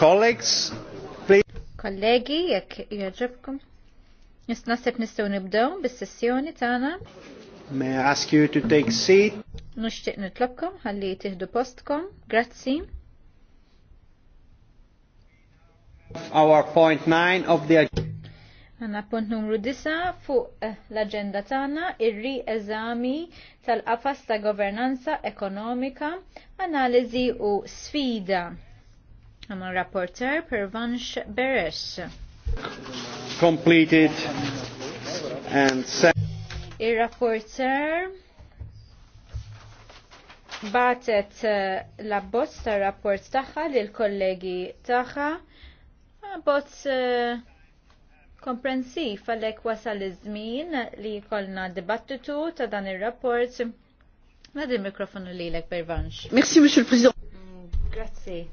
Colleagues, please. Kollegi, jekk jogħġobkom. Nisnasib nistgħu nibdew bis-sessjoni tagħna. May I ask you to take seat? Nixtieq nitlobkom ħalli tieħdu postkom. Grazzi. Our point nine of the Għanna punt numru 9 fuq eh, l-agenda tagħna ir-rieżami tal-qafas ta' governanza ekonomika, analiżi u sfida ħafna ma' rapporter Pervanx Beres. Completed and set. Il-rapporter batet eh, la bozz ta' rapport taħħa lil kollegi taħħa ah, bozz eh, komprensiv għalek wasal iż-żmien li kolna dibattitu ta' dan ir-rapport Nadi il-mikrofonu li l Merci, Monsieur le Président. Mm, Grazie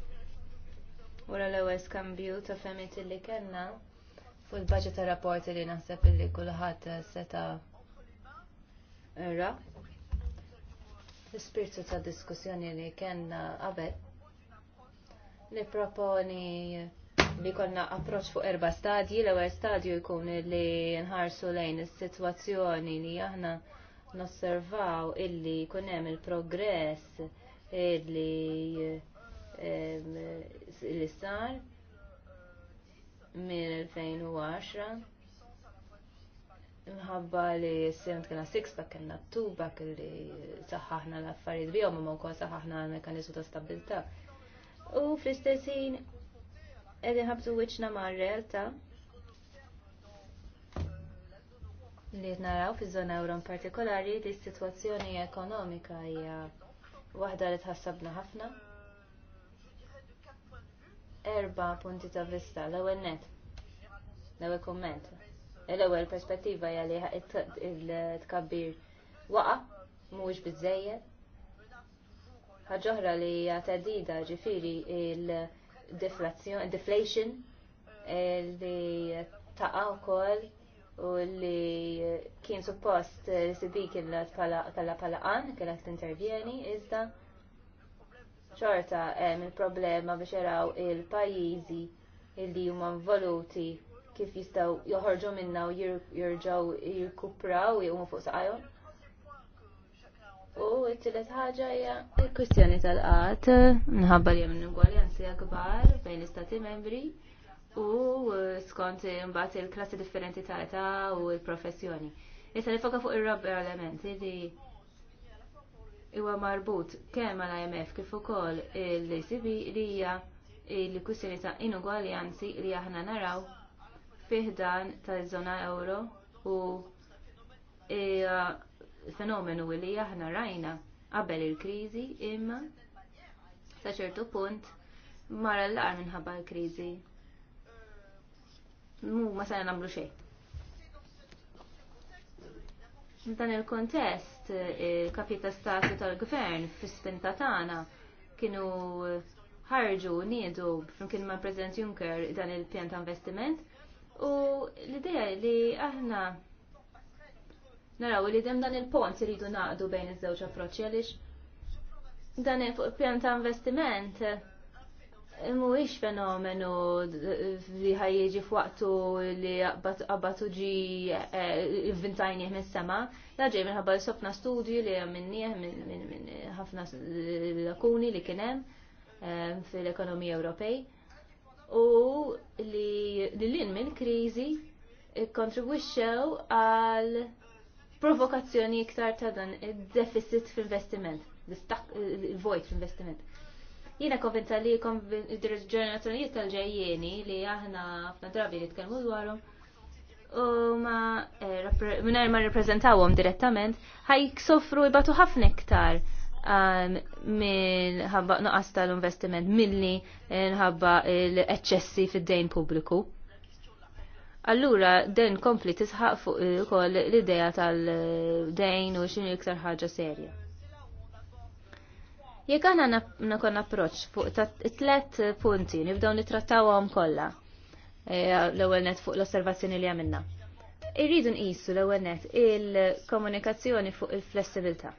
wara l-ewwel skambju ta' femmit li kellna fuq il-baġġet ta' rapporti li naħseb illi kulħadd seta' ra. L-ispirtu ta' diskussjoni li kellna qabel proponi li konna approċ fuq erba stadji, l-ewwel stadju jkun li nħarsu lejn is-sitwazzjoni li aħna nosservaw illi jkun hemm il-progress illi li sar minn 2010 mħabba li s-sem kena six-pack kena two-pack li saħħaħna l-affarijiet bihom imma wkoll saħħaħna l-mekanizmu ta' stabilta. U fl istessin edin qegħdin ħabtu wiċċna mar-realtà li naraw fi zona euro partikolari li s-sitwazzjoni ekonomika hija waħda li tħassabna ħafna erba punti ta' vista, l-ewwel net, l-ewwel komment. L-ewwel perspettiva hija li il-tkabbir waqa' mhuwiex biżejjed. Ħaġa oħra li hija ġifiri ġifieri il-deflation, eh, li taqa' wkoll u li kien suppost l-sibi kienet pala pala an, kienet intervjeni iżda ċorta hemm il-problema biex jaraw il-pajjiżi li huma involuti kif jistgħu joħorġu minna u jirġgħu jirkupraw jgħumu fuq saqajhom. U t-tielet ħaġa hija l-kwistjoni tal-qatt minħabba li hemm ingwaljanzi kbar bejn l-istati membri u skont imbagħad il-klassi differenti ta' età u l-professjoni. Issa nifoka fuq ir-rabb elementi li huwa marbut kemm mal IMF kif ukoll l-ECB li hija l-kwistjoni ta' inugwaljanzi li aħna naraw fih dan taż-żona euro u fenomenu li aħna rajna qabel il-kriżi imma sa ċertu punt mara l-għar minħabba l-kriżi. Mu ma sa nagħmlu xejn. Dan il-kontest, il-kapita statu tal-gvern fis-spinta tagħna kienu ħarġu niedu flimkien ma' President Juncker dan il-pjan ta' investiment u l-idea li aħna naraw li dem dan il-pont iridu naqdu bejn iż-żewġ approċċi għaliex dan il-pjan ta' investiment mhuwiex fenomenu li ħajjiġi f'waqtu li għabbatu ġi eh, inventajnieh mis-sema, la minn minħabba li sofna studju li minnieh minn ħafna lakuni li kien hemm eh, fil-ekonomija Ewropej u li lin minn kriżi kontribwixxew għal provokazzjoni iktar ta' dan id-deficit fil-investiment, il-vojt fil-investiment. Jiena konvinta li id-ġenerazzjonijiet tal-ġejjeni li aħna f'na drabi nitkellmu dwarhom u ma eh, minnajr ma reprezentawhom direttament ħaj sofru jibatu ħafna iktar um, minn ħabba nuqqas tal-investiment milli eh, nħabba l-eċċessi fid-dejn pubbliku. Allura, den kompli tisħaq fuq eh, l-idea tal-dejn u x'inhu iktar ħaġa serja. Jek għana nakon approċ fuq tlet punti nibdew għom kollha e, l-ewwel net fuq l-osservazzjoni li għamilna. Irridu nqisu l-ewwel net il-komunikazzjoni fuq il-flessibilità.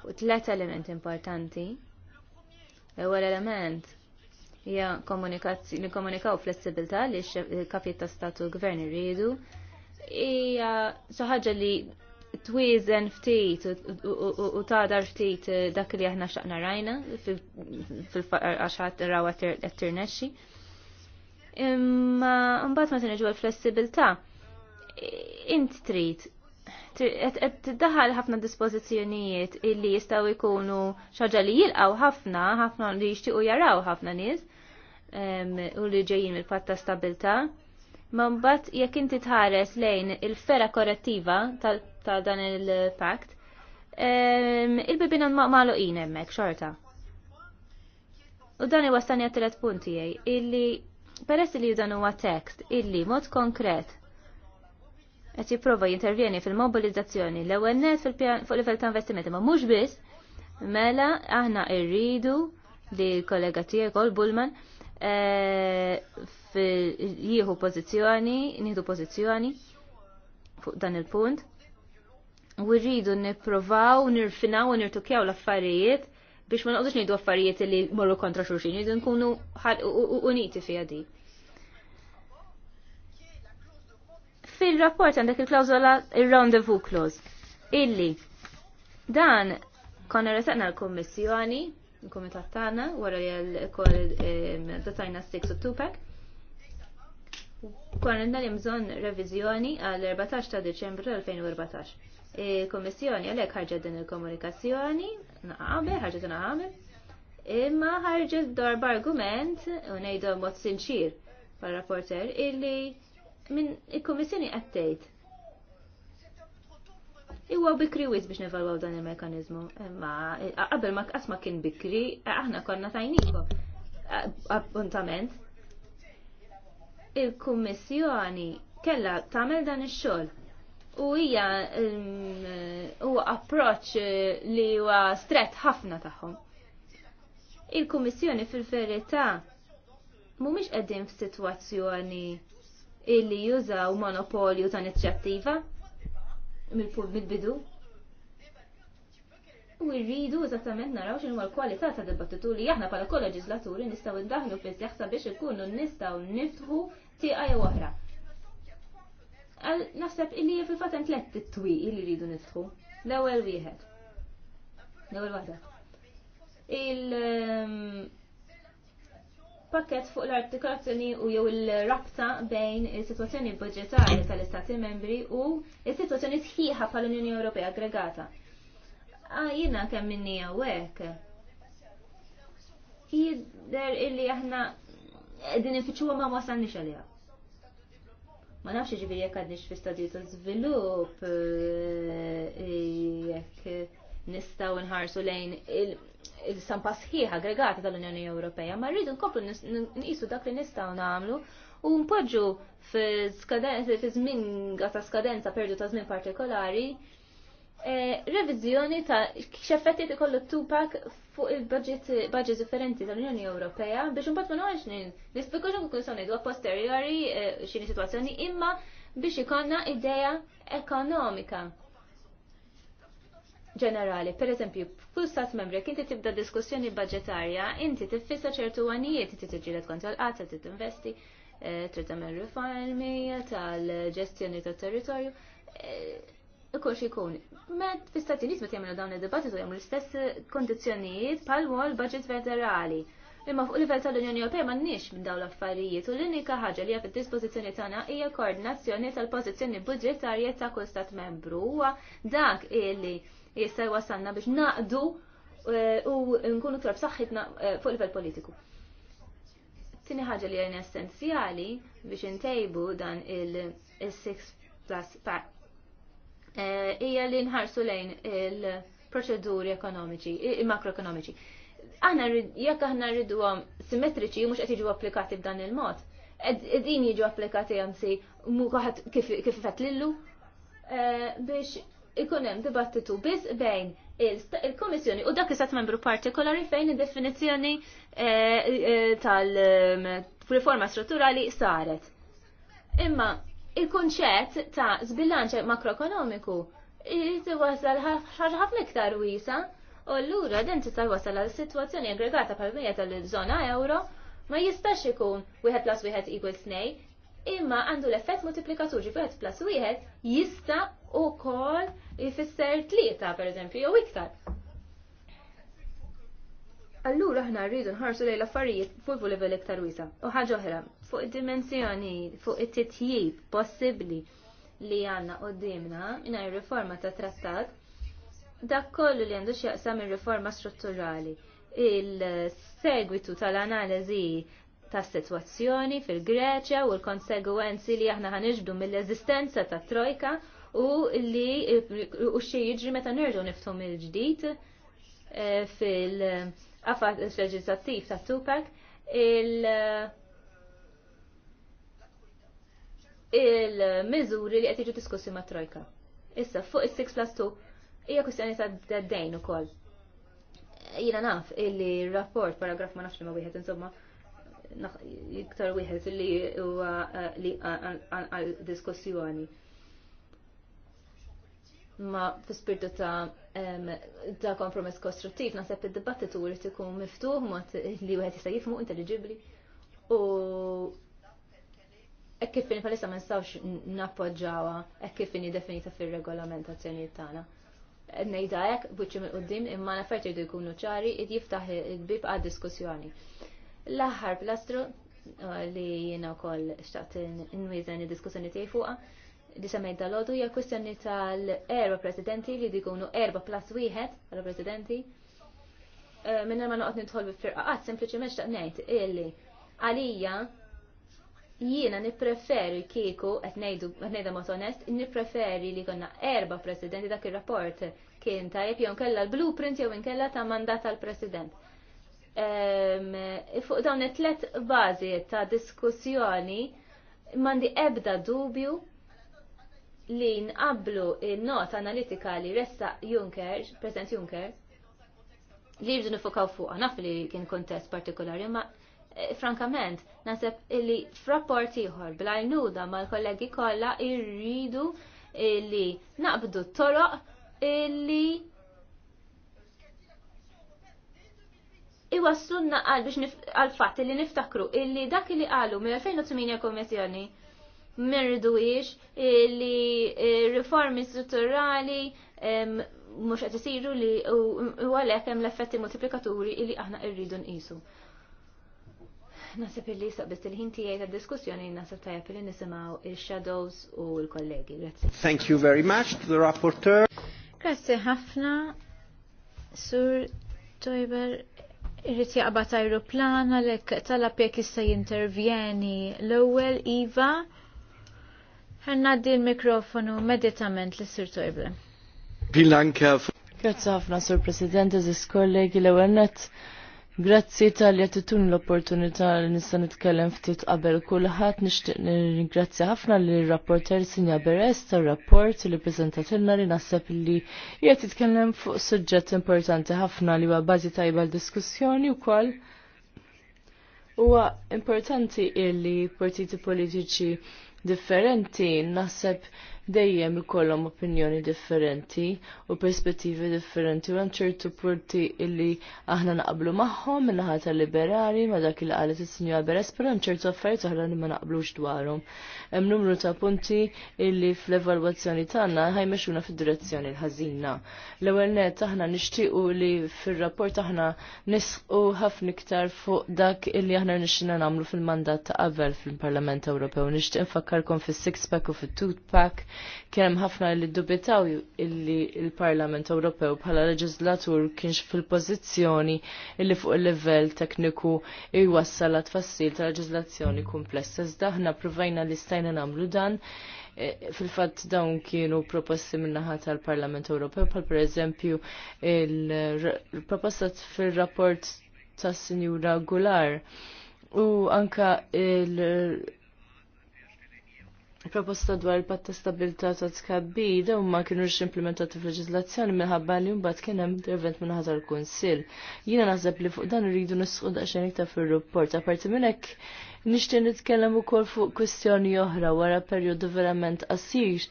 Fuq tlet elementi importanti. L-ewwel element hija komunikaw flessibilità li kapijiet ta' statu gvern irridu hija soħħaġa li twizen ftit u tadar ftit eh, dak li aħna xaqna rajna fil faqqaxat rawa t-tirnexxi. Imma mbagħad ma tinġu l-flessibilità. Int trit. qed tiddaħħal ħafna dispożizzjonijiet illi jistgħu jkunu xaġa li jilqgħu ħafna, ħafna li jixtiequ jaraw ħafna nies u li ġejjin mill-patt ta' stabilta' Ma mbagħad jekk inti tħares lejn il-fera korrettiva ta' dan il-pakt, il bibin maqmalu hemmhekk xorta. U dan iwastani għat-tret punti jgħi, illi peress li dan huwa tekst illi mod konkret qed jipprova jintervjeni fil-mobilizzazzjoni l-ewwel net fuq livell ta' investimenti ma mhux biss mela aħna rridu li kollega tiegħek Bullman eh, jieħu pożizzjoni, nieħdu pożizzjoni fuq dan il-punt. U rridu nipprovaw, nirfinaw u nirtukjaw l-affarijiet biex ma naqdux ngħidu affarijiet li morru kontra xulxin, jridu nkunu uniti fiha di. Fil-rapport għandek il-klawżola il-rendezvous clause illi dan konna resaqna l-kommissjoni, l-komitat tagħna wara li l-kol eh, datajna 6 u 2 Korrenna li mżon revizjoni għal-14 ta' Deċembru 2014. Il-Kommissjoni għalek ħarġet din il-komunikazzjoni, naqabe, ħarġet naqabe, imma ħarġet darba argument, unajdu mod sinċir, par-rapporter, illi minn il komissjoni għattejt Iwa bikri wis biex nevalwaw dan il-mekanizmu. Imma qabel ma ma kien bikri, aħna konna tajnikom. Appuntament il-Kummissjoni kellha tagħmel dan ix-xogħol. U hija mm, huwa approċċ li huwa stret ħafna tagħhom. Il-Kummissjoni fil-verità mhumiex qegħdin f'sitwazzjoni illi jużaw monopolju ta' inizjattiva mill-bidu. Mil u rridu eżattament naraw x'inhu l-kwalità ta' dibattitu li aħna bħala kol-leġislaturi nistgħu ndaħlu fi sjaħsa biex ikunu nistgħu niftħu tieqa oħra. Naħseb illi fil-fatt hemm it titwieq li rridu niftħu. L-ewwel wieħed. L-ewwel waħda. Il ehm, pakket fuq l-artikolazzjoni u jew il-rabta bejn is-sitwazzjoni budġetarja tal-Istati membri u is-sitwazzjoni sħiħa pal unjoni Ewropea aggregata Ah, jina kemm minni għawek. Jider illi aħna din ifittxuha ma wasalni għaliha. Ma nafx ġibir jiġifieri jekk għadniex fi stadju ta' żvilupp eh, jekk nistgħu nħarsu lejn il-sampa sħiħ aggregata tal-Unjoni Ewropea, ma rridu nkomplu nqisu dak li nistgħu nagħmlu u npoġġu fi zmin ta' skadenza perdu ta' żmien partikolari Eh, revizjoni ta' xeffetti ikollu tupak fuq il-budget differenti tal-Unjoni Ewropea biex imbagħad ma nispeku nispiku xi konklusjoni dwar posteriori eh, xini sitwazzjoni imma biex ikonna idea ekonomika ġenerali. Per eżempju, kull stat membri kinti tibda diskussjoni budgetarja, inti tiffissa ċertu għanijiet, inti tiġġieled kontra l-qatta, titinvesti, eh, trid tagħmel tal-ġestjoni tat-territorju xi ikun. Med fl Stati Uniti meta jagħmlu dawn id u jagħmlu l-istess kondizzjonijiet bħal wol budget federali. Imma fuq livell tal-Unjoni Ewropea m'għandniex minn dawn l-affarijiet u l-unika ħaġa li hija fid-dispożizzjoni tagħna hija koordinazzjoni tal-pożizzjoni budġetarja ta' kull stat membru huwa dak illi jista' jwasalna biex naqdu eh, u nkunu ktar b'saħħitna eh, fuq livell politiku. Tini ħaġa li hija essenzjali biex intejbu dan il-6 plus Eh, hija li nħarsu lejn il-proċeduri ekonomiċi, makroekonomiċi. Aħna jekk aħna rriduhom simmetriċi mhux qed jiġu applikati b'dan il-mod. Din jiġu applikati si mukaħat kif fett lillu eh, biex ikun hemm dibattitu biss bejn il-Komissjoni u dak istat membru partikolari fejn id-definizzjoni eh, tal-riforma mm, strutturali saret. Imma il-konċett ta' zbilanċ makroekonomiku jrid wasal ħafna iktar wiesa u allura din tista' wasal għal sitwazzjoni aggregata pal mija tal-żona euro ma jistax ikun wieħed plus wieħed equals 2 imma għandu l-effett multiplikatur wieħed plus wieħed jista' ukoll jfisser tlieta pereżempju jew iktar. Allura aħna rridu nħarsu lejn l-affarijiet fuq level iktar wiesa. U ħaġa oħra, fuq id-dimensjoni, fuq it-titjib possibbli li għandna minna mingħajr riforma ta' trattat, dak kollu li għandu xieqsam il riforma strutturali, il-segwitu tal-analiżi tas sitwazzjoni fil-Greċja u l-konsegwenzi li aħna ħaniġdu mill-eżistenza ta' trojka u li u xi jiġri meta nerġgħu niftu mill-ġdid eh, fil-qafat leġislattiv ta' Tupac il- il-miżuri li qed diskussi ma' trojka. Issa fuq is-6 plus 2 hija kwistjoni ta' d u ukoll. Jiena naf illi rapport paragraf ma nafx ma wieħed insomma iktar wieħed li huwa eh, li għal diskussjoni. Ma fi spirtu ta' ta' kompromess kostruttiv naħseb id-dibattitu li ikun miftuħ mod li wieħed jista' jifmu intelligibbli u Ek kif fini palissa ma nistawx nappoġġawa, e kif fini definita fil-regolamentazzjoni tagħna. E Nejda hekk buċċi minn qudiem imma nafert irdu jkunu ċari id jiftaħ il-bib għad diskussjoni. L-aħħar plastru uh, li jiena wkoll xtaqt inwiżen id-diskussjoni tiegħi fuqha li semmejt dal-għodu hija kwistjoni tal-erba presidenti li jkunu erba plus wieħed għal presidenti uh, Minna ma noqgħod nidħol bi firqaqat sempliċi meċtaq ngħid illi għalija jiena nippreferi kieku qed ngħidu mod onest, nippreferi li konna erba' presidenti dak ir-rapport kien tajb jew kella l-blueprint jew kella ta' mandat tal-president. Ehm, fuq dawn it-tlet bażi ta' diskussjoni m'għandi ebda dubju li nqablu il not analitika li ressa Juncker, President Juncker, li jibdu nifokaw fuq, naf li kien kontest partikolari, ma' Eh, frankament, naseb illi frapport ieħor bl-għajnuda mal-kollegi kollha irridu illi naqbdu toroq illi iwasslunna għal biex għal fatt li niftakru illi dak li qalu minn 2008 kommissjoni mirdu iġ li eh, riformi strutturali mux qed isiru li u għalhekk hemm l-effetti multiplikaturi illi aħna rridu nqisu. Nasib illi saqbist il-ħin tiegħi ta' diskussjoni nasib tajjeb li nisimgħu il-shadows u l-kollegi. Grazzi. Thank you very much to the rapporteur. Grazzi ħafna. Sur Toiber irrit jaqbad aeroplan għalhekk talab jekk issa jintervjeni l-ewwel Iva. Ħannaddi l-mikrofonu meditament li Sir Toiber. Grazzi ħafna Sur President, Zis kollegi l-ewwel net Grazzi tal-li l-opportunità li nista' nitkellem ftit qabel kulħadd nixtieq ningrazzja ħafna li rapporter Sinja Beres tar-rapport li preżentatilna li naħseb li qiegħed titkellem fuq suġġett importanti ħafna li huwa bażi tajba l-diskussjoni wkoll. Huwa importanti illi partiti politiċi differenti naħseb dejjem ikollhom opinjoni differenti u perspettivi differenti u hemm ċertu punti illi aħna naqblu magħhom min-naħa tal-liberali ma dak il qalet is-Sinjora Beres, però hemm ċertu affarijiet oħra li ma naqblux dwarhom. Hemm numru ta' punti illi fl-evalwazzjoni tagħna ħajmexuna fid-direzzjoni l-ħażina. L-ewwel net aħna nixtiequ li fir-rapport aħna nisqu ħafna iktar fuq dak illi aħna nixxina nagħmlu fil-mandat ta' qabel fil-Parlament Ewropew. Nixtieq nfakkarkom fis-six pack u fit-two pack Kien hemm ħafna li ddubitaw illi l-Parlament Ewropew bħala leġislatur kienx fil-pożizzjoni illi fuq il-livell tekniku jwassal tfassil ta' leġislazzjoni komplessa. Iżda aħna provajna li stajna nagħmlu dan e, fil-fatt dawn kienu proposti minnaħa tal-Parlament Ewropew, pal per eżempju il-proposta fil-rapport ta' Sinjura Gular u anka il- proposta dwar il-patta stabilta ta' tkabbi daw ma kienu implementati fil-leġizlazzjoni minħabba li mbagħad kien hemm intervent minn ħatar kunsill. Jiena naħseb li fuq dan irridu nisqu daqsxejn iktar fir-rapport. Apparti minn hekk nixtieq nitkellem ukoll fuq kwestjoni oħra wara perjodu verament qasir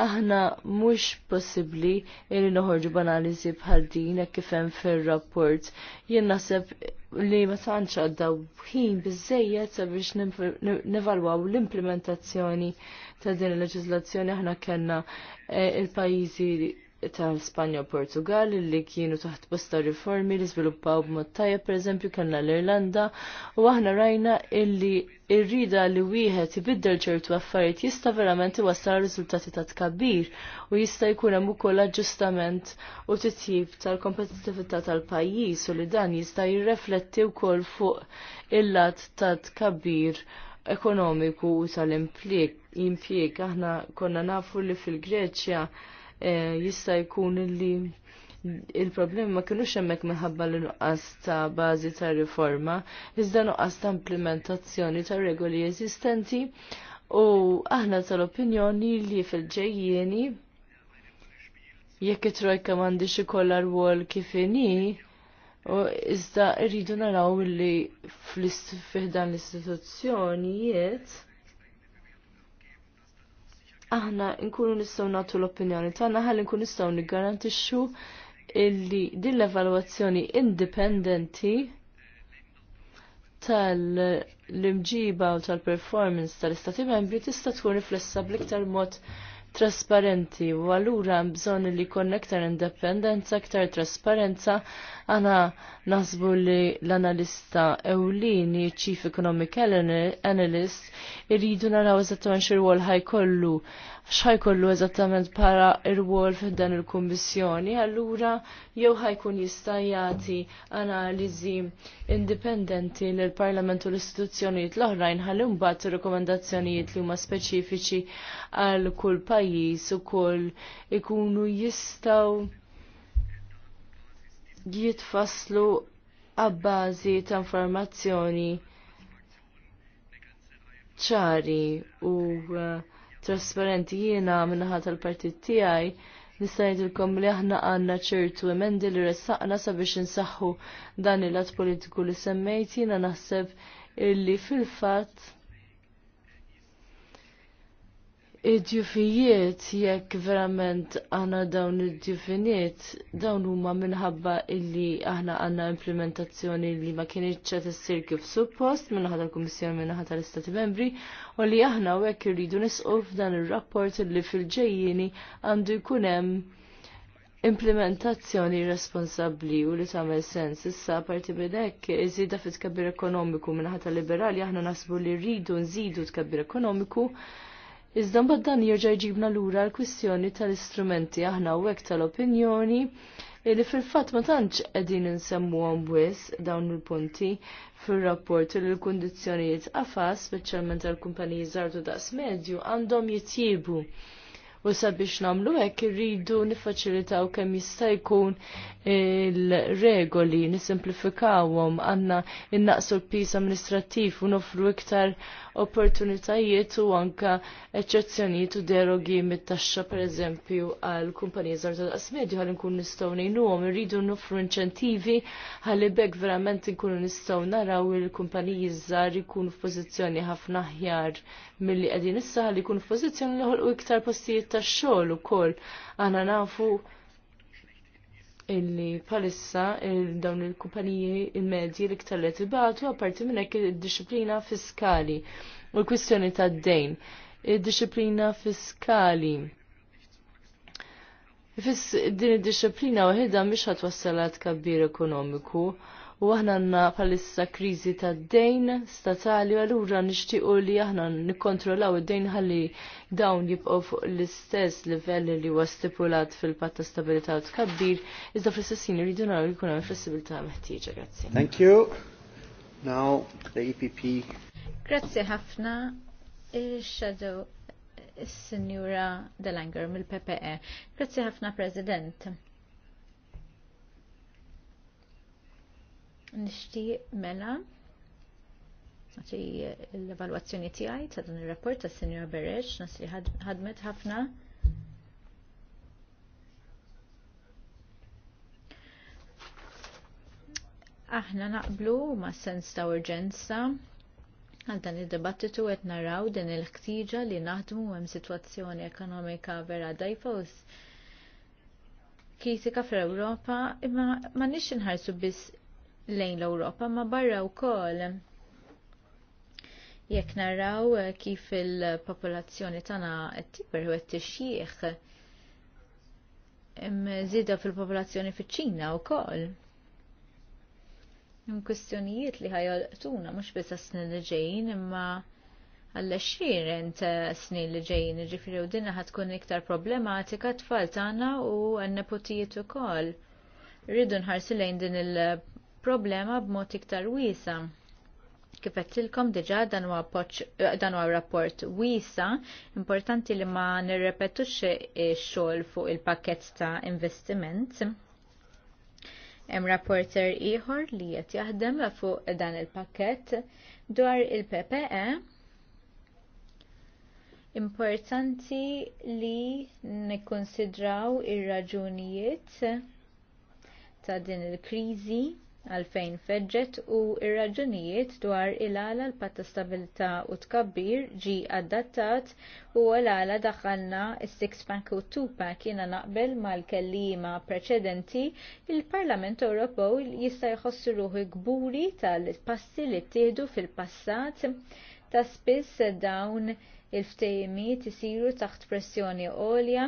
aħna mhux possibbli li noħorġu b'analiżi bħal din hekk kif fir-rapport. Jien naħseb li ma tantx għaddaw ħin biżejjed sabiex nevalwaw l-implementazzjoni ta' din il leġizlazzjoni aħna kellna eh, il-pajjiżi ta' Spanja u Portugal li kienu taħt bosta riformi li sviluppaw b'mod tajjeb pereżempju kellna l-Irlanda u aħna rajna illi irrida li wieħed ibiddel ċertu affarijiet jista' verament iwassal riżultati ta' tkabbir u jista' jkun hemm ukoll aġġustament u titjib tal-kompetittività tal-pajjiż u li dan jista' jirrefletti wkoll fuq il-lat ta' tkabbir ekonomiku u tal-impjieg. Aħna konna nafu li fil-Greċja Eh, jista' jkun li il-problemi ma kienux hemmhekk minħabba l nuqqas ta' bażi ta' riforma, iżda nuqqas ta' implementazzjoni ta' regoli eżistenti u aħna tal-opinjoni li fil-ġejjieni jekk it-trojka m'għandix ikollha rwol kif inhi, iżda rridu naraw li fl-istifihdan l-istituzzjonijiet aħna nkunu nistgħu nagħtu l-opinjoni tagħna ħalli nkunu nistgħu niggarantixxu illi din l-evalwazzjoni indipendenti tal-imġiba u tal-performance tal-istati membri tista' tkun riflessa bl-iktar mod trasparenti u allura bżonn li jkollna aktar indipendenza, aktar trasparenza Għana naħsbu li l-analista ewlini, Chief Economic Analyst, irridu naraw eżattament xir-wol ħajkollu, xħajkollu eżattament para ir-wol f'dan il-kommissjoni, allura jew ħajkun jista' jagħti analiżi indipendenti lill parlament u l-istituzzjonijiet l-oħrajn ħalli mbagħad ir-rekomendazzjonijiet li huma speċifiċi għal kull pajjiż kull ikunu jistgħu jitfasslu għabbażi ta' informazzjoni ċari u uh, trasparenti jiena minnaħat tal-partit tiegħi nista' ngħidilkom li aħna għandna ċertu emendi li ressaqna sabiex insaħħu dan il lat politiku li semmejt jiena naħseb illi fil-fatt id-djufijiet jekk verament għana dawn id-djufiniet dawn huma minħabba illi aħna għanna implementazzjoni li ma kienieċ ċet issir kif suppost minnaħat l-Kummissjoni minnaħat l-Istati Membri u li aħna u jekk irridu nisqu f'dan ir-rapport li fil-ġejjini għandu jkun hemm implementazzjoni responsabbli u li tagħmel sens issa parti minn hekk, iżida fit tkabbir ekonomiku minħata liberali aħna nasbu li rridu nżidu tkabbir ekonomiku Iżda mbagħad dan jerġa' jġibna lura l-kwistjoni tal-istrumenti aħna u hekk tal-opinjoni li fil-fatt ma tantx qegħdin insemmuhom wis dawn il-punti fir-rapport li l-kundizzjonijiet qafas, speċjalment tal-kumpaniji żartu daqs medju, għandhom jitjiebu. U sabiex namlu hekk irridu nifaċilitaw kemm jista' jkun il-regoli, nisimplifikawhom, għandna innaqsu l-pis amministrattiv u nofru iktar opportunitajiet u anka eċezzjonijiet u derogi mit-taxxa pereżempju għal kumpaniji żgħar ta' daqs medju għal nkun nistgħu ngħinuhom irridu nofru inċentivi ħalli bekk verament nkunu nistgħu naraw il-kumpaniji żgħar ikunu f'pożizzjoni ħafna aħjar milli qegħdin issa ħalli jkunu f'pożizzjoni li iktar postijiet tax-xogħol ukoll. Aħna nafu illi palissa dawn il-kumpaniji il-medji li ktallet ibatu apparti minn hekk id-disciplina fiskali u l-kwistjoni tad-dejn. Id-disciplina fiskali. Fis din id-disciplina waħedha miex ħatwassal għad kabbir ekonomiku u aħna għanna bħalissa krizi ta' dejn statali għallura nishtiqu li aħna nikkontrollaw id-dejn ħalli dawn jibqgħu fuq l-istess livell li huwa stipulat fil-patt ta' stabilità u tkabbir, iżda fl-istess jien naraw li jkun flessibilità meħtieġa. Grazzi. Thank you. Now the EPP. Grazzi ħafna. Shadow is-Sinjura Delanger mill-PPE. Grazzi ħafna President. Nixtieq mela għati l-evaluazzjoni tiegħi ta' dan ir-rapport ta' Sinjora Beresh nasli ħadmet ħafna aħna naqblu ma' sens ta' urġenza għal dan id debattitu qed naraw din il-ħtieġa li naħdmu hemm sitwazzjoni ekonomika vera dajfos u kritika fl-Ewropa imma ma nix nħarsu biss lejn l-Ewropa ma barra wkoll jekk naraw kif il-popolazzjoni tagħna qed tikber u qed tixjieħ żieda fil-popolazzjoni fiċ-Ċina wkoll. Hemm kwistjonijiet li ħajolqtuna mhux biss s snin li ġejjin imma għall-20 snin li ġejjin, ġifieri u dinna ħatkun iktar problematika t tfal tagħna u għan-nepotijiet ukoll. Rridu nħarsu lejn din il- problema b'mod iktar wiesa. Kif tilkom diġà eh, dan huwa rapport wiesa, importanti li ma nirrepetux ix-xogħol fuq il-pakkett ta' investiment. Hemm rapporter ieħor li qed jaħdem fuq dan il-pakkett dwar il-PPE importanti li nikkonsidraw ir-raġunijiet ta' din il-kriżi għalfejn feġġet u r raġunijiet dwar il-għala l-patta stabilta u tkabbir ġie adattat u għal-għala daħħalna s-six pack u two pack jiena naqbel mal kelliema preċedenti il-Parlament Ewropew jista' jħossu ruħu gburi tal-passi li ttieħdu fil-passat ta' spiss dawn il-ftejmiet isiru taħt pressjoni għolja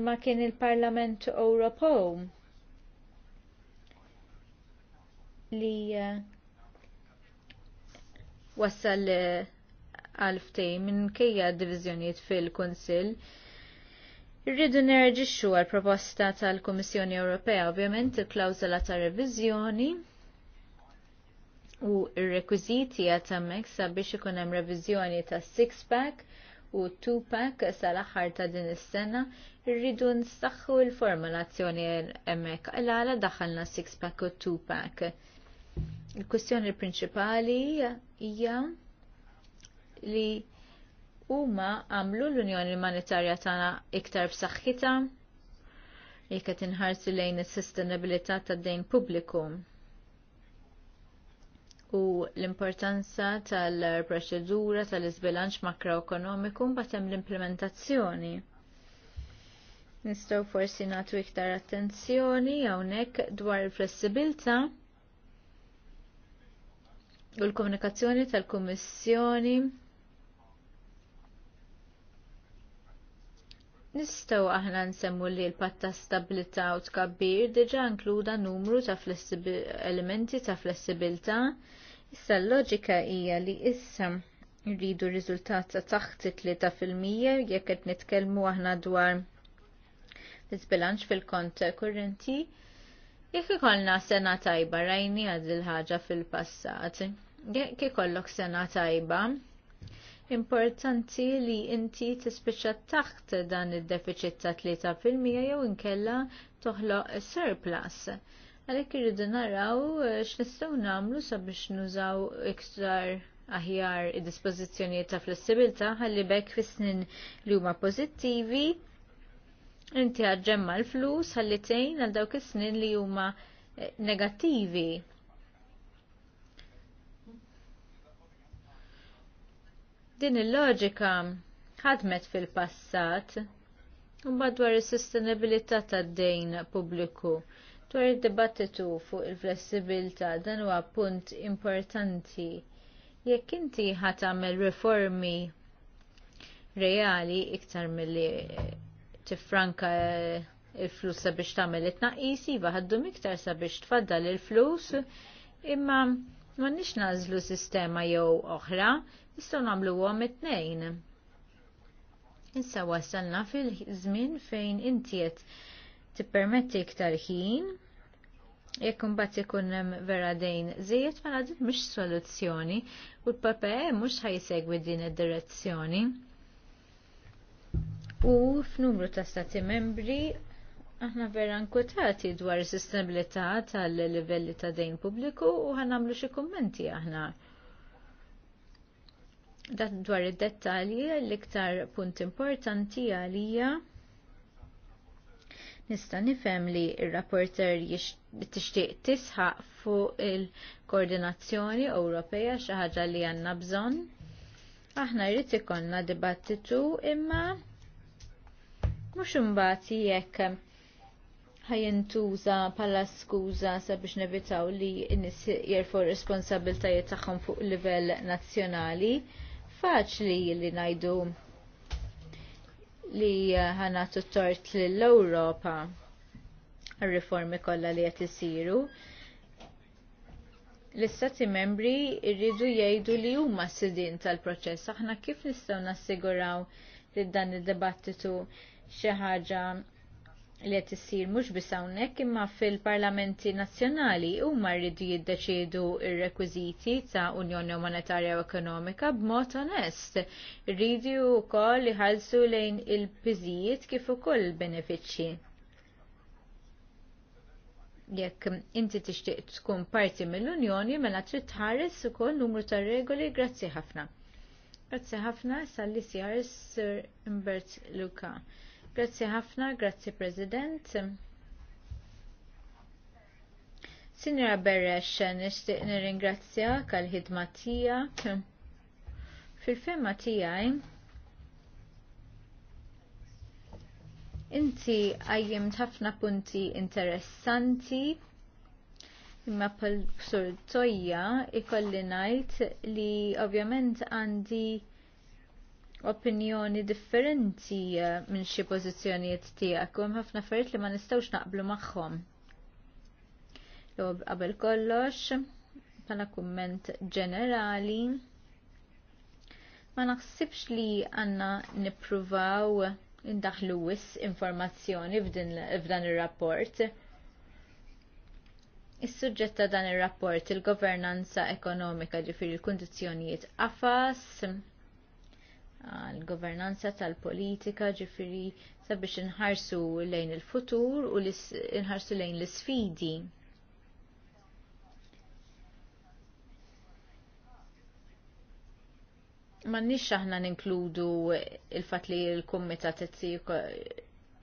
imma kien il-Parlament Ewropew li eh, wassal eh, għalftej minn kejja divizjoniet fil-Konsil. Rridu nerġixxu għal proposta tal-Kummissjoni Ewropea, ovvjament il-klawzola ta' reviżjoni u r-rekwiżiti għat hemmhekk sabiex ikun hemm reviżjoni ta' six pack u two pack sal-aħħar ta' din is-sena rridu nsaħħu l-formulazzjoni hemmhekk għal daħħalna six pack u two pack Il-kwestjoni prinċipali hija li huma għamlu l-Unjoni Monetarja tagħna iktar b'saħħitha jekk qed inħarsu lejn is-sustenabilità tad-dejn pubbliku u l-importanza tal-proċedura tal-iżbilanċ makroekonomiku mbagħad hemm l-implementazzjoni. Nistgħu forsi nagħtu iktar attenzjoni hawnhekk dwar il-flessibilità u l-komunikazzjoni tal-Kummissjoni Nistaw aħna nsemmu li l-patta stabilita u tkabbir diġa inkluda numru ta' elementi ta' flessibilta. Issa l-loġika hija li issa rridu riżultat ta' taħt 3% jekk qed nitkellmu aħna dwar l-isbilanċ fil-kont kurrenti. Jekk ikollna sena tajba rajni għad il-ħaġa fil passati Kikollok kollok sena tajba, importanti li inti tispiċċa taħt dan id-deficit ta' 3% jew inkella toħloq surplus. Għalhekk irridu naraw eh, x'nistgħu nagħmlu sabiex nużaw iktar aħjar id-dispożizzjonijiet ta' flessibilità ħalli bekk fis-snin li huma pożittivi inti ħaġġemma l-flus ħalli tgħin għal dawk is-snin li huma eh, negattivi Din il-loġika ħadmet fil-passat Mbagħad dwar is-sostenibilità tad-dejn pubbliku. Dwar id-dibattitu fuq il-flessibilità dan huwa punt importanti. Jekk inti ħad tagħmel riformi reali iktar milli tifranka eh, il-flus sabiex tagħmel it-tnaqqis iva ħaddu iktar sabiex tfaddal il-flus imma ma nix nażlu sistema jew oħra, namlu nagħmluhom it-tnejn. Issa wasalna fil-żmien fejn intiet tippermetti iktar ħin jekk imbagħad ikun hemm vera dejn żejjed ma mela din mux soluzzjoni u l pp e mhux ħajsegwi din id-direzzjoni. U f'numru ta' stati membri aħna vera nkwetati dwar is-sistabilità tal-livelli ta' dejn pubbliku u ħanamlu xi kummenti aħna Dat dwar id-dettalji l-iktar punt importanti għalija nista' nifhem li r-rapporter tixtieq tisħaq fuq il-koordinazzjoni Ewropea xi ħaġa li għandna bżonn. Aħna jrid ikollna dibattitu imma mhux imbagħad jekk ħajintuża bħala skuża sabiex nevitaw li n-nies jerfu responsabiltajiet tagħhom fuq livell nazzjonali faċli li ngħidu li t tort lill-Ewropa għal-riformi kollha li qed isiru l-istati membri rridu jgħidu li huma sidin tal-proċess. Aħna kif nistgħu nassiguraw li dan id-dibattitu xi ħaġa li qed issir mhux biss hawnhekk imma fil-parlamenti nazzjonali huma rridu jiddeċiedu r-rekwiżiti ta' Unjoni Monetarja u Ekonomika b'mod onest. Rridu wkoll iħallsu lejn il-piżijiet kif ukoll il-benefiċċji. Jekk inti tixtieq tkun parti mill-Unjoni mela trid tħares ukoll numru ta' regoli grazzi ħafna. Grazzi ħafna sal-li Sir Imbert Luka. Grazzi ħafna, grazie President. Sinjora Beresh, nixtieq nirringrazzja kal ħidma tiegħek. fil femma tiegħi inti għajjimt ħafna punti interessanti imma pal-sur tojja ikolli najt li ovvjament għandi opinjoni differenti eh, minn xi pożizzjonijiet tiegħek u hemm ħafna affarijiet li ma nistgħux naqblu magħhom. Qabel kollox, bħala kumment ġenerali, ma naħsibx li għanna nippruvaw indaħlu wis informazzjoni f'dan ir-rapport. Is-suġġett ta' dan ir-rapport il governanza ekonomika ġifieri l-kundizzjonijiet qafas, għal-governanza tal-politika ġifiri sabiex inħarsu lejn il-futur u nħarsu lejn l isfidi Mannix aħna ninkludu il-fat li l t-tsiq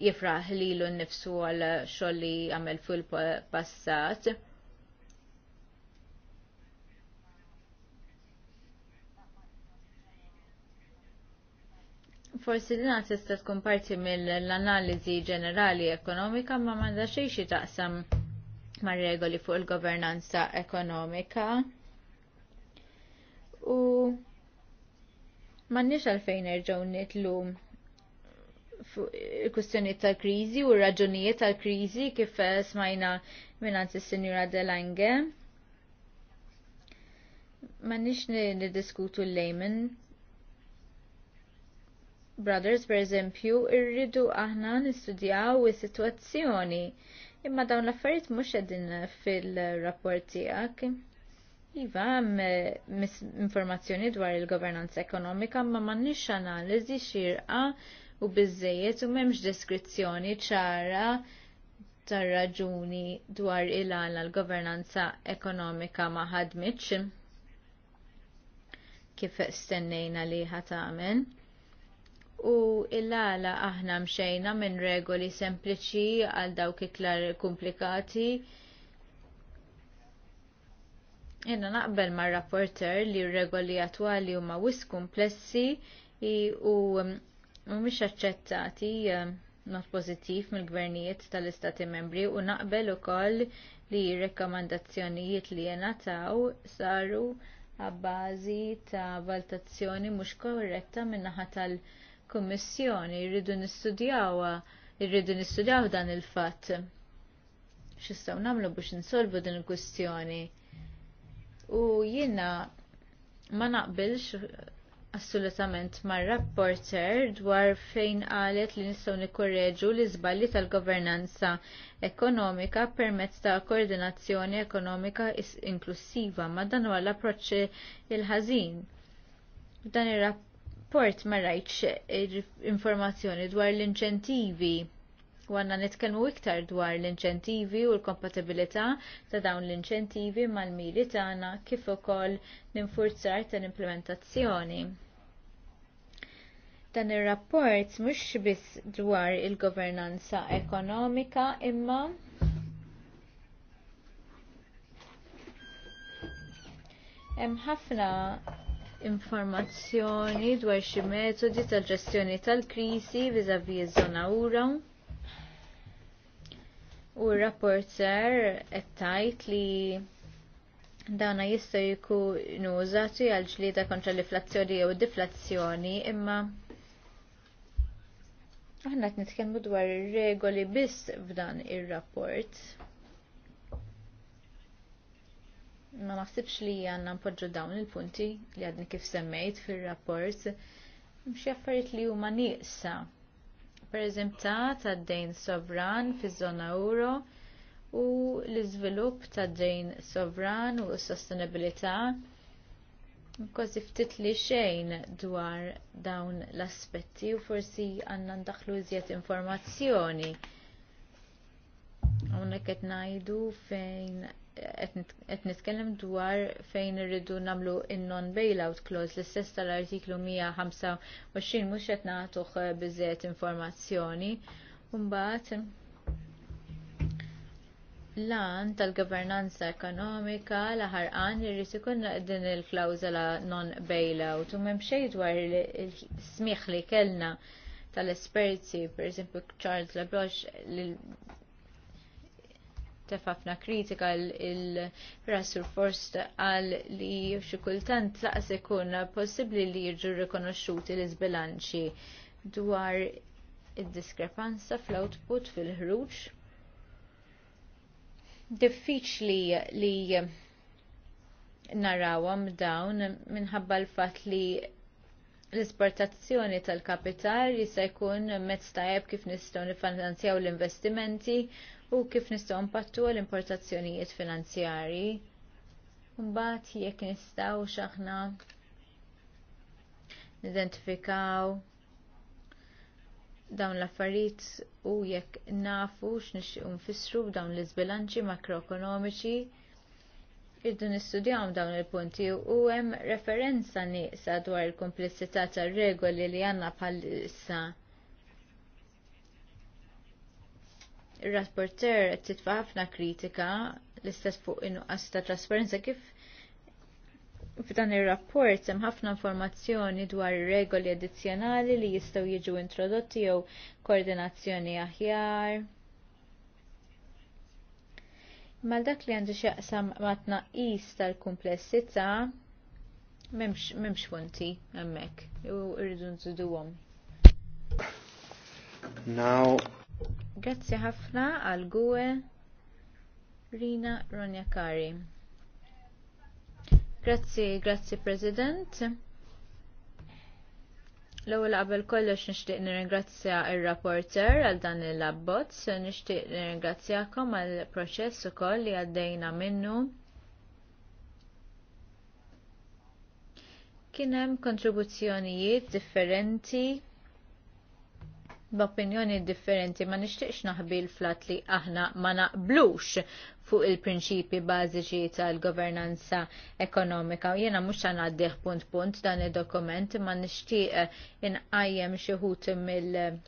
jifraħ li l-nifsu għal xolli għamel fil-passat. Forsi din tista' tkun parti mill-analiżi ġenerali ekonomika ma m'għandha xejn taqsam mar regoli fuq il-governanza ekonomika. U m'għandniex għalfejn nerġgħu nitlu il kustjoni tal-kriżi u r-raġunijiet tal-kriżi kif eh, smajna mingħand is-Sinjura Delange. M'għandniex niddiskutu l-lejmen Brothers, per eżempju, irridu aħna nistudjaw is-sitwazzjoni. Imma dawn l-affarijiet mhux qegħdin fil-rapport tiegħek. Iva, informazzjoni dwar il-governanza ekonomika, ma m'għandniex analiżi xirqa u biżejjed u m'hemmx deskrizzjoni ċara tar-raġuni dwar il-għala l-governanza ekonomika ma ħadmitx kif stennejna li ħatamen u il-għala aħna mxejna minn regoli sempliċi għal dawk iklar komplikati. Jena naqbel ma' rapporter li regoli attwali huma wis komplessi u um, mhumiex aċċettati um, not pozittiv mill-gvernijiet tal-istati membri u naqbel ukoll li r li li taw saru għabbażi ta' valutazzjoni mhux korretta min-naħa tal- kummissjoni jridu nistudjawha, jridu nistudjaw dan il-fatt. X'istgħu nagħmlu biex insolvu din il-kwistjoni. U jiena ma naqbilx assolutament mar rapporter dwar fejn qalet li nistgħu nikorreġu l-iżbalji tal-governanza ekonomika permezz ta' koordinazzjoni ekonomika inklusiva ma dan huwa l-approċċ il-ħażin. Dan ir-rapport rapport ma rajtx informazzjoni dwar l-inċentivi u għanna nitkellmu iktar dwar l-inċentivi u l-kompatibilità ta' dawn l-inċentivi mal-miri tagħna kif ukoll l-infurzar tal-implementazzjoni. Dan ir-rapport mhux biss dwar il-governanza ekonomika imma hemm ħafna informazzjoni dwar xi metodi tal-ġestjoni tal-krisi viżavi ż-żona ura. U r-rapporter qed tgħid li dawna jistgħu jkunu użati għal ġlieda kontra l-inflazzjoni jew deflazzjoni imma aħna qed nitkellmu dwar ir-regoli biss f'dan ir-rapport ma naħsibx li għanna npoġġu dawn il-punti li għadni kif semmejt fil-rapport mxie affarijiet li huma nieqsa. Per eżempta ta' dejn sovran fi żona euro u l-iżvilupp ta' dejn sovran u s-sostenibilità kważi ftit li xejn dwar dawn l-aspetti u forsi għandna ndaħlu iżjed informazzjoni Unnek qed ngħidu fejn qed nitkellem dwar fejn irridu nagħmlu in-non bailout clause l-istess tal-artiklu 125 mhux qed nagħtuh biżejjed informazzjoni. Mbagħad lan tal-governanza ekonomika l-aħħar qan irrid ikun din il-klawżola non bailout u m'hemm dwar il-smigħ li kellna tal-esperti, per Charles Labroche, tefafna ħafna kritika il-Rassur Forst għal li xikultant laqas ikun possibli li jirġu rikonoxxuti l-izbilanċi dwar id-diskrepanza fl-output fil-ħruġ. Diffiċli li narawam dawn minħabba l-fat li l-esportazzjoni tal-kapital jista' jkun mezz tajjeb kif nistgħu nifinanzjaw l-investimenti u kif nistgħu impattu għal importazzjonijiet finanzjarji. Mbagħad jekk nistgħu x'aħna nidentifikaw dawn l-affarijiet u jekk nafu x'nixtiequ nfissru b'dawn l-iżbilanċi makroekonomiċi irdu nistudjaw dawn il-punti u hemm referenza nieqsa dwar il-kumplessità tar-regoli li għandna bħalissa Ir-rapporter qed titfa' ħafna kritika l-istess fuq inqas ta' trasparenza kif f'dan ir-rapport hemm ħafna informazzjoni dwar ir-regoli addizzjonali li jistgħu jiġu introdotti jew koordinazzjoni aħjar. Mal dak li għandu xaqsam ma tnaqqis tal-kumplessità m'hemmx punti hemmhekk u rridu nżiduhom. Now Grazzi ħafna għal Gwe Rina Ronjakari. Grazzi, grazzi President. L-ewwel qabel kollox nixtieq nirringrazzja ir-rapporter għal dan il-abbozz, nixtieq nirringrazzjakom għal proċess ukoll li għaddejna minnu. Kien hemm kontribuzzjonijiet differenti b'opinjoni differenti ma nixtieqx naħbi l-flat li aħna ma naqblux fuq il-prinċipi bażiċi tal-governanza ekonomika. Jiena jena mux għanaddih punt punt dan il-dokument ma nixtieq inqajjem xieħut mill-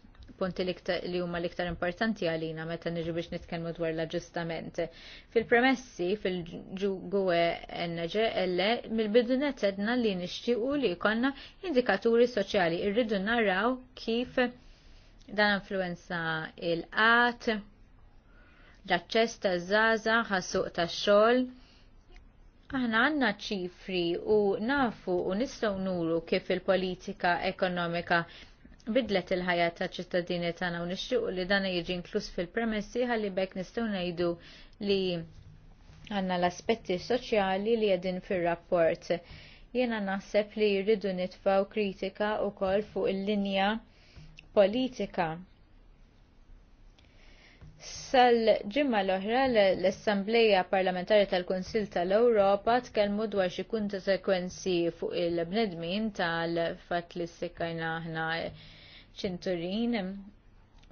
punti li huma l-iktar importanti għalina meta niġu biex nitkellmu dwar l-aġġustament. Fil-premessi fil-ġugwe NGL e, mill bidu netedna li nixtiequ li jkollna indikaturi soċjali irridu naraw kif Dan influenza il-qat, l-aċċess ta' zaza ħassuq ta' xol. Aħna għanna ċifri u nafu u nistgħu nuru kif il-politika ekonomika bidlet il-ħajja ta' ċittadini tagħna u nixtiequ li dan jiġi inkluż fil-premessi ħalli bekk nistgħu ngħidu li għandna l-aspetti soċjali li qegħdin fir-rapport. Jiena naħseb li jridu nitfaw kritika wkoll fuq il-linja politika. Sal-ġimma l-oħra l-Assembleja Parlamentari tal-Konsil tal-Ewropa tkellmu dwar xi sekwenzi fuq il-bnedmin tal-fatt li sikajna aħna ċinturin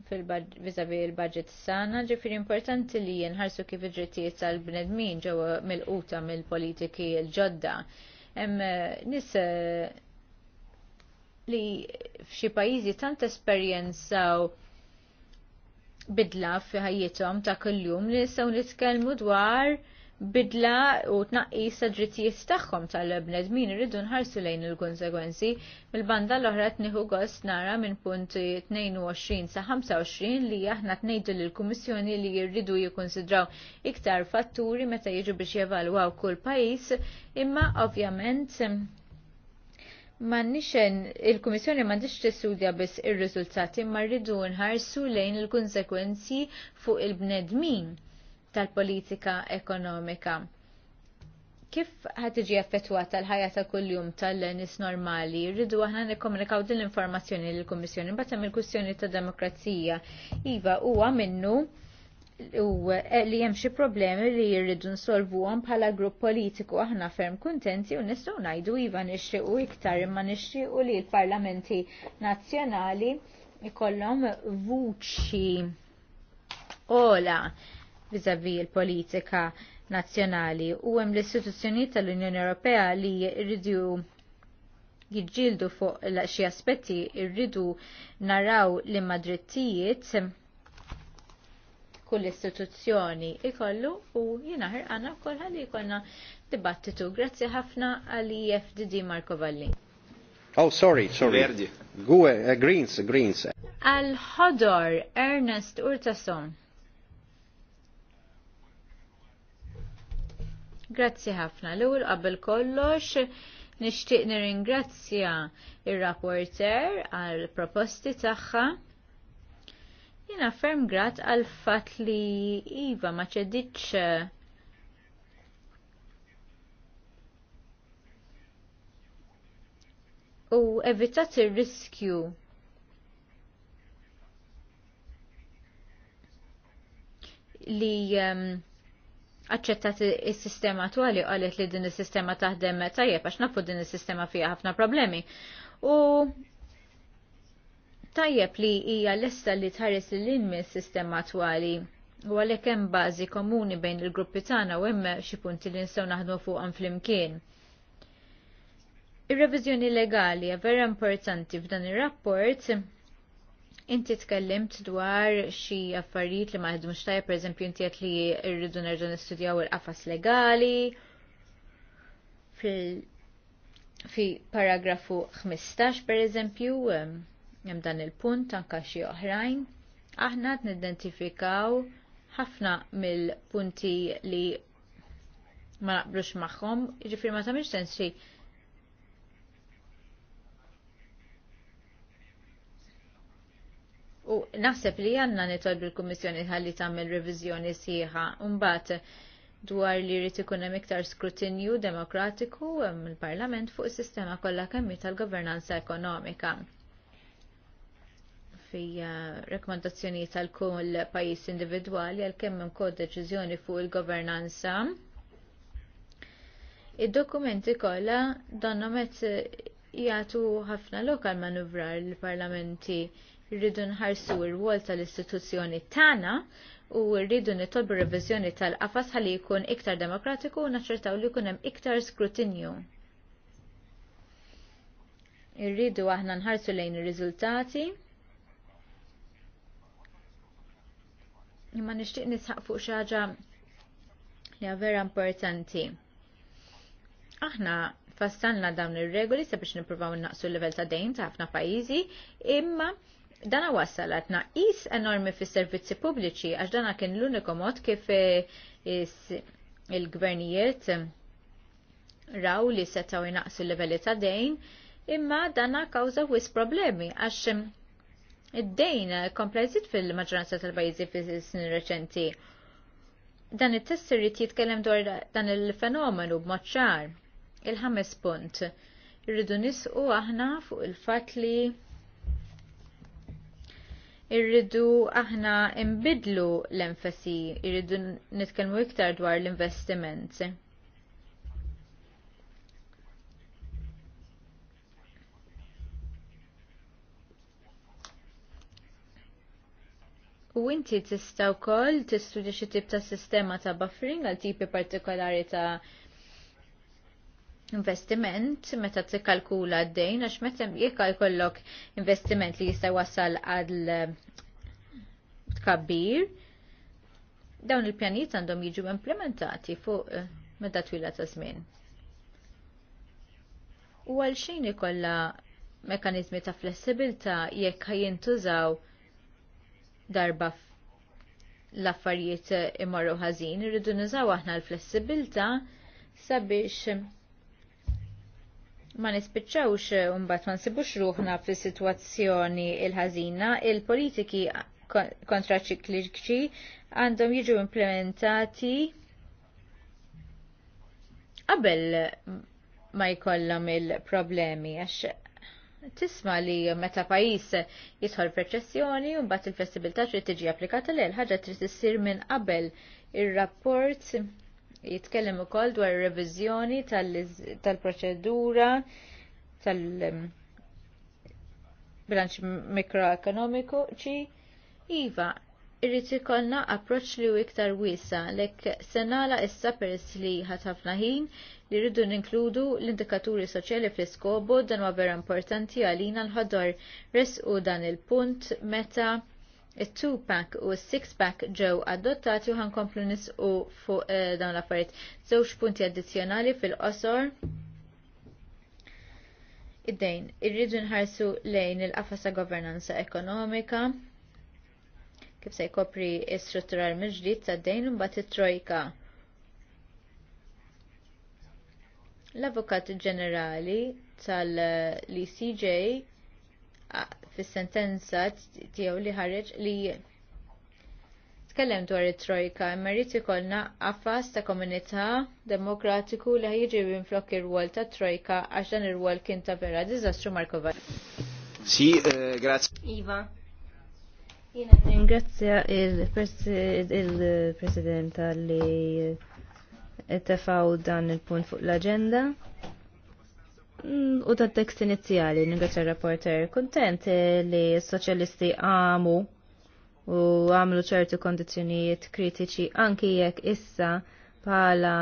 fil-vizavi il-budget sana, ġifir importanti li jenħarsu kif iġritiet tal-bnedmin ġewwa mill-quta mill-politiki l-ġodda. Hemm nis li f'xi pajjiżi tant esperjenzaw bidla fi ħajjithom ta' kuljum li nistgħu nitkellmu dwar bidla u tnaqqis ta' drittijiet tagħhom tal-bnedmin irridu nħarsu lejn il-konsegwenzi mill-banda l-oħra tnieħu gost nara minn punt 22 sa 25 li aħna tnejdu lill kummissjoni li jirridu jikkonsidraw iktar fatturi meta jiġu biex jevalwaw kull pajjiż imma ovvjament Mannixen, il-Komissjoni mandiċ tistudja biss ir-riżultati ma rridu nħarsu lejn il-konsekwenzi fuq il-bnedmin tal-politika ekonomika. Kif iġi affettwata l-ħajja ta' kuljum tal lenis normali, rridu aħna nikkomunikaw din l-informazzjoni l-Kummissjoni, mbagħad hemm il-kwistjoni ta' demokrazija. Iva huwa minnu u eh, li hemm xi problemi li jirridu nsolvuhom bħala grupp politiku aħna ferm kuntenti u nistgħu ngħidu iva u iktar imma nixtiequ li l-parlamenti nazzjonali ikollhom vuċi ola vizavi l-politika nazzjonali u hemm l-istituzzjonijiet tal-Unjoni Ewropea li jridu jiġġieldu fuq xi aspetti rridu naraw li madrittijiet kull istituzzjoni ikollu u jina ħirqana wkoll ħalli jkollna dibattitu. Grazzi ħafna għal e FDD Marko Valli. Oh, sorry, sorry. Gue, uh, Greens, Greens. Al-ħodor Ernest Urtason. Grazzi ħafna. L-ewwel qabel kollox nixtieq nirringrazzja ir-rapporter għal proposti tagħha. Jina ferm grat għal fat li Iva ma ċedditx uh, u evitat il-riskju li um, aċċettat il-sistema attuali u għalet li din il-sistema taħdem tajjeb għax nafu din il-sistema fija ħafna problemi. U tajjeb li hija lesta li tħares l inmi s-sistema attuali u għalhekk hemm bażi komuni bejn il-gruppi tagħna u hemm xi punti li nistgħu naħdmu fuqhom flimkien. Ir-reviżjoni legali hija vera importanti f'dan ir-rapport. Inti tkellimt dwar xi affarijiet li ma ħedmux tajja, pereżempju inti qed li rridu nerġgħu nistudjaw il-qafas legali fil fi paragrafu 15 pereżempju hemm dan il-punt anke xi oħrajn. Aħna nidentifikaw ħafna mill-punti li ma naqblux magħhom, jiġifier ma tagħmilx sens U naħseb li għanna nitolb il-Kummissjoni ħalli tagħmel reviżjoni sieħa mbagħad dwar li jrid ikun hemm iktar skrutinju demokratiku mill-Parlament fuq is-sistema kollha kemm tal-governanza ekonomika fi rekomendazzjoni tal-kull pajis individwali għal kemm hemm kod deċiżjoni fuq il-governanza. Id-dokumenti kollha donna met jagħtu ħafna lokal manuvrar l-parlamenti rridu nħarsu r-wol tal-istituzzjoni tagħna u rridu nitolbu reviżjoni tal-qafas ħalli jkun iktar demokratiku u naċċertaw li jkun hemm iktar skrutinju. Irridu aħna nħarsu lejn ir-riżultati imma nixtieq nisħaq fuq xi ħaġa li vera importanti. Aħna fassanna dawn ir-regoli sabiex nippruvaw naqsu l-level ta' dejn ta' ħafna pajjiżi, imma dana wassal għat naqis enormi fis servizzi pubbliċi għax dana kien l-uniku mod kif eh, il-gvernijiet raw li setaw jnaqsu l-livelli ta' dejn imma dana kawza wis problemi għax id-dejn komplezit fil-maġranza tal pajizi fil snin reċenti. Dan it-test irid jitkellem dwar dan il-fenomenu b'mod ċar. Il-ħames punt. Irridu nisqu aħna fuq il-fatt li irridu aħna imbidlu l-enfasi, irridu nitkellmu iktar dwar l-investiment. U inti tista' wkoll tistudja xi tip ta' sistema ta' buffering għal tipi partikolari ta' investiment meta tikkalkula d-dejn għax meta jekka jkollok investiment li jista' wasal għal eh, tkabbir dawn il-pjanijiet għandhom jiġu implementati fuq eh, meta twila ta' żmien. U għal xejn ikollha mekanizmi ta' flessibilità jekk jintużaw darba l-affarijiet imorru ħażin, rridu niżaw aħna l-flessibilta sabiex ma nispiċċawx mbagħad ma nsibux ruħna fis-sitwazzjoni il ħazina il-politiki kontraċikliċi għandhom jiġu implementati qabel ma jkollhom il-problemi għax tisma li meta pajis jidħol perċessjoni u mbagħad il festibilità trid tiġi applikata lejl ħaġa trid issir minn qabel ir-rapport jitkellem ukoll dwar ir-reviżjoni tal-proċedura tal mm, bilanċ mikroekonomiku ċi iva irrid ikollna approċċ li hu iktar wiesa lek senala issa peress li ħafna ħin li rridu ninkludu l-indikaturi soċjali fl-iskobu dan huwa vera importanti għalina l-ħodor resqu dan il-punt meta it-two-pack u s-six-pack ġew adottati u ħankomplu nisqu fuq eh, dawn l-affarijiet. Żewġ punti addizzjonali fil-qosor id-dejn irridu nħarsu lejn il-qafasa governanza ekonomika kif se jkopri strutturar mill-ġdid tad-dejn imbagħad it-trojka. L-Avukat Ġenerali tal-ECJ fis-sentenza tiegħu li ħareġ li tkellem dwar it-trojka, imma rrid ikollna qafas ta' komunità demokratiku li ħjiġi minflok ir-rwol ta' trojka għax dan ir-rwol kien ta' vera diżastru Markova. Si, eh, grazie. Iva, Jena ringrazzja il-Presidenta li tefaw dan il-punt fuq l-agenda. U ta' tekst inizjali, ringrazzja il-rapporter kontent li s-soċjalisti għamu u għamlu ċertu kondizjonijiet kritiċi anki jekk issa pala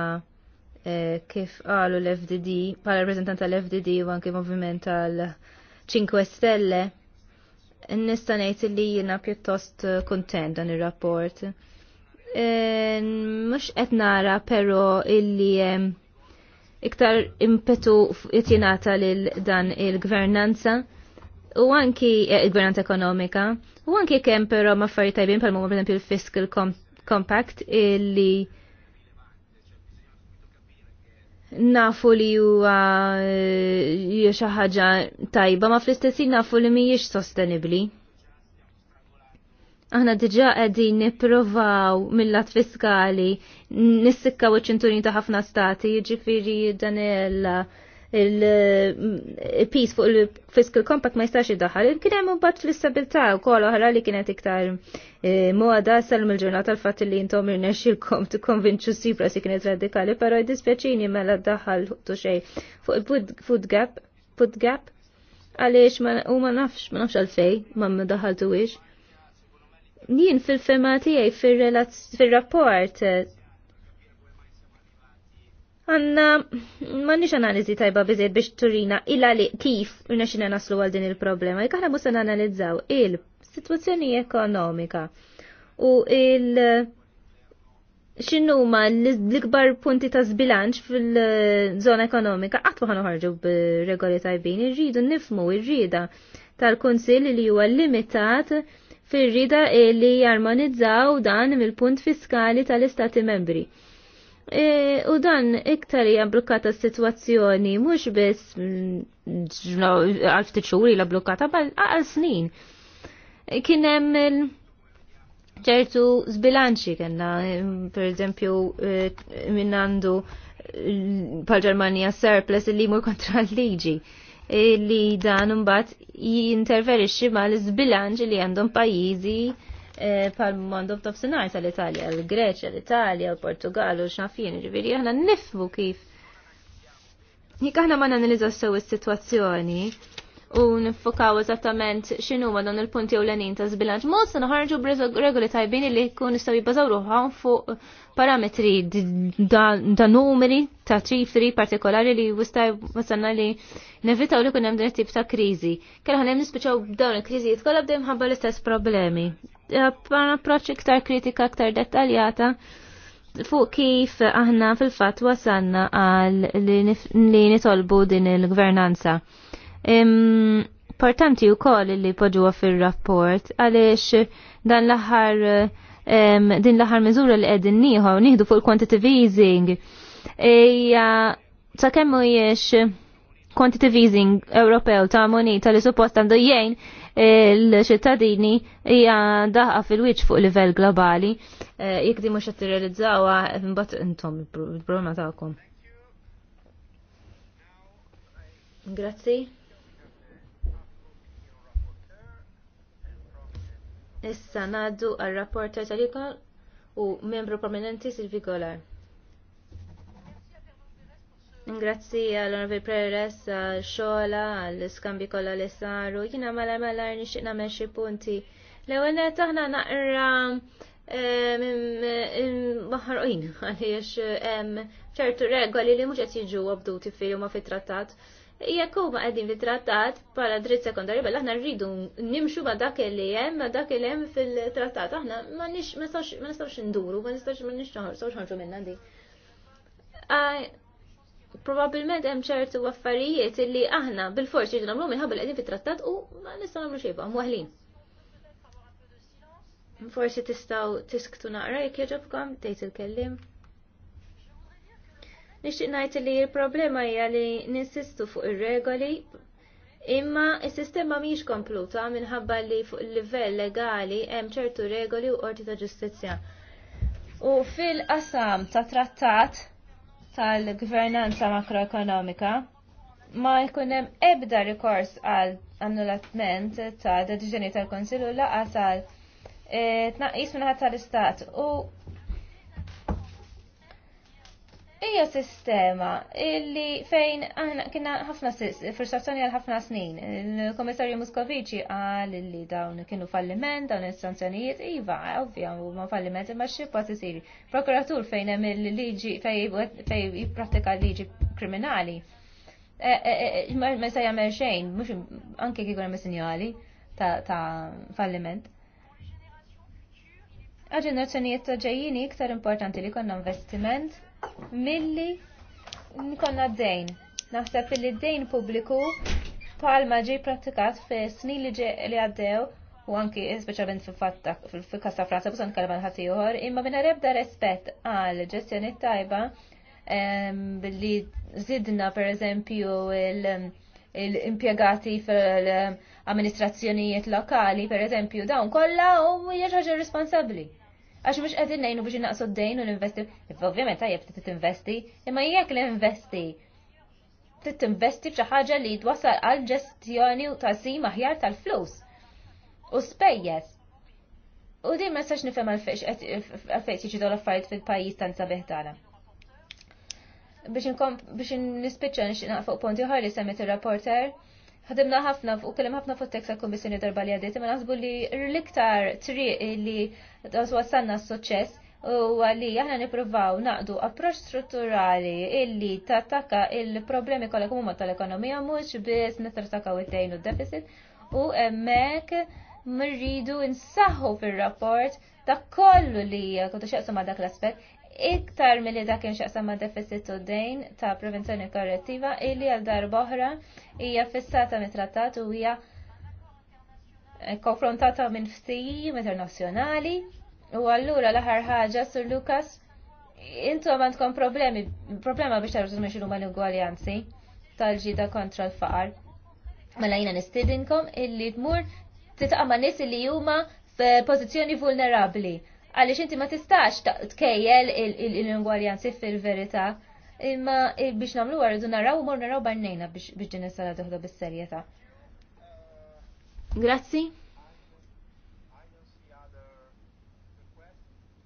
eh, kif għalu l-FDD, pala rappresentant tal-FDD u anki moviment tal-5 Stelle nista' ngħid li jiena pjuttost eh, kuntent dan ir-rapport. Eh, mhux qed nara però illi eh, iktar impetu jingħata lil dan il-gvernanza u anki il-gvernanza ekonomika u anki kemm però ma' affarijiet tajbin bħalma pereżempju il-fiscal compact illi nafu li huwa eh, xi ħaġa tajba ma fl-istessin nafu li mhijiex sostenibbli. Aħna diġà qegħdin nippruvaw mill-lat fiskali nissikkaw iċ-ċinturin ta' ħafna stati, jiġifieri dan il- il-peace eh, fuq il-fiscal compact ma jistax id-daħal. Kien hemm imbagħad fl-istabilità wkoll oħra li kienet iktar eh, moda salm il-ġurnata l-fatt li intom irnexxilkom tikkonvinċu sifra si kienet radikali, però jdispjaċini mela d-daħal tu xejn fuq il-food gap, food gap, għaliex u ma nafx, ma nafx għalfej, ma ma daħħaltu wiex. Jien fil-fema tiegħi fir-rapport eh, għanna mannix analizi tajba bizzejt biex turina illa li kif rinaxina naslu għal din il-problema. Jek aħna musan analizzaw il-situazzjoni ekonomika u il- ma l-ikbar punti ta' zbilanċ fil-zona ekonomika, għatma ħan uħarġu b-regoli tajbin, irridu nifmu irrida tal-Konsil li huwa limitat fil-rida li jarmonizzaw dan mill-punt fiskali tal-Istati membri E, u dan iktar hija blokkata s-sitwazzjoni mhux biss mm, għal ftit xhur ilha blokkata bal għal snin. Kien hemm ċertu żbilanċi kellna, per eżempju, e, għandu pal-Ġermanija surplus li mur kontra l-liġi e, li dan mbagħad jinterferixxi mal-żbilanċ li għandhom pajjiżi Eh, pal mandob ta' għal tal-Italja, l-Greċja, l-Italja, l-Portugal, u xnafin, ġiviri, aħna nifmu kif. Jek aħna ma nanalizzaw sew is-sitwazzjoni u nifokaw eżattament xinu ma dawn il-punti l-enin ta' zbilanċ, mod se noħarġu regoli tajbin li jkun jistgħu jibbażaw ruħan fuq parametri da' numeri ta' 3-3 partikolari li wistaj wasalna li nevitaw li kun hemm din tip ta' kriżi. Kellha hemm nispiċaw dawn il-kriżijiet kollha bdejjem ħabba l-istess problemi approċċ iktar kritika iktar dettaljata fuq kif aħna fil-fatt wasanna għal li nitolbu din il-gvernanza. Importanti u koll li poġuwa fil-rapport għaliex dan l-aħħar din l-aħħar miżura li qegħdin nieħu niħdu fuq il-quantitative easing Ija, ta' kemmu mhijiex quantitative easing Ewropew ta' moneta li suppost għandu jgħin l ċittadini hija daħqa fil-wiċ fuq livell globali. Eh, jekk di mhux qed tirrealizzawa imbagħad intom il-problema tagħkom. Grazzi. Issa ngħaddu għar-rapporter tal u membru prominenti Silvi Golar. Ingrazzi għal-Onorvi Preres, għal-xola, għal-skambi kolla li saru. Jina mela mela nixtieq nagħmel xi punti. L-ewwel aħna naqra eh, maħarqin għaliex hemm eh, ċertu regoli li mhux qed jiġu abduti ma fit-trattat. Jekk huma qegħdin fit-trattat bħala dritt sekondarju bella aħna rridu nimxu ma' dak li hemm ma' dak li hemm fil-trattat aħna ma nduru, ma nistgħux induru, ma nistgħux ma nistgħux ma minnha di Probabilment hemm ċertu affarijiet illi aħna bil-forsi ġidu nagħmlu minħabba li qegħdin fit-trattat u ma nistgħu nagħmlu xejba, waħlin. Forsi tistgħu tisktu naqra jekk jogħġobkom tgħid il-kellim. Nixtieq ngħid li l-problema hija li ninsistu fuq ir-regoli Imma s sistema mhijiex kompluta minħabba li fuq il-livell legali hemm ċertu regoli u qorti ta' ġustizzja. U fil-qasam ta' trattat tal-gvernanza makroekonomika ma jkunem ebda rikors għal annulatment ta' deċiżjoni tal-Konsilu laqas għal eh, tnaqqis minħabba tal-Istat u hija sistema illi fejn aħna kienna ħafna frustrazzjoni għal ħafna snin. Il-Komissarju Muscoviċi qal li dawn kienu falliment, dawn il sanzjonijiet iva, ovvja, huma falliment imma xie post isir. Prokuratur fejn hemm il-liġi fejn jipprattika liġi kriminali. E, e, e, ma se jagħmel xejn, mhux anke kikun hemm sinjali ta' falliment. Għal ġenerazzjonijiet ta' ġejjini iktar importanti li konna investiment milli nkonna d-dejn. Naħseb li d-dejn pubbliku palma ġi pratikat fi snin li li għaddew u anki speċjalment fil-fatta fil-kassa Franza bżon kalma uħor imma minna rebda rispett għal ġestjoni tajba billi zidna per eżempju l-impiegati fil-amministrazzjonijiet eh, lokali per eżempju dawn kollha u jieġaġi responsabbli. Għax mux għedin nejnu biex naqsu d-dejn u n-investi. Iva, Ovvijament għajab t investi imma jgħak li investi. T-investi bċaħġa li d-wasal għal ġestjoni u tazim aħjar tal-flus. U spejjes. U di ma sax nifem għal-fejt jġidu l-affarijiet fil-pajis tan sabiħtana. Biex nispiċċa fuq ponti uħar li semmet il-rapporter ħadimna ħafna u kellem ħafna fuq tekst kummissjoni darba li għadiet, ma naħsbu li l-iktar triq li wasanna s-suċċess u għalli aħna nipruvaw naqdu approċ strutturali illi tattaka il-problemi kollha kumma tal-ekonomija mhux biss u t tejn u deficit u hemmhekk mirridu nsaħħu fir-rapport ta' kollu li kontu xieqsu ma' dak l-aspett iktar mill-li dak inxaqsa ma' deficit u dejn ta' prevenzjoni korrettiva illi għal darba hija fissata mit-trattat u hija eh, konfrontata minn ftijim internazzjonali u allura l-aħħar ħaġa sur Lukas intom għandkom problemi problema biex tarżu meċi l-huma l tal-ġida kontra l-faqar. Mela jina nistidinkom illi tmur titqa' ma' nies illi huma f'pożizzjoni vulnerabbli għaliex inti ma tistax tkejjel il ingwarjanzi fil-verità. Imma biex namlu għarridu naraw, mor naraw barnejna biex din s sala toħda bis-serjetà. Grazzi.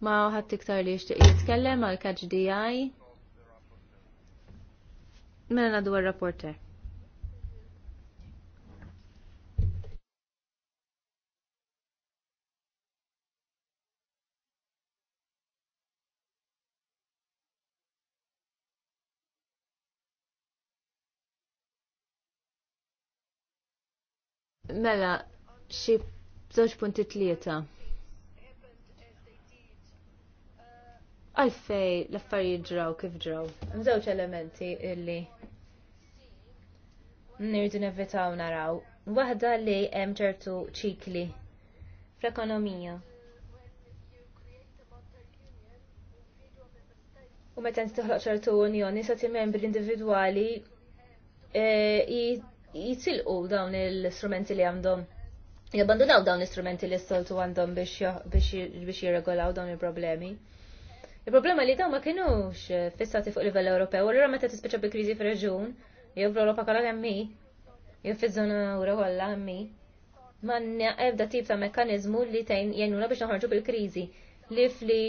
Ma ħadd tiktar li jixtieq jitkellem għal kaġ DI. Mela nadu għal-rapporter. Mela, xi bżoċ punti tlieta. Għalfej l-affarijiet ġraw kif ġraw. Mżewġ elementi illi nirdu nevitaw naraw. Waħda li hemm ċertu ċikli fl-ekonomija. U meta toħloq ċertu unjoni sati membri individwali eh, jitilqu dawn l-istrumenti li għandhom jabbandunaw dawn l-istrumenti li s-soltu għandhom biex jirregolaw dawn il-problemi. Il-problema li dawn ma kienux eh, fissati fuq livell Ewropew, ma meta tispiċċa bi kriżi f reġun jew fl europa kollha għemmi, jew fiż zona Ewro kollha għemmi, ma ebda tip ta' mekkaniżmu li tajn jgħinuna biex naħarġu bil-kriżi li fli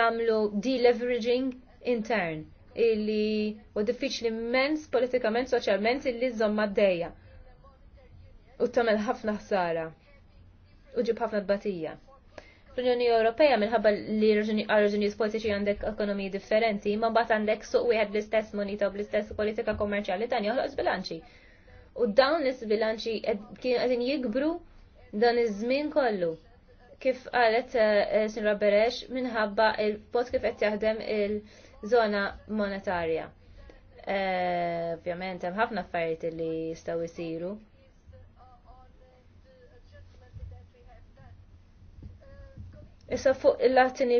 namlu deleveraging intern illi u diffiċli immens politikament, soċjalment illi zomma d deja U tagħmel ħafna ħsara. U ġib ħafna d-batija. L-Unjoni Ewropea minħabba li raġunijiet politiċi għandek ekonomiji differenti, ma mbagħad għandek suq wieħed l istess monita u bl-istess politika kommerċjali tagħni joħloq bilanċi. U dawn l-isbilanċi qegħdin jikbru dan iż-żmien kollu kif qalet eh, eh, Sinra Beresh minħabba il-pot kif qed jaħdem il-, -il Zona monetarja. Eh, ovvjament hemm ħafna affarijiet li jistgħu jsiru. Issa fuq il-latini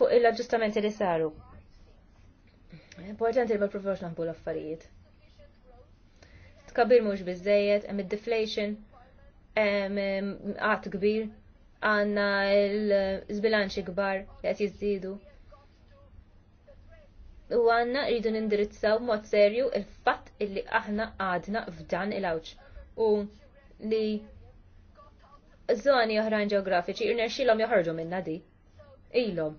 fuq il-aġġustamenti li saru. Importanti li ma provax naħbu l-affarijiet. Tkabir mhux biżejjed, hemm id-deflation, hemm qatt kbir, għandna l-żbilanċi kbar li qed jiżdiedu u għanna rridu nindirizzaw mod serju il-fatt illi aħna għadna f'dan il-awċ u li zoni oħrajn ġeografiċi irnexxilhom joħorġu minna di. Ilhom.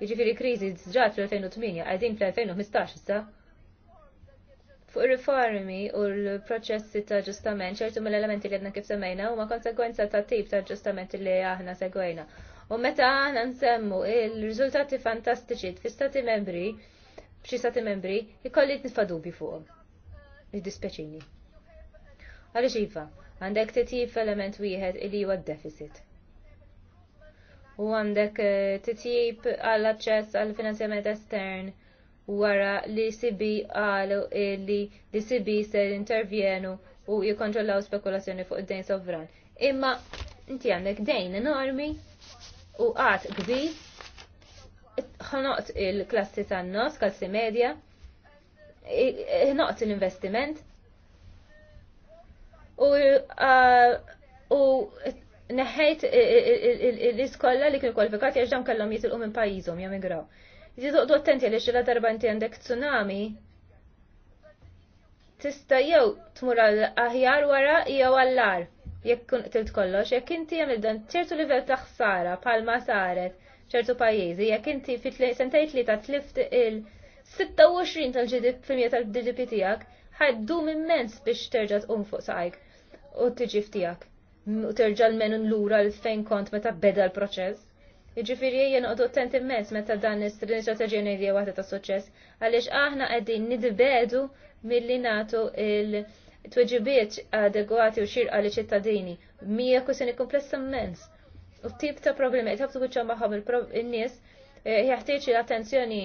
Jiġifieri kriżi ġrat fl-2008 qegħdin fl-2015 issa. Fuq ir-riformi u l-proċessi ta' ġustament ċertu mill-elementi li għedna kif semmejna huma konsegwenza ta' tip ta' ġustament li aħna segwejna. U meta aħna nsemmu il-riżultati fantastiċi fi stati membri b'xi sati membri ikolli nitfa' dubi fuqhom. Id-dispeċini. Għaliex iva, għandek titjib element wieħed li huwa d-deficit. U għandek eh, titjib għall-aċċess għall-finanzjament estern wara li sibi għalu li li sibi ser intervjenu u jikontrollaw spekulazzjoni fuq id-dejn sovran. Imma inti għandek dejn enormi u għat kbir ħanaqt il-klassi tan-nos, klassi medja, ħanaqt l-investiment u u l-iskolla li kienu kwalifikat għax dawn kellhom jitilqu minn pajjiżhom jemigraw. Jiżoqdu attenti għaliex la darba inti għandek tsunami tista' jew tmur għal aħjar wara jew għallar ar jekk tilt kollox, jekk inti għamil dan ċertu livell ta' ħsara palma saret ċertu pajjiżi jekk inti fit sentajt li ta' tlift il-26 tal-GDP tal-GDP tiegħek ħaddu immens biex terġa' tqum fuq saqajk u tiġi ftijak. U terġa' l menun l-lura l-fejn kont meta beda l-proċess. Iġifiri jien uqdu tent immens meta dan l-istrateġija nejdi għata ta' suċess, għalix aħna għeddin nidbedu mill-li natu il-tweġibiet adegwati u xirqa li ċittadini. Mija kusin komplessa immens tip ta' problemi qed ħabtu wiċċhom magħhom il nies eh, jeħtieġ l-attenzjoni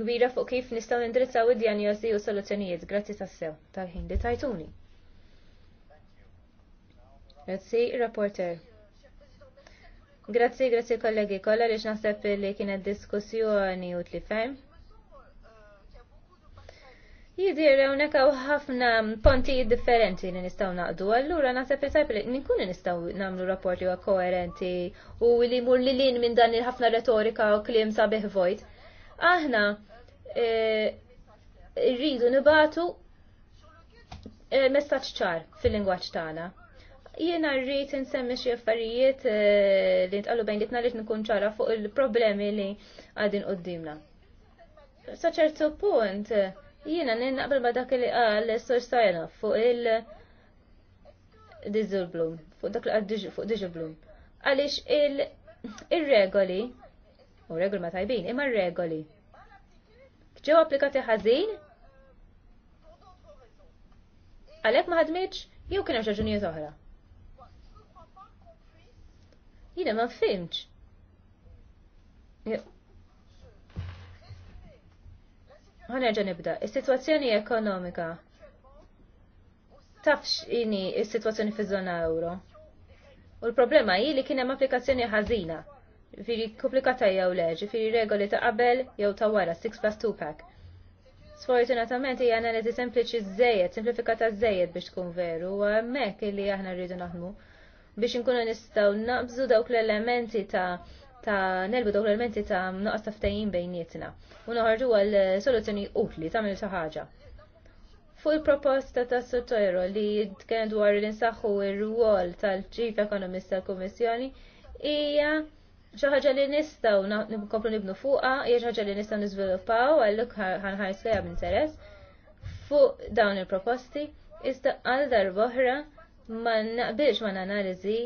kbira fuq kif nistgħu nindrizzaw id għazdi u soluzzjonijiet. Grazzi tas-sew tal-ħin li tajtuni. Grazzi, rapporter. Grazzi, grazzi kollegi kollha li naħseb li kienet diskussjoni u tli ferm. Jidir hawnhekk hawn ħafna ponti differenti li nistgħu naqdu, allura naħseb li tajb ninkun nistaw nistgħu nagħmlu rapport li koerenti u li jmur li lin minn dan il-ħafna retorika u kliem sabiħ vojt. Aħna e, rridu nibatu e, messaġġ ċar fil-lingwaġġ tagħna. Jiena rrid insemmi xi affarijiet e, li ntqalu bejn ditna li nkun ċara fuq il-problemi li għadin qudiemna. Sa ċertu punt, Jiena naqbel ma dak li qal Sor Sajna fuq il blum, fuq dak li qal fuq Dizzulblum. Għaliex il-regoli, u regoli ma tajbin, imma regoli. Ġew applikati ħazin? Għalhekk ma ħadmitx jew kien hemm raġunijiet oħra. Jiena ma fimċ. ħanerġa nibda. Is-sitwazzjoni ekonomika. Tafx ini is-sitwazzjoni fi zona euro. U l-problema hi li kien hemm applikazzjoni ħażina. Firi komplikata jew leġi, firi regoli ta' qabel jew ta' wara, 6 plus 2 pack. Sfortunatament hija analiżi sempliċi żejjed, simplifikata żejjed biex tkun veru, u hemmhekk illi aħna rridu naħdmu biex inkunu nistgħu naqbżu dawk l-elementi ta' ta' nelbu dawk l-elementi ta' nuqqas ta' bejnietna u noħarġu għal soluzzjoni utli tagħmel mil ħaġa. Fuq il-proposta ta' Sotero li kien dwar l-insaħħu ir-rwol tal-ċif ekonomist tal-Kummissjoni hija xi ħaġa li nistgħu nkomplu nibnu fuqha, hija xi li nistgħu niżviluppaw għalluk ħanħares b'interess fuq dawn il-proposti iżda għal darboħra oħra ma naqbilx ma' analiżi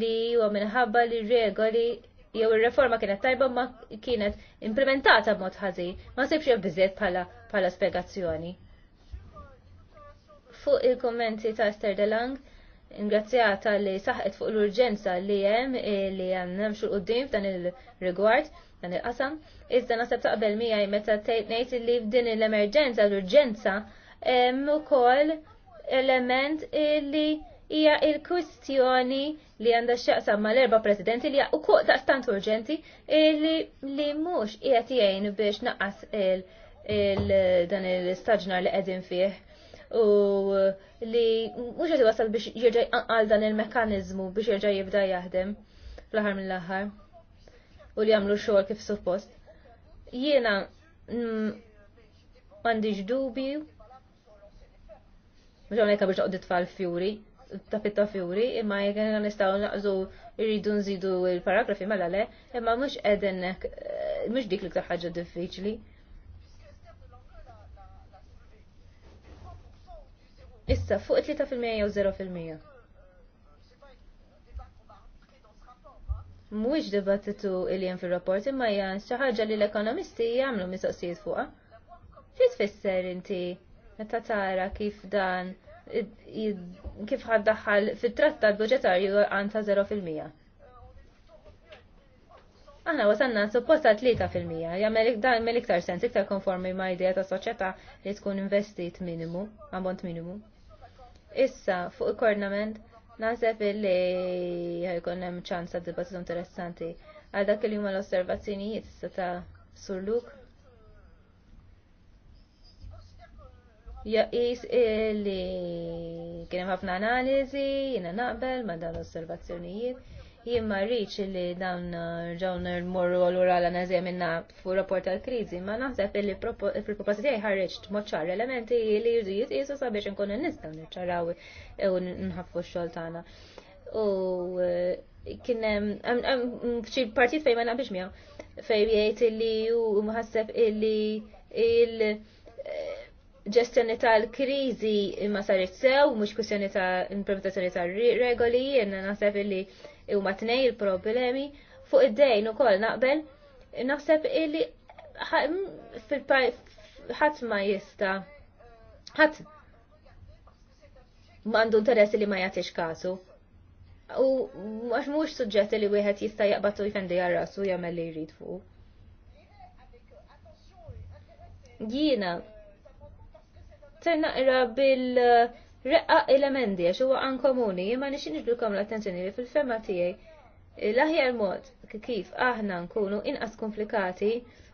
li huwa minħabba li regoli jew ir-reforma kienet tajba ma kienet implementata b'mod ħażin, ma sibx jew biżiet bħala spiegazzjoni. spjegazzjoni. Fuq il-kommenti ta' Esther Delang, ingrazzjata li saħet fuq l-urġenza li hemm eh, li hemm nemxu l-qudiem f'dan il-rigward dan il-qasam, iżda naħseb taqbel miegħi meta ngħid li f'din l-emerġenza l-urġenza hemm ukoll element li hija il-kwistjoni li għandha x'jaqsam mal-erba' presidenti li u kuq daqstant urġenti li mhux qiegħed jgħin biex naqqas dan il-staġnar li qegħdin fih u li mhux qed wasal biex jerġa' jqanqal dan il-mekkaniżmu biex jerġa' jibda jaħdem fl-aħħar mill-aħħar u li jagħmlu xogħol kif suppost. Jiena mm, m'għandix dubju mhux hawnhekk biex toqdi tfal fjuri, ta' fitta fjuri, imma jek għanna nistaw naqżu irridu nżidu il-paragrafi mela le, imma mux edenek, eh, mux dik l-iktar ħagġa diffiċli. Issa, fuq 3% jew 0%. Mhuwiex dibattitu il hemm fir-rapport imma hija xi ħaġa li l-ekonomisti jagħmlu mistoqsijiet fuqha. Xi tfisser inti meta tara kif dan kif ħaddaħħal fit-trattat budgetarju għan ta' 0%. Aħna wasanna supposta 3% jagħmel dan mill-iktar sens iktar konformi ma' idea ta' soċjetà li tkun investit minimu, ammont minimu. Issa fuq il-kornament naħseb li ħajkun hemm ċans ta' dibattit interessanti għal dak li huma l-osservazzjonijiet issa ta' Sur Luke. jaqis li kien hemm ħafna analiżi, jiena naqbel ma' dan osservazzjonijiet. Jien ma rridx li dawn ġew morru għal-ura l minna fu rapport tal-kriżi, ma naħseb li fil-proposta tiegħi t-moċar elementi li jridu jitqisu sabiex inkunu n niċċaraw u nħaffu x-xogħol tagħna. U eh, kien hemm partijt partit fejn ma naħbiex miegħu Fej jgħid li hu maħseb illi il- ġestjoni tal-krizi ma saret sew, mux kustjoni ta' implementazzjoni ta' regoli, jenna naħseb illi u matnej il-problemi, fuq id-dejn u koll naqbel, naħseb illi ħat ma jista, ħat mandu interess li ma jatiex kasu. U għax mux suġġett li wieħed jista' jaqbatu jfendi għal-rasu jagħmel li jrid fuq. Jiena Ser naqra bil-reqqa il-emendi għax huwa ankomuni komuni, imma nixi nġbdukom l-attenzjoni li fil femma tiegħi l-aħjar mod kif aħna nkunu inqas komplikati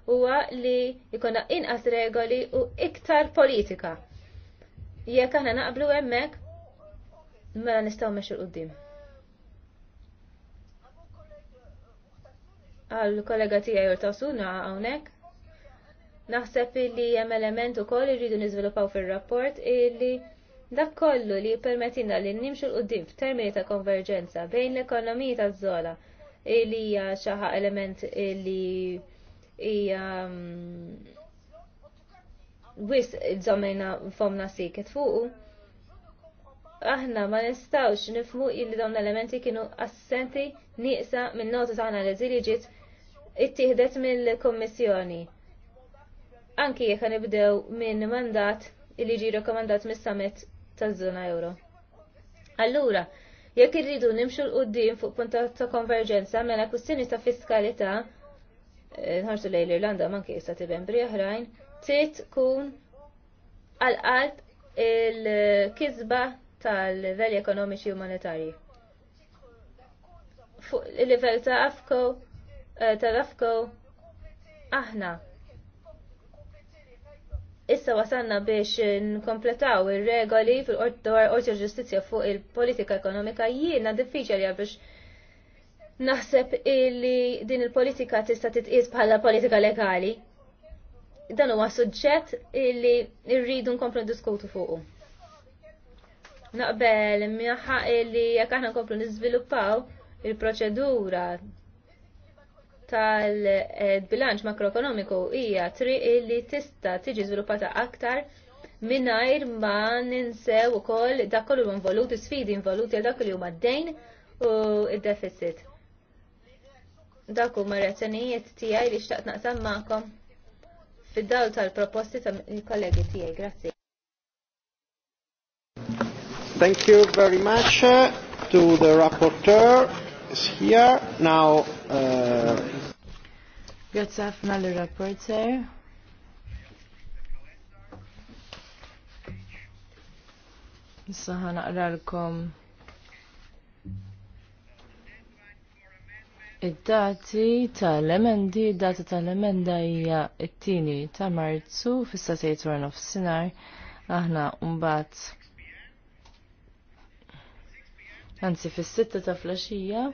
huwa li jkollna inqas regoli u iktar politika. Jekk aħna naqblu hemmhekk, mela nistgħu mexxu l-qudiem. Għal kollega tijaj jortasuna hawnhekk Naħseb li hemm element ukoll irridu niżviluppaw fir-rapport illi dak kollu li jippermettilna li nimxu l qudiem f'termini ta' konverġenza bejn l-ekonomija taż-żola illi hija xi element li hija mm, wis żommejna fomna siket fuqu aħna ma nistawx nifmu illi dawn l-elementi kienu assenti nieqsa minn nota tagħna li ġiet ittieħdet mill-Kommissjoni anki jekk nibdew minn mandat li ġi rekomandat mis-summit taż-żona euro. Allura, jekk irridu nimxu l-qoddim fuq punta ta' konverġenza mela kwistjoni ta' fiskalità eh, nħarsu lejn l-Irlanda manki jista' tibembri oħrajn, trid tkun għal-qalb il-kizba tal-livelli ekonomiċi u monetarji. Fuq il-livell ta' afko, eh, tal-afko, aħna Issa wasanna biex nkompletaw ir-regoli fil-Qorti Ġustizzja fuq il-politika ekonomika jiena diffiċli biex naħseb illi din il-politika tista' titqies bħala politika legali. Dan huwa suġġett illi rridu nkomplu diskutu fuqu. Naqbel mjaħħaq illi jekk aħna nkomplu niżviluppaw il-proċedura tal-bilanċ makroekonomiku hija triq li tista' tiġi żviluppata aktar mingħajr ma ninsew ukoll dak kollu involuti sfidi involuti għal dak li huma d-dejn u d-deficit. Dak huma reazzjonijiet tiegħi li xtaqt naqsam magħkom fid-dawl tal-proposti tal-kollegi tiegħi. Grazzi. Thank you very much to the rapporteur is here. Now, uh... Grazie ħafna l-rapporter. Id-dati tal-emendi, id-dati tal-emenda hija t-tini ta' marzu fis-satejt warnof sinar aħna mbagħad anzi fis-sitta ta' flaxija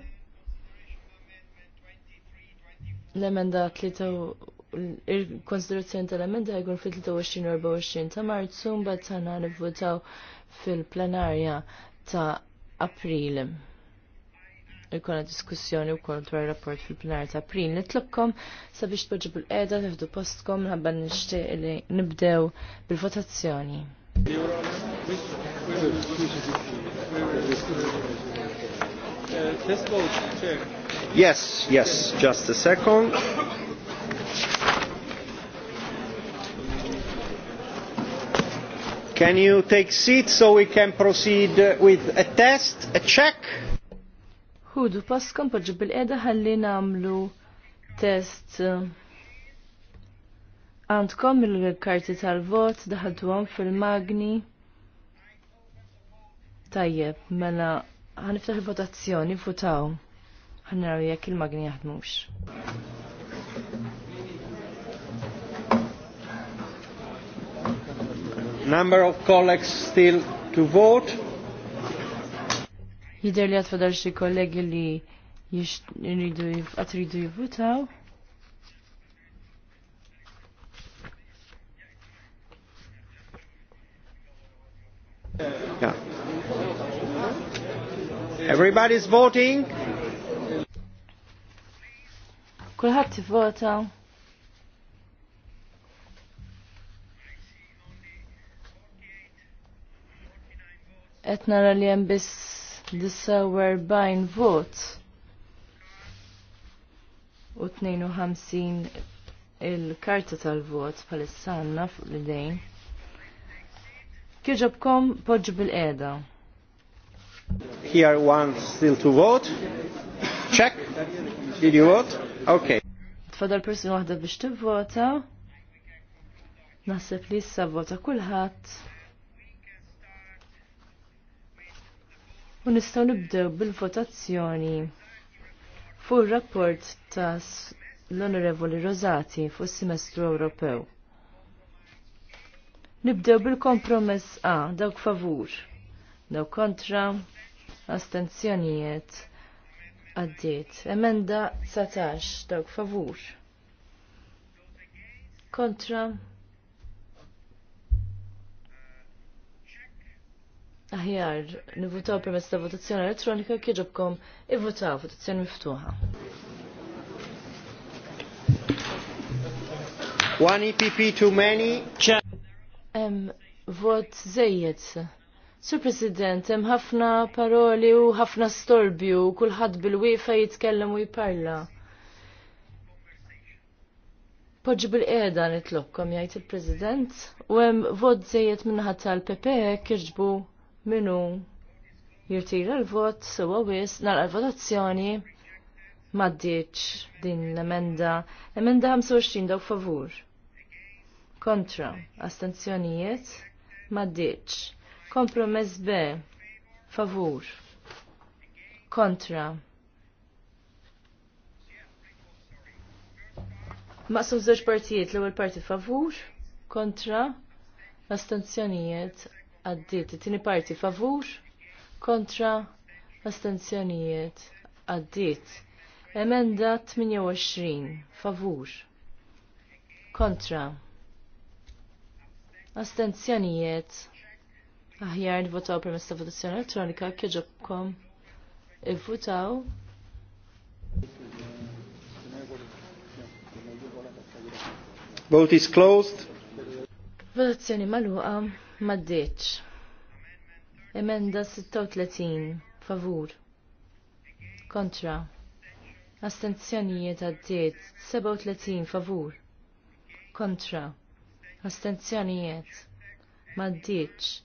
l-emenda il-konsiderazzjoni tal-emenda jkun fil-23-24 ta' marzu mbagħad tagħna nivvutaw fil-plenarja ta' april. Ikona diskussjoni u kol dwar rapport fil-plenar ta' april. Nitlobkom sabiex tpoġġu bil-qeda tifdu postkom ħabba nixtieq li nibdew bil-votazzjoni. Yes, yes, just a second. Can you take seats so we can proceed with a test, a check? Hudu, paskan kam bil-eda għalli namlu test. Għandkom il-karti tal-vot daħadwom fil-magni. Tajjeb, mela ħaniftaħ il-votazzjoni, votaw. Ħanaraw jek il-magni jahdmux. Number of colleagues still to vote. Jider li għatfadar xie kollegi li għatridu jivutaw. Yeah. Everybody's voting. Kulħadd tivvota. Qed nara li hemm biss disawwerbajn vot u 52 il-karta tal-vot bħalissa għandna fuq l-idejn. Kieġobkom poġġu bil-qeda. Here one still to vote. Check. Did you vote? Okay. Tfadal person waħda biex tivvota. Naħseb li issa vota kulħadd. U nistgħu nibdew bil-votazzjoni fuq ir-rapport ta' l-Onorevoli Rosati fuq semestru Ewropew. Nibdew bil-kompromess A dawk favur no kontra, astenzjonijiet għaddiet. Emenda 19, dawk favur. Kontra, Aħjar, nivutaw permezz ta' votazzjoni elettronika kieġobkom ivvotaw votazzjoni miftuħa. One EPP too many. Em, vot zejjed. Sur President, hemm ħafna paroli u ħafna storbju, kulħadd bil-wiefa jitkellem u jparla. Poġġi bil qiegħda nitlobkom jgħid il-President u hemm vot żejjed minnaħat tal-PP e, kirġbu minnu jirtira l-vot sewa wis nara l-votazzjoni maddiċ din l-emenda. Emenda 25 daw favur. Kontra, astenzjonijiet, maddiċ. Kompromess B. Favur. Kontra. Maqsum żewġ partijiet, l-ewwel parti favur, kontra, astenzjonijiet għaddit. Tini parti favur, kontra, astenzjonijiet għaddit. Emenda 28, favur, kontra, astenzjonijiet Aħjar nivotaw permezz ta' votazzjoni elettronika kieġobkom ivvotaw? Vote is closed. Votazzjoni magħluqa m'għaddiex. Emenda 36 favur. Kontra. Astenzjonijiet għaddiet 37 favur. Kontra. Astenzjonijiet. Maddiċ.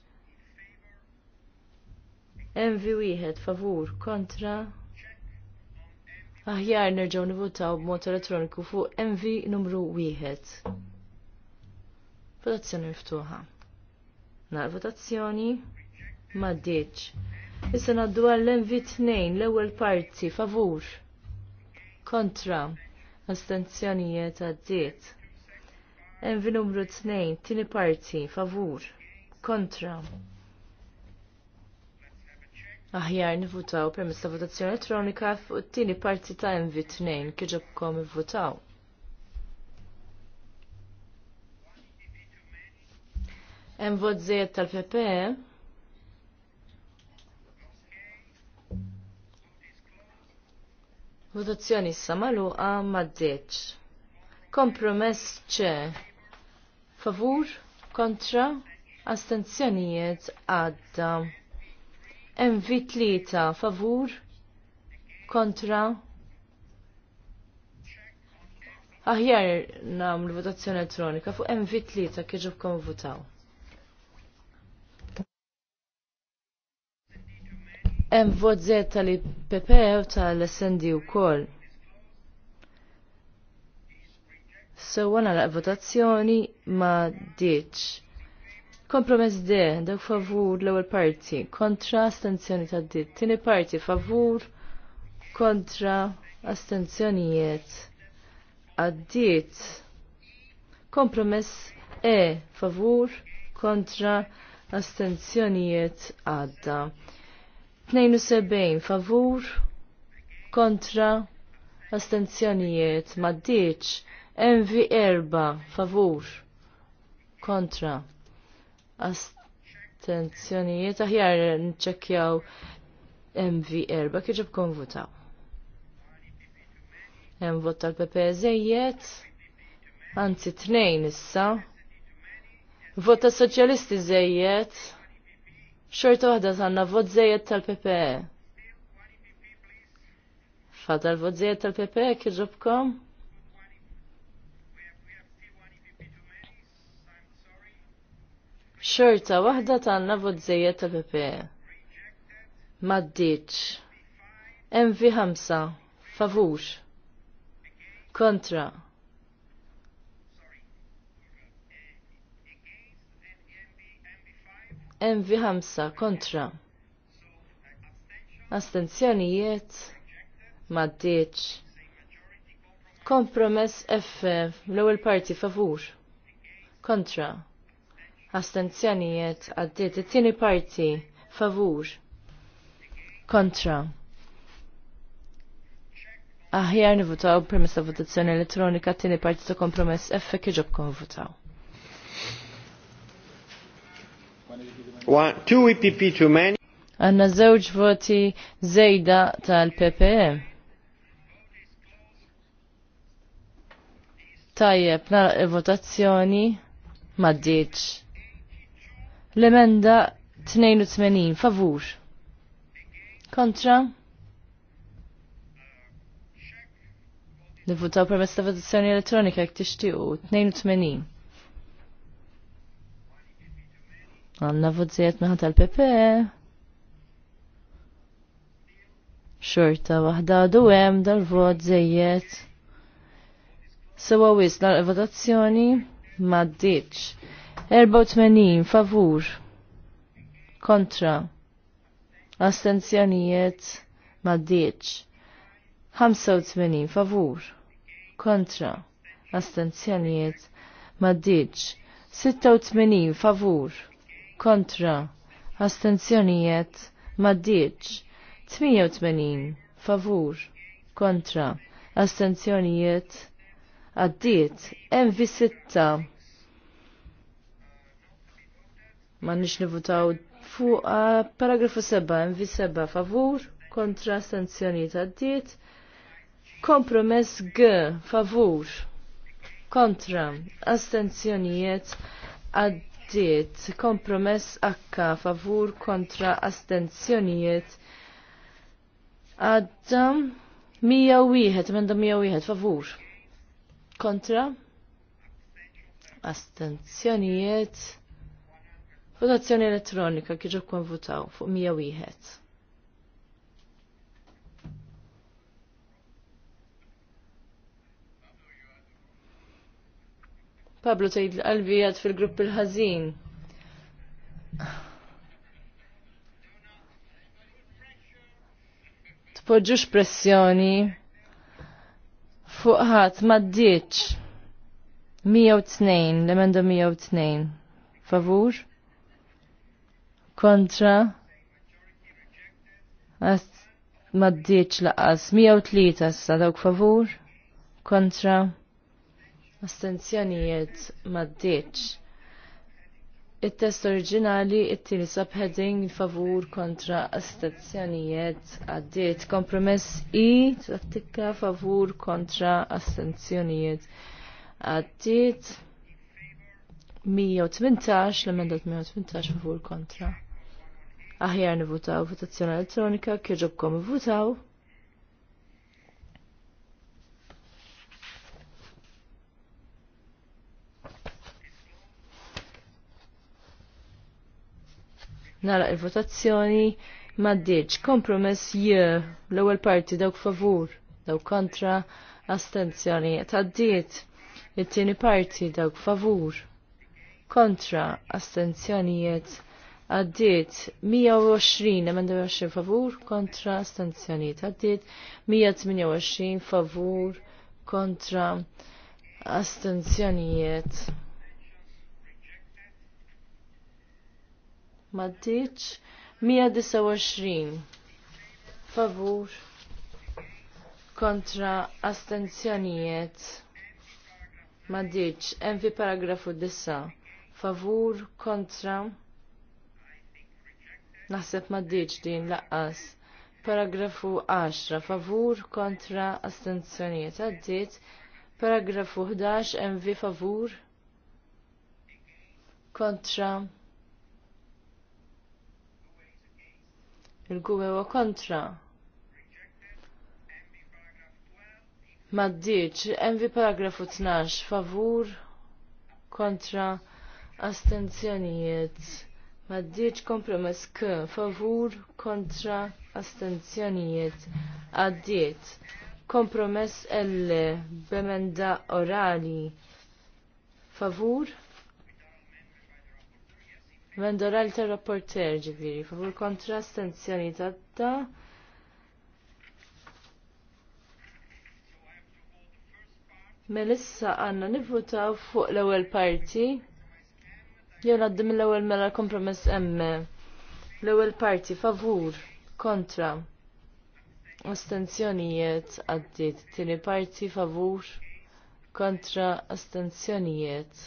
MV1 favur kontra aħjar nerġgħu nivotaw b'mod elettroniku fuq MV numru 1. Votazzjoni miftuħa. Nar votazzjoni m'għaddiex. Issa ngħaddu għall MV2 l-ewwel parti favur kontra astenzjonijiet għaddiet. MV numru 2 tieni parti favur kontra Aħjar nivutaw permezz ta' votazzjoni elettronika fuq it-tieni parti ta' MV2 kieġobkom ivvutaw. Hemm vot żejjed tal pp e. Votazzjoni issa magħluqa m'għaddietx. Kompromess ċe. Favur, kontra, astenzjonijiet għadda. MV3 favur kontra Aħjar l votazzjoni elettronika fuq MV3 kieġobkom votaw. Hemm vot zed tal-PP e u tal-SND wkoll. Sewwa so, nagħlaq votazzjoni ma' ditx. Kompromess D, dak favur l-ewwel parti, kontra astenzjoni ta' D. Tieni parti favur kontra astenzjonijiet għaddit. Kompromess E, favur kontra astenzjonijiet għadda. 72 favur kontra astenzjonijiet maddiċ. MV4 favur kontra astenzjonijiet aħjar nċekkjaw MV4 kif ġibkom votaw. Hemm vot tal-PP żejjed, e anzi tnejn issa. Vot tas-soċjalisti żejjed. Xorta waħda sanna vot żejjed tal-PP. E. Fadal vot żejjed tal-PP e, kif ġobkom? xorta waħda tanna vodżejja ta' Pepe. Maddiċ. MV5. Favur. Kontra. MV5. Kontra. Astenzjonijiet. Maddiċ. Kompromess F. L-ewwel parti favur. Kontra astenzjonijiet għaddit It-tieni parti favur kontra. Aħjar nivutaw permess ta' votazzjoni elettronika t-tieni parti ta' kompromess F kon votaw. E Għanna zewġ voti zejda tal-PPE. Tajjeb, nara votazzjoni maddiċ. L-emenda 82, favur. Kontra. Nivvutaw permess ta' votazzjoni elettronika jek tixtiequ 82. Għanna votzijiet meħat tal-PP. E. Xorta waħda għadu hemm dal-vot żejjed. Sewa wisna l-votazzjoni ma' ditx. 84 favur kontra astenzjonijiet maddiċ 85 favur kontra astenzjonijiet maddiċ 86 favur kontra astenzjonijiet maddiċ 88 favur kontra astenzjonijiet għaddiet MV6 ma nix nivutaw fuq paragrafu 7, envi 7 favur kontra ta' għaddiet. Kompromess G favur kontra astenzjonijiet għaddiet. Kompromess H favur kontra astenzjonijiet għadda 101, menda 101 favur kontra astenzjonijiet Votazzjoni elettronika kieġu kun votaw fuq wieħed. Pablo tgħid l-qalbi għad fil-grupp il ħazin Tpoġġux pressjoni fuq ħadd m'għaddiċ 102 l-emenda 102. Favur? kontra maddiċ laqas 103 assa dawk favur kontra astenzjonijiet maddiċ it-test oriġinali it-tieni subheading favur kontra astenzjonijiet għaddiet kompromess i tattika favur kontra astenzjonijiet għaddiet 118 l-emendat 118 favur kontra aħjar nivutaw votazzjoni elettronika, kieġobkom votaw. Nara il-votazzjoni maddiċ kompromess jie, l-ewwel parti dawk favur, dawk kontra, astenzjoni taddiet it-tieni parti dawk favur, kontra, astenzjonijiet għaddiet 120 emendamenti favur kontra astenzjoniet għaddiet 128 favur kontra astenzjonijiet. Maddiċ 129 favur kontra astenzjonijiet. Maddiċ MV paragrafu 10 favur kontra Naħseb ma din laqqas. Paragrafu 10 favur kontra astenzjonijiet għaddit. Paragrafu 11 MV favur kontra il-gwewa kontra. Maddiċ, envi paragrafu 12, favur kontra astenzjonijiet Maddiċ kompromess k favur kontra astenzjonijiet għaddiet. Kompromess L bemenda orali favur bemenda orali ta' rapporter ġiviri, favur kontra astenzjonijiet għadda. Melissa għanna nivvotaw fuq l-ewwel parti Jew naddim l-ewwel mela l-kompromess hemm l-ewwel parti favur kontra astenzjonijiet għaddiet tieni parti favur kontra astenzjonijiet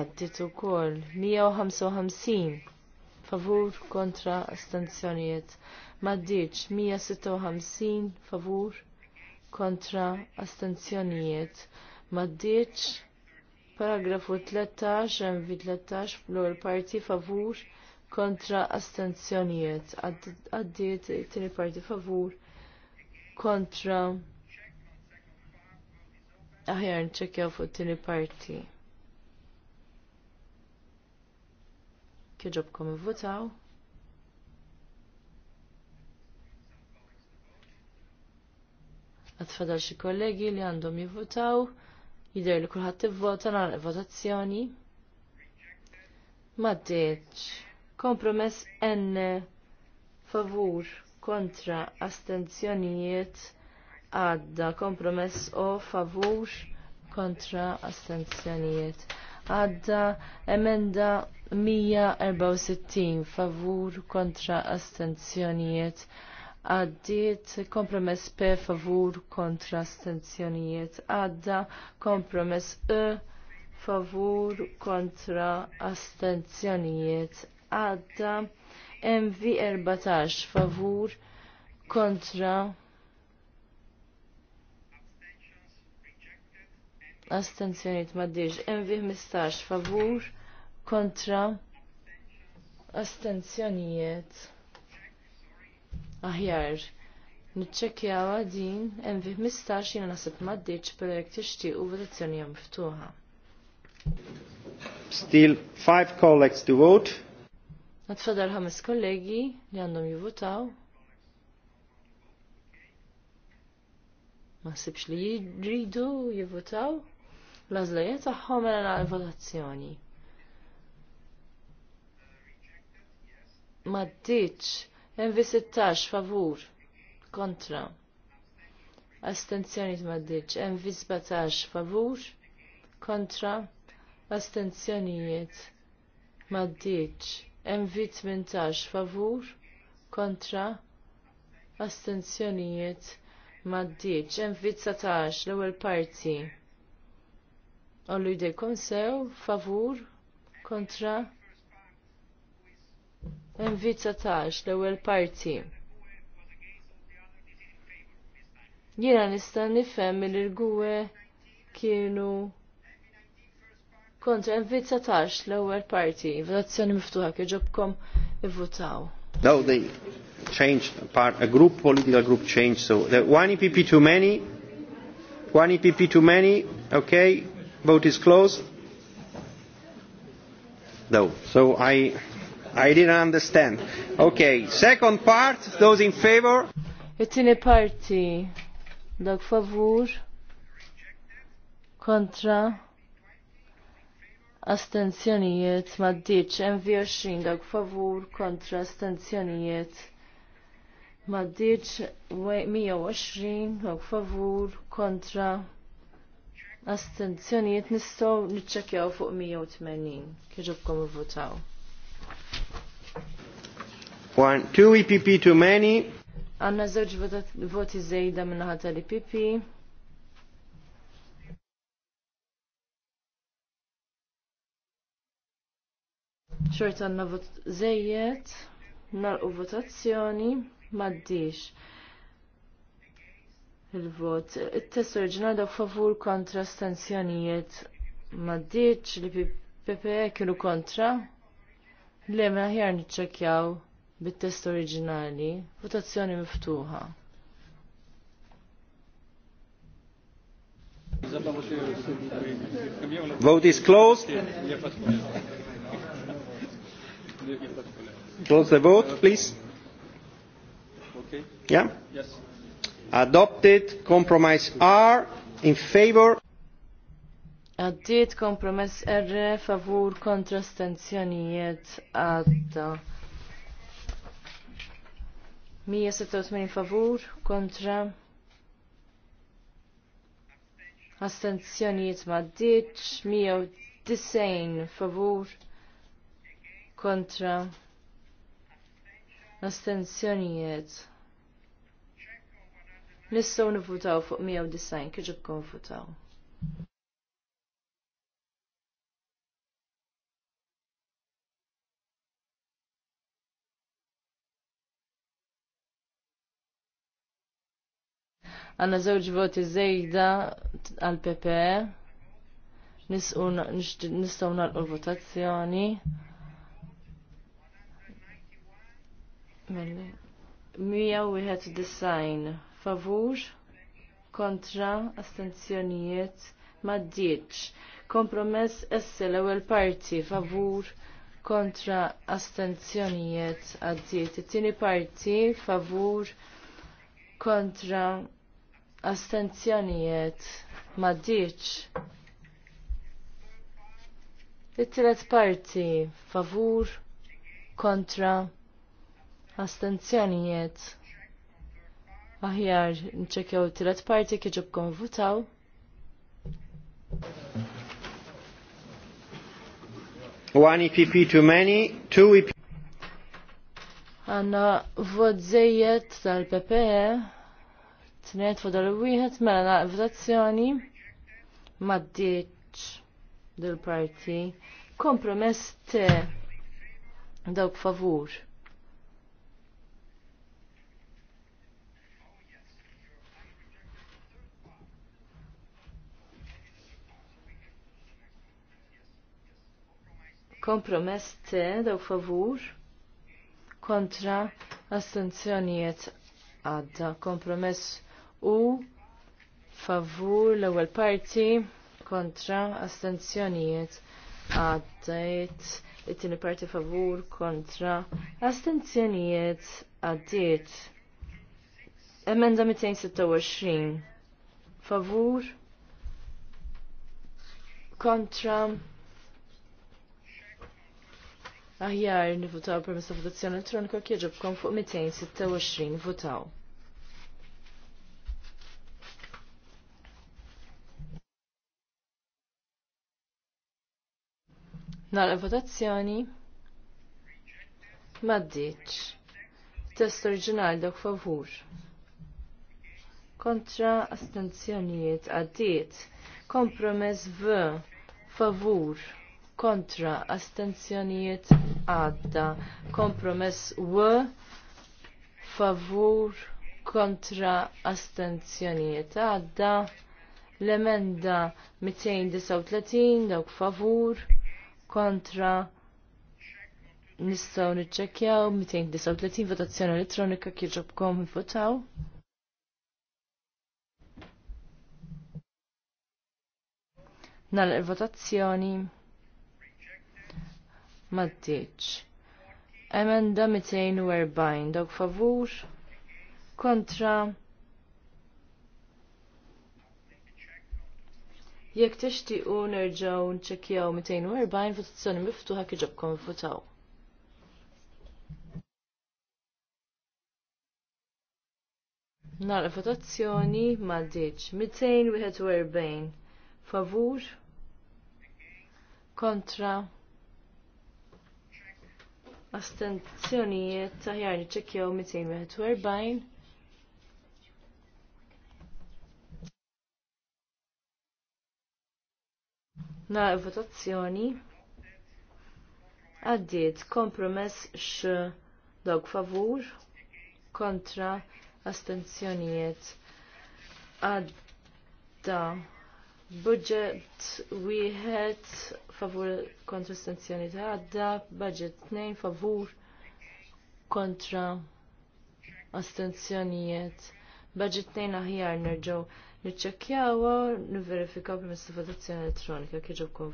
għaddiet ukoll 155 favur kontra astenzjonijiet maddiċ 156 favur kontra astenzjonijiet maddiċ Paragrafu 13, MV 13, l parti favur kontra astenzjonijiet. Għaddiet it-tieni parti favur kontra aħjar nċekjaw fuq it-tieni parti. Kieġobkom votaw. Għatfadal xi kollegi li għandhom jivvotaw. Jidher li kulħadd tivvota l votazzjoni. Maddeċ. Kompromess N favur kontra astenzjonijiet għadda. Kompromess O favur kontra astenzjonijiet. Għadda emenda 164 favur kontra astenzjonijiet għaddiet kompromess P favur kontra astenzjonijiet għadda kompromess E favur kontra astenzjonijiet għadda MV14 favur kontra astenzjonijiet maddiġ MV15 favur kontra astenzjonijiet aħjar. Niċċekkjawa din hemm 15 jiena nasib m'għaddiċ projekt jekk tixtiequ votazzjoni jom miftuħa. Still five colleagues to vote. Għatfadal ħames kollegi li għandhom jivutaw. Ma sibx li jridu jivutaw. L-għazlajiet tagħhom mela għal votazzjoni. Ma MV16 favur kontra astenzjoni maddiċ MV17 favur kontra astenzjonijiet maddiċ MV18 favur kontra astenzjonijiet maddiċ MV19 l-ewwel parti Ollu jdejkom sew favur kontra Invizatax l ewel parti. Jina nistan nifem li l-gwe kienu kontra invizatax l ewel parti. Votazzjoni miftuħa kieġobkom votaw. No, they changed part, a group, political group changed, so the one EPP too many, one EPP too many, okay, vote is closed. No, so I I didn't understand. Okay, second part, those in favor? It-tini parti, dak favur, kontra, astenzjonijiet, maddiċ, MV20, dak favur, kontra, astenzjonijiet, maddiċ, 120, dak favur, kontra, astenzjonijiet, nistaw nitċekjaw fuq 180, kieġobkom votaw. One, two EPP too many. Għanna zewġ voti zejda minnaħat tal pp ċort għanna vot zejjed, nalqu votazzjoni, maddix. Il-vot. Il-test oriġinali da favur kontra stanzjonijiet maddiċ li PP e kienu kontra. Le, ma ħjar nċekjaw bit-test oriġinali, votazzjoni miftuħa. Vote is closed. Close the vote, please. Okay. Yeah? Yes. Adopted compromise R in favor. Adopted. Compromise R favur kontra stanzjonijiet għadda. 186 favur kontra astenzjonijiet maddiċ 190 favur kontra astenzjonijiet nistgħu nifutaw fuq 190 kif ġibkom votaw. Għanna żewġ voti żejda għal PPE. Nistgħu nagħlqu votazzjoni. Melli. Mija wieħed design. Favur, kontra, astenzjonijiet, maddiċ. Kompromess esse l-ewwel parti favur kontra astenzjonijiet għaddiet. Tini parti favur kontra astenzjonijiet maddiċ. It-tielet parti favur kontra astenzjonijiet. Aħjar nċekjaw it-tielet parti kieġobkom votaw. One EPP too many, two EPP. Għanna vot zejjed tal-PPE, tnejn fodal wieħed mela naqra votazzjoni maddiċ dil-parti kompromess te dawk favur. kompromess te daw favur kontra astenzjonijiet għadda kompromess u favur l-ewwel parti kontra astenzjonijiet għaddejt it-tieni parti favur kontra astenzjonijiet għaddejt Emenda 226 favur kontra aħjar nivutaw ta' votazzjoni elettronika kieġobkom fuq 226 votaw. Nara votazzjoni. Maddiċ. Test oriġinali dok favur. Kontra astenzjonijiet għaddiet. Kompromess V. Favur. Kontra astenzjonijiet għadda. Kompromess W. Favur. Kontra astenzjonijiet għadda. L-emenda 239 dawk favur kontra nistaw niċċekjaw 239 votazzjoni elettronika kif ġobkom votaw. Nal votazzjoni maddiċ. Emenda 240 dawk favur kontra Jekk tixtiequ nerġgħu nċekkjaw 240 votazzjoni miftuħa kif votaw. Nara votazzjoni maldiċ ddiċ 241 favur kontra astenzjonijiet taħjarni niċċekkjaw 241 na votazzjoni. Għaddiet kompromess x dog favur kontra astenzjonijiet. Għadda budget wieħed favur kontra astenzjonijiet għadda, budget tnejn favur kontra astenzjonijiet. Budget nejn aħjar nerġgħu niċċekkjawha, nivverifikaw permezz ta' votazzjoni elettronika kif ġew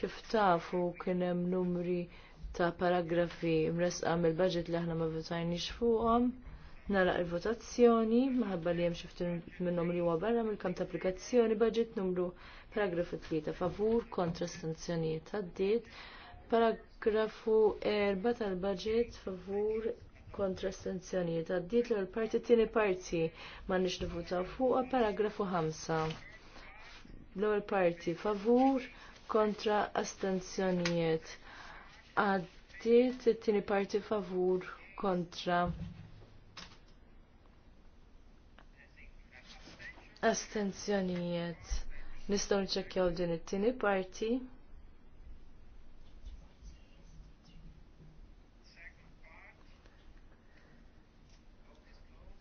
Kif tafu kien hemm numri ta' paragrafi mresqa mill-budget li aħna ma votajniex fuqhom, nara il-votazzjoni, maħabba li hemm xi ftit minnhom li huwa barra mill-kamp ta' applikazzjoni budget numru paragrafu 3 favur kontra sanzjonijiet għaddiet, paragrafu 4 tal-budget favur kontra astenzjonijiet għaddit l parti tieni parti m'għandniex nivvutaw fuqha paragrafu 5. L-ewwel parti favur kontra astenzjonijiet għaddit it-tieni parti favur kontra astenzjonijiet. Nistgħu nċekkjaw din it-tieni parti.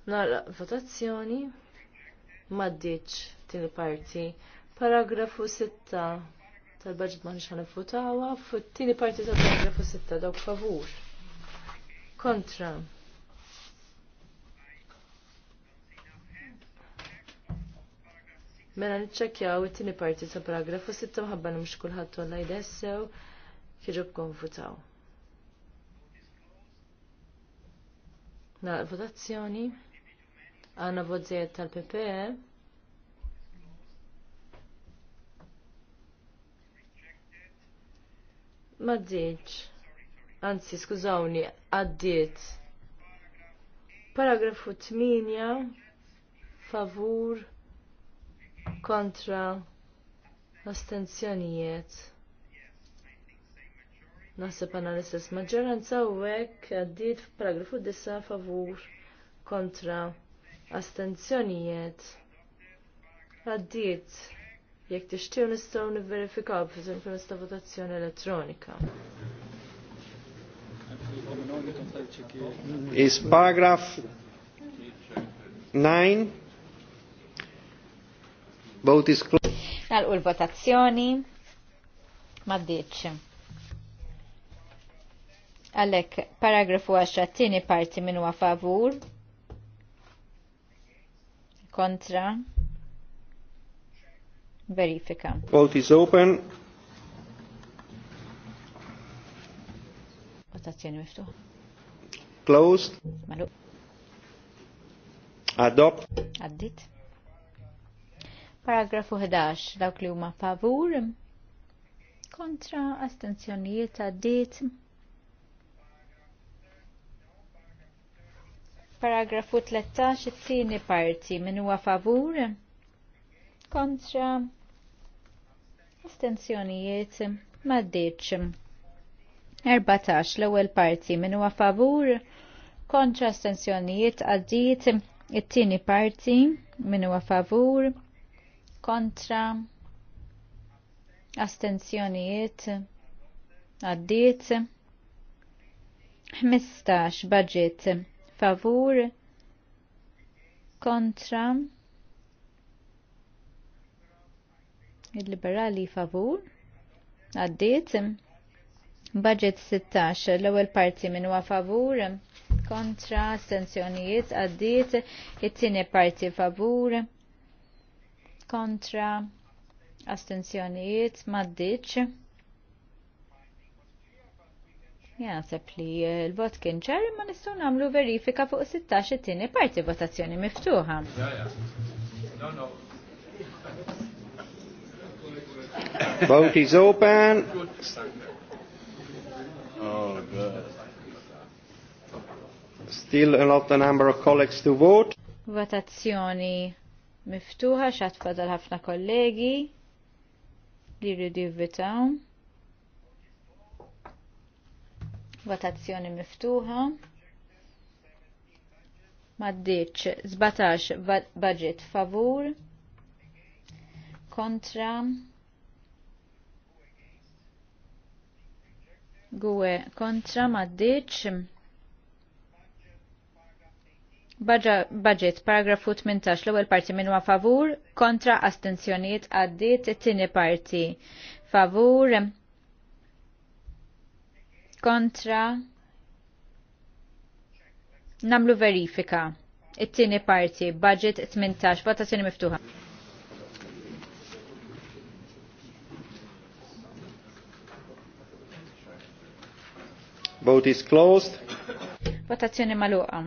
Nara votazzjoni maddiċ tini parti. Paragrafu 6 tal-budget ma nixħan votawa fuq tini parti tal-paragrafu 6 dawk favur. Kontra. Mela niċċekjaw it tini parti ta' paragrafu 6 mħabba mhux kulħadd olla jdessew kieġobkom votaw. Nara votazzjoni. Għanna vodzijiet tal-PPE. Maddiċ. Anzi, skużawni, għaddiet. Paragrafu 8. Favur. Kontra. Astenzjonijiet. Naħseb għanna l-istess maġġoranza u għek għaddiet f'paragrafu 9 favur kontra astenzjonijiet għaddiet jekk tixtiju nistgħu nivverifikaw b'eżempju nista' votazzjoni elettronika. Is paragraf 9 Vote is closed. Nalqu l-votazzjoni ma ddiċ. Għalek paragrafu 10 tini parti minn huwa favur kontra verifika. Vote is open. Votazzjoni miftuħ. Closed. Malu. Adopt. Addit. Paragrafu 11. Dawk li huma favur. Kontra astenzjonijiet addit. Paragrafu 13, it-tieni parti, min huwa favur? Kontra? Astenzjonijiet? Maddiċ. 14, l-ewwel parti, min huwa favur? Kontra astenzjonijiet għaddiet it-tieni parti, min huwa favur? Kontra? Astenzjonijiet? għaddiet 15, budget favur kontra il-liberali favur għaddiet budget 16 l-ewwel parti minn huwa favur kontra astensjonijiet għaddiet it-tieni parti favur kontra astensjonijiet maddiċ Jaħseb li eh, l-vot kien ċar imma nistgħu nagħmlu verifika fuq 16 it-tieni parti votazzjoni miftuħa. Vote is open. Oh, Still a lot the number of colleagues to vote. Votazzjoni miftuħa xatfadal ħafna kollegi li rridu jivvitaw. Votazzjoni miftuħa. Maddiċ 17 budget favur kontra Gwe kontra maddiċ Budget paragrafu 18 l-ewwel parti minn huwa favur kontra astenzjonijiet għaddit it-tieni parti favur kontra namlu verifika. It-tieni parti, budget 18, votazzjoni miftuħa. Vote is closed. Votazzjoni maluqa.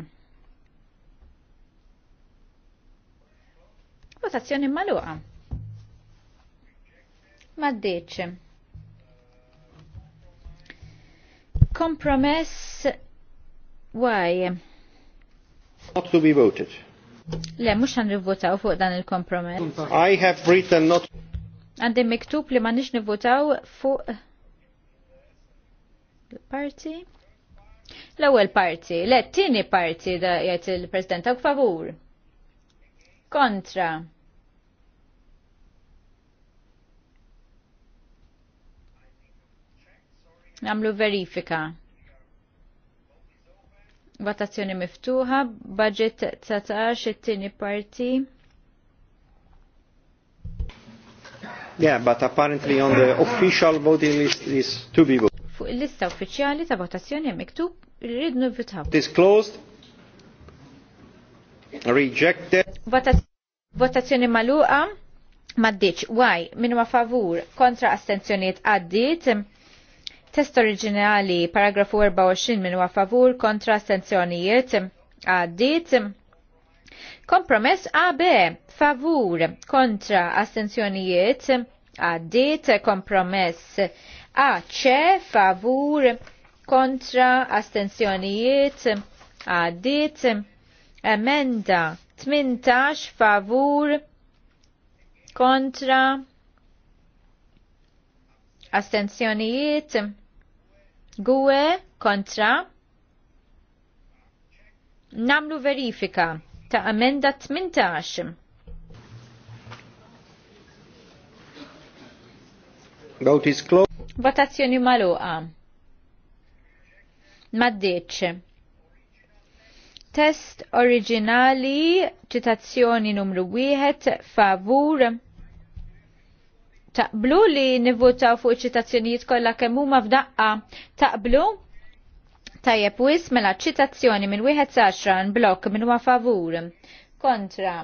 Votazzjoni maluqa. Maddeċ. compromise why? Not to be voted. Le, mux għan rivvotaw fuq dan il-kompromess. I have written not... Għandi miktub li ma nix nivvotaw fuq parti. L-ewel parti, le, tini parti da jgħet il-president, favur. Kontra. Namlu verifika. Votazzjoni miftuħa, budget 19, it-tieni parti. Yeah, but apparently on the official voting list is to be voted. Fuq il-lista uffiċjali ta' votazzjoni miktub rridnu nivvitaw. Disclosed. Rejected. Votazzjoni maluqa maddiċ. Why? Minu ma favur kontra astenzjoniet għaddit. Test oriġinali paragrafu 24 minn favur kontra sanzjonijiet għaddit. Kompromess AB favur kontra astenzjonijiet għaddit. Kompromess AC favur kontra astenzjonijiet għaddit. Emenda 18 favur kontra astenzjonijiet Gwe kontra. Namlu verifika ta' amenda 18. Vote is closed. Votazzjoni maluqa. Maddeċ. Test oriġinali, ċitazzjoni numru 1, favur. Taqblu li nivvotaw fuq iċ-ċitazzjonijiet kollha kemm huma f'daqqa. Taqblu? Tajjeb wis mela ċitazzjoni minn wieħed saxran blok minn huwa favur. Kontra.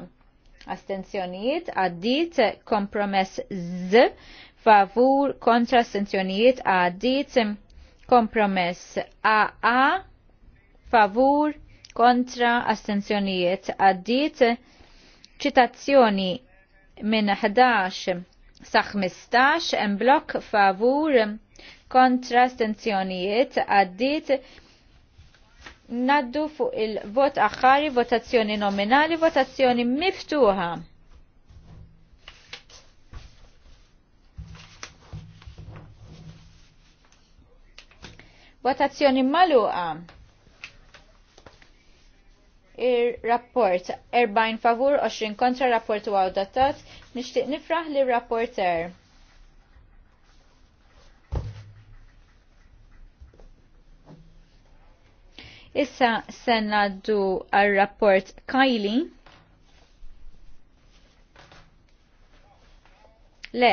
Astenzjonijiet għaddit kompromess z favur kontra astenzjonijiet għaddit kompromess AA favur kontra astenzjonijiet għaddit ċitazzjoni minn 11 sa 15 hemm blok favur kontra stenzjonijiet għaddit naddu fuq il-vot aħħari votazzjoni nominali votazzjoni miftuħa. Votazzjoni maluqa. Ir-rapport 40 favur 20 kontra rapport u għawdatat nixtieq nifraħ li rapporter. Issa senna du għal-rapport Kylie. Le.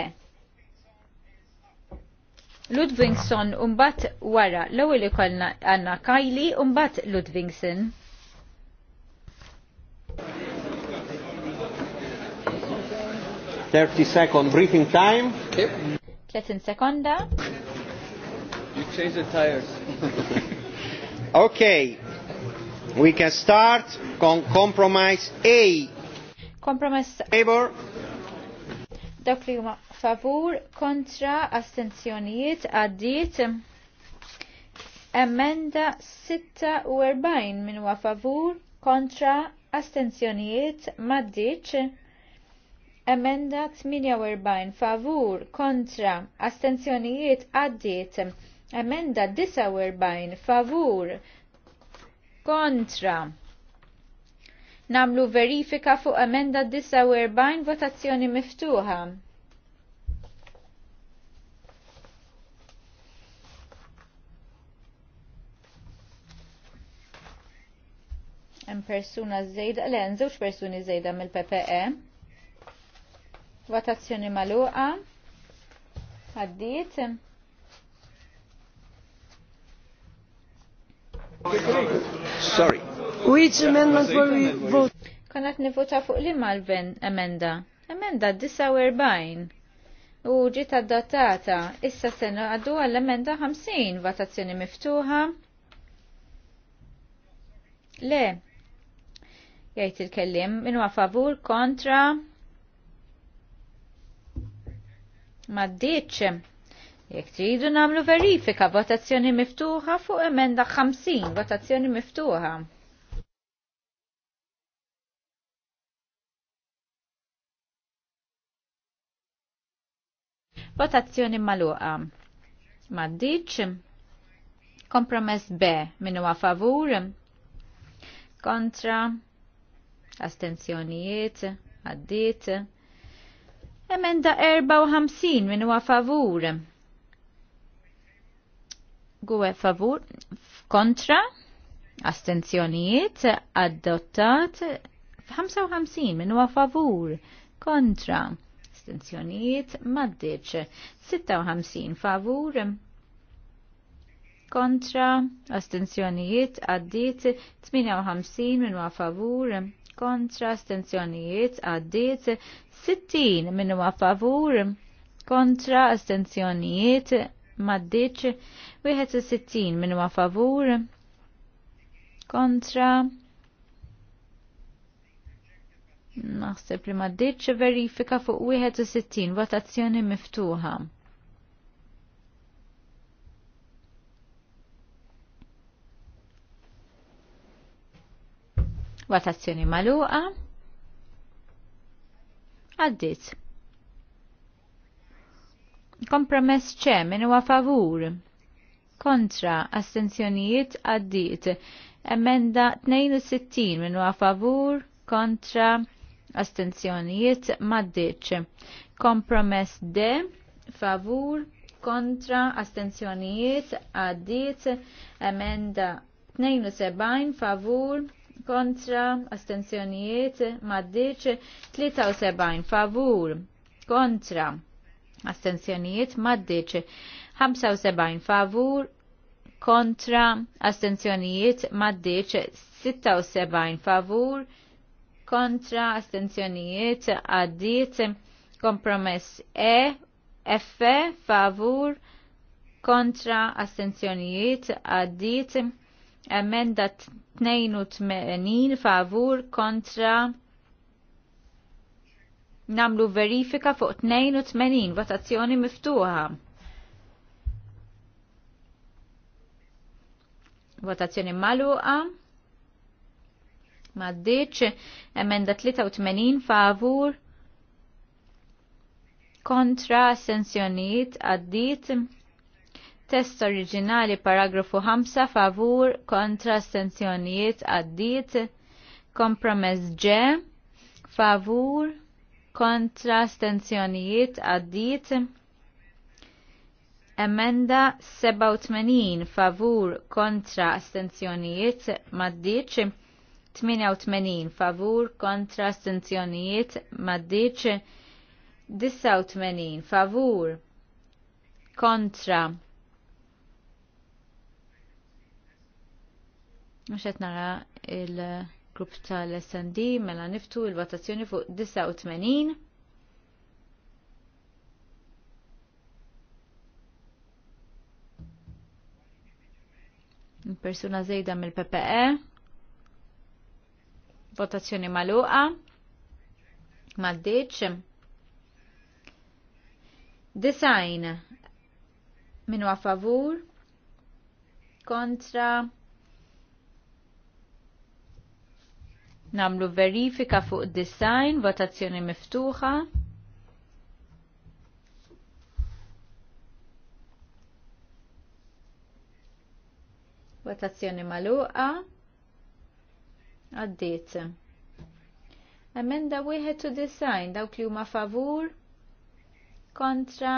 Ludvingson umbat wara l-ewwel ikollna għandna Kylie umbat Ludvingson. 30 second breathing time. Okay. 30 sekonda. You change the tires. okay. We can start con compromise A. Compromise favor. Dok li huma favur kontra astenzjonijiet għaddit. emenda 46 minn huwa favur kontra astenzjonijiet maddiċ Emenda 48 favur kontra astenzjonijiet għaddiet. Emenda 49 favur kontra. Namlu verifika fuq emenda 49 votazzjoni miftuħa. Hemm persuna żejda, le, nżewġ persuni żejda mill-PPE. Votazzjoni maluqa. Għaddit. Sorry. Which amendment were we vote? Konat nivota fuq li mal-ben emenda. Emenda 49. U ġiet adottata. Issa se għaddu għall-emenda 50. Votazzjoni miftuħa. Le. Jgħid il-kellim. minu favur kontra. Maddiċ. Jek tridu namlu verifika votazzjoni miftuħa fuq emenda 50 votazzjoni miftuħa. Votazzjoni maluqa. Maddiċ. Kompromess B minu a favur. Kontra. Astenzjonijiet. Għaddit Emenda 54 minu huwa favur. Gwe favur kontra astenzjonijiet adottat 55 minu huwa favur kontra astenzjonijiet maddiċ 56 favur kontra astenzjonijiet għaddit 58 minu a favur kontra astenzjonijiet għaddiet 60 minnu ma favur kontra astenzjonijiet maddiċ 61 minnu ma favur kontra Naħseb li maddiċ verifika fuq 61 votazzjoni miftuħa. Votazzjoni maluqa. Għaddit. Kompromess ċe minn huwa favur. Kontra astenzjonijiet għaddit. Emenda 62 minn huwa favur. Kontra astenzjonijiet maddiċ. Kompromess D favur kontra astenzjonijiet għaddit. emenda 72 favur kontra astenzjonijiet maddiċ 73 favur kontra astenzjonijiet maddiċ 75 favur kontra astenzjonijiet maddiċ 76 favur kontra astenzjonijiet għaddiet kompromess E, F favur kontra astenzjonijiet għaddiet emendat 82 favur kontra namlu verifika fuq 82 votazzjoni miftuħa. Votazzjoni maluqa. Maddiċ, emenda 83 favur kontra assenzjoniet għaddit Test oriġinali paragrafu 5 favur kontra stenzjonijiet għaddit Kompromess G favur kontra stenzjonijiet għaddit Emenda 87 favur kontra stenzjonijiet maddiċ. 88 favur kontra stenzjonijiet maddiċ 89 favur kontra stenzjonijiet Mux nara il-grupp tal-SND mela niftu il-votazzjoni fuq 89. persuna zejda mill-PPE. Votazzjoni maluqa. Maddiċ. Design. Minu a favur. Kontra. namlu verifika fuq design, votazzjoni miftuħa. Votazzjoni maluqa. Għaddit. Emenda wieħed to design dawk li huma favur, kontra,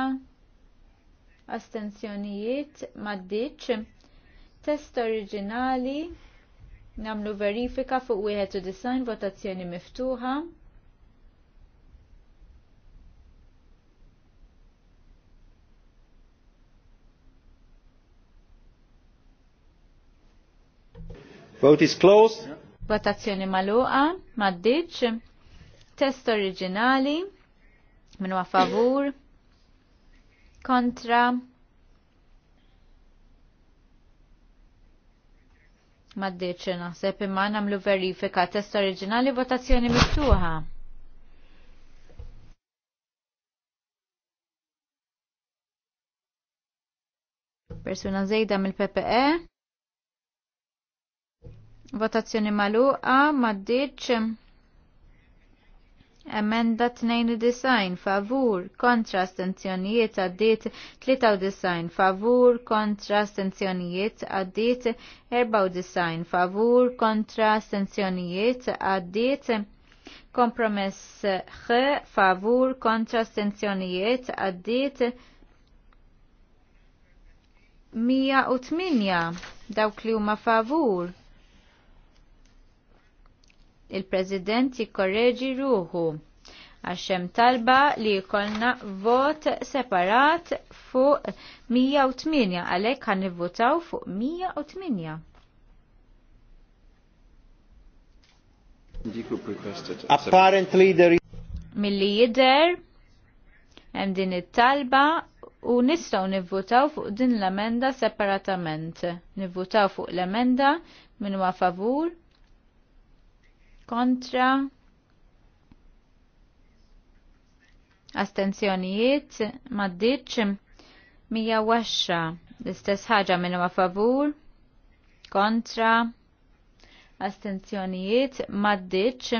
astenzjonijiet, maddiċ, test oriġinali, Namlu verifika fuq wieħed u design votazzjoni miftuħa. Vote is closed. Votazzjoni maluqa, maddiċ. Test oriġinali, minu a favur, kontra, Maddeċe naħseb imma namlu verifika test oriġinali votazzjoni miftuħa. Persuna zejda mill-PPE. Votazzjoni maluqa, maddeċe. Emenda 92 favur kontra stenzjonijiet għaddit 93 favur kontra stenzjonijiet għaddit 94 favur kontra stenzjonijiet għaddit kompromess ħ favur kontra stenzjonijiet għaddit 108 dawk li huma favur il-President jikkorreġi ruħu għaxem talba li jkollna vot separat fuq 108 għalek għan nivvotaw fuq 108. Apparently there Milli jider hemm din it-talba u nistgħu nivvutaw fuq din l-emenda separatament. Nivvutaw fuq l-emenda minn huwa favur kontra astenzjonijiet maddiċ 110 l-istess ħaġa minnu ma favur kontra astenzjonijiet maddiċ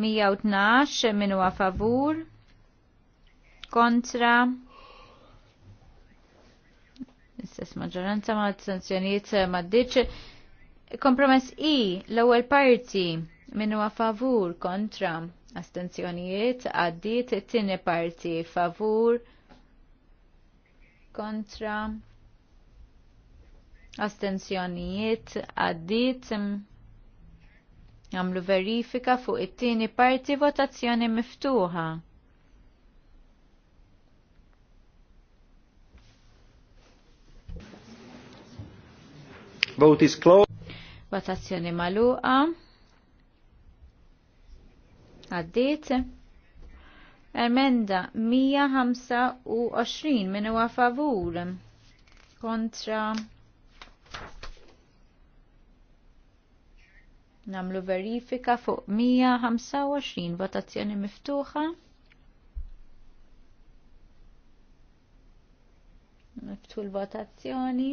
112 minnu ma favur kontra l-istess maġġoranza ma astenzjonijiet maddiċ kompromess i l ewel parti Minu a favur kontra astenzjonijiet għaddit it-tieni parti favur kontra astenzjonijiet għaddit għamlu verifika fuq it-tieni parti votazzjoni miftuħa. Vote is closed. Votazzjoni maluqa għaddiet. Emenda 125 minn huwa favur kontra namlu verifika fuq 125 votazzjoni miftuħa. Miftu l-votazzjoni.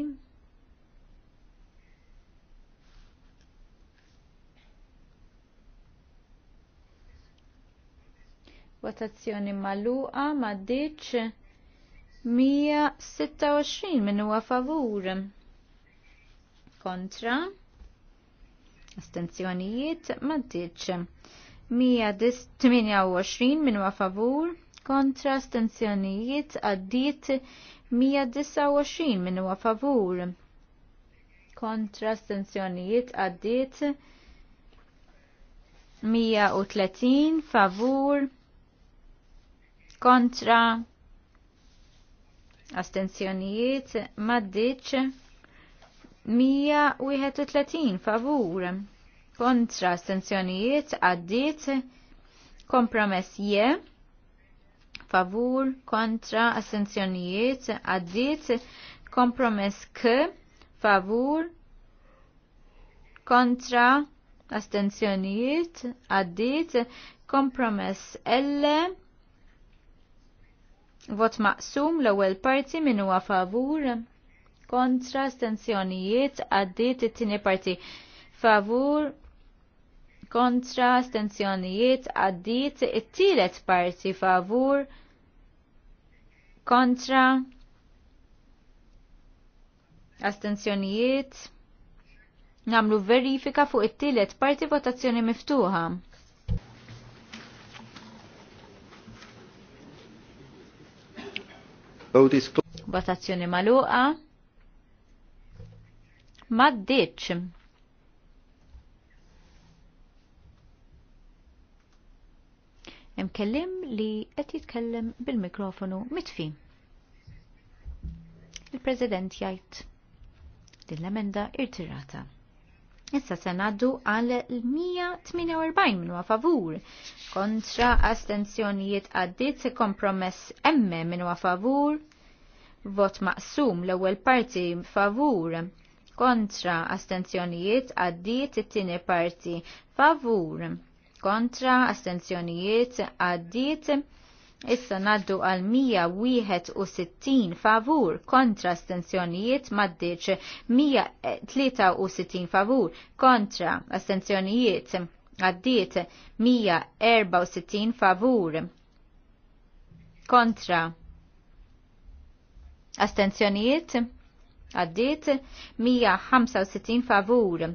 Votazzjoni maluqa maddiċ 126 minn huwa favur. Kontra. Astenzjonijiet maddiċ. 128 minn huwa favur. Kontra astenzjonijiet għaddiet 129 minn huwa favur. Kontra astenzjonijiet għaddiet 130 favur kontra astenzjonijiet maddiċ 131 favur kontra astenzjonijiet għaddiet kompromess je favur kontra astenzjonijiet għaddiet kompromess k favur kontra astenzjonijiet għaddiet kompromess L Vot maqsum l-ewwel parti min huwa favur kontra stenzjonijiet għaddit it-tieni parti favur kontra stenzjonijiet għaddit it-tielet parti favur kontra astenzjonijiet namlu verifika fuq it-tielet parti votazzjoni miftuħa. Votazzjoni maluqa. Maddiċ. Imkellim li qed jitkellem bil-mikrofonu mitfi. Il-President jgħid din l-emenda irtirata. Issa se naddu għal 148 minu favur. Kontra astenzjonijiet għaddit se kompromess emme minu favur. Vot maqsum l ewwel parti favur. Kontra astenzjonijiet għaddit it-tieni parti favur. Kontra astenzjonijiet għaddit Issa naddu għal 161 favur kontra astenzjonijiet maddiċ 163 favur kontra astenzjonijiet għaddiet 164 favur kontra astenzjonijiet għaddiet 165 favur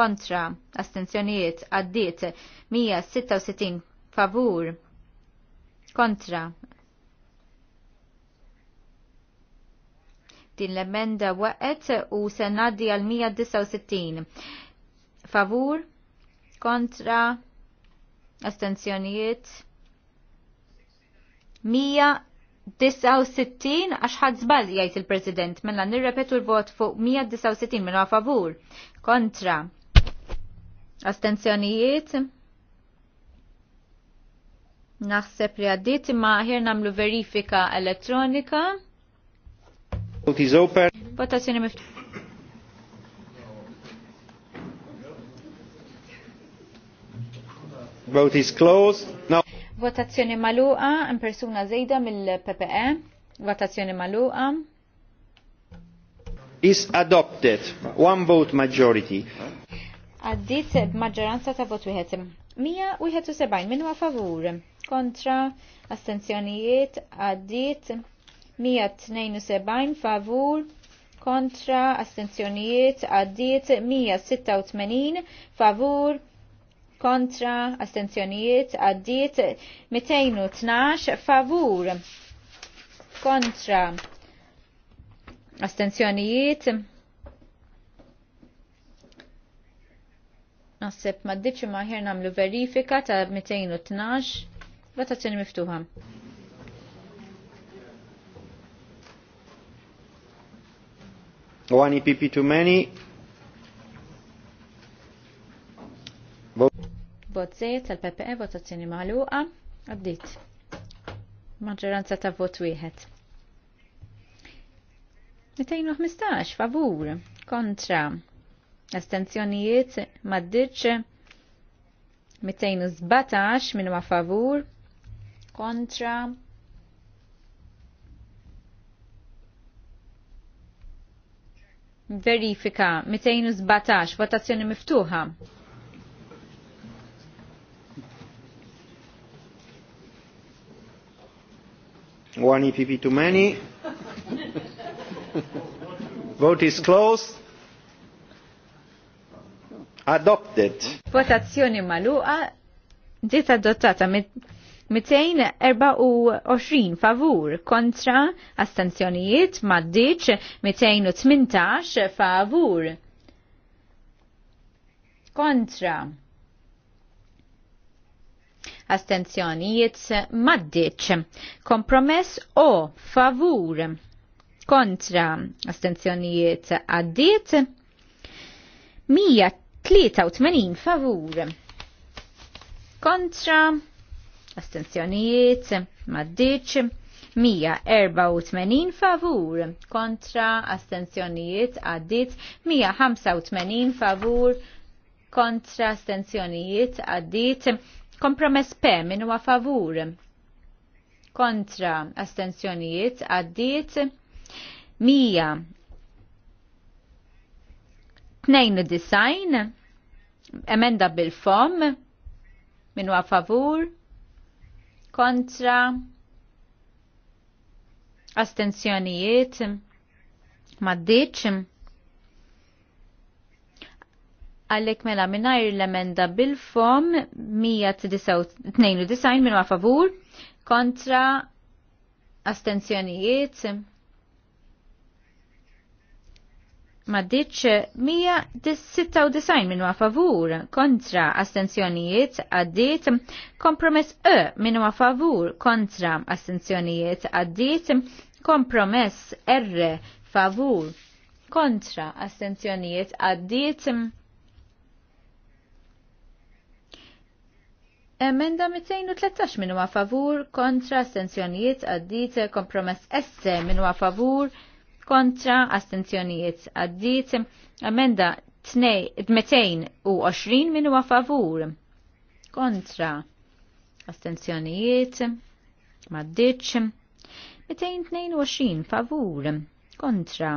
kontra astenzjonijiet għaddiet 166 favur Kontra. Din l-emenda waqet u se ngħaddi għal 169. Favur? Kontra? Astenzjonijiet? 169 għax ħadd żball jgħid il-President mela nirrepetu l-vot fuq 169 minn mela favur. Kontra. Astenzjonijiet? Naħseb li għaddit imma ħir namlu verifika elettronika. Votazzjoni miftuħa. Vote is closed. Now. Votazzjoni maluqa, in persuna zejda mill-PPE. Votazzjoni maluqa. Is adopted. One vote majority. Għaddit b'maġġoranza ta' vot wieħed. 171 minu a favur kontra astenzjonijiet għaddit, 172 favur kontra astenzjonijiet għaddit, 186 favur kontra astenzjonijiet għaddit, 212 favur kontra astenzjonijiet Naħseb ma ddiċi maħir namlu verifika ta' 212 Votazzjoni miftuħa. One EPP too many. Vot zejt tal-PPE, votazzjoni maħluqa, għaddit. Maġġoranza ta' vot wieħed. 215 favur kontra astenzjonijiet maddiċ 217 minn ma favur kontra verifika 217 votazzjoni miftuħa One EPP too many. Vote is closed. Adopted. Votazzjoni maluqa ġiet adottata mit 224 favur kontra astenzjonijiet maddiċ 218 favur kontra astanzjonijiet maddiċ kompromess o favur kontra astenzjonijiet għaddiet 183 favur kontra astenzjonijiet, maddiċ, 184 favur kontra astenzjonijiet għaddit, 185 favur kontra astenzjonijiet għaddit, kompromess P minn huwa favur kontra astenzjonijiet għaddit, 100 design emenda bil-fom minn huwa favur kontra astenzjonijiet maddiċ għallek mela minnajr l-emenda bil-fom 192 minn ma favur kontra astenzjonijiet Maddiċ 196 minu favur kontra astenzjonijiet għaddit kompromess E minwa favur kontra astenzjonijiet għaddit kompromess R favur kontra astenzjonijiet għaddit Emenda 213 minu favur kontra astenzjonijiet għaddit kompromess S minwa favur kontra kontra astenzjonijiet għaddit, amenda 220 minu favur kontra astenzjonijiet maddiċ, 222 favur kontra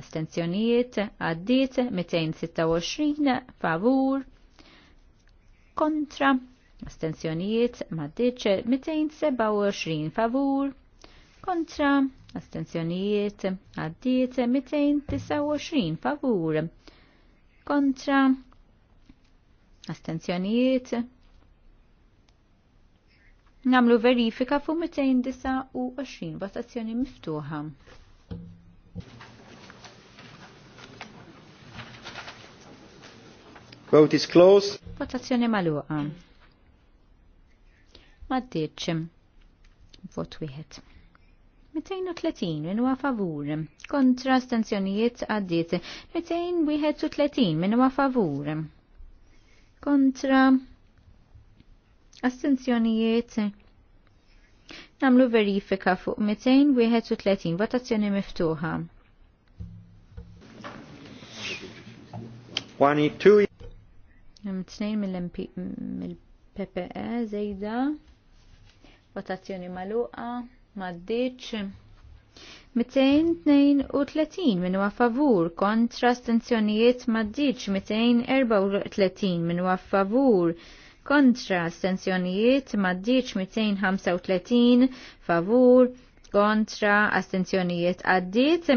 astenzjonijiet għaddit 226 favur kontra astenzjonijiet maddiċ 227 favur kontra astenzjonijiet għaddiet 229 favur kontra astenzjonijiet namlu verifika fu 229 votazzjoni miftuħa. Vote is closed. Votazzjoni maluqa. Maddiċ. Vot wieħed. 230 minu favur, kontra stanzjonijiet għaddit 231 minu favur, kontra astenzjonijiet namlu verifika fuq 231 votazzjoni miftuħa. 22 Tnejn mill-PPE zejda votazzjoni maluqa maddiċ. 232 minn huwa favur kontra stenzjonijiet maddiċ 234 minn huwa favur kontra astenzjonijiet maddiċ 235 favur kontra astenzjonijiet għaddiet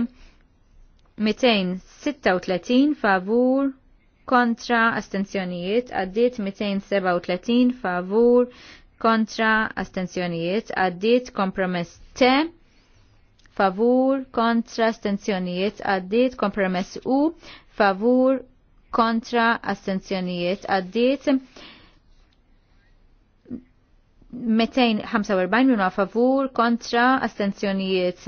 236 favur kontra astenzjonijiet għaddiet 237 favur kontra astenzjonijiet għaddit kompromess T favur kontra astenzjonijiet għaddit kompromess U favur kontra astenzjonijiet għaddit 245 minu favur kontra astenzjonijiet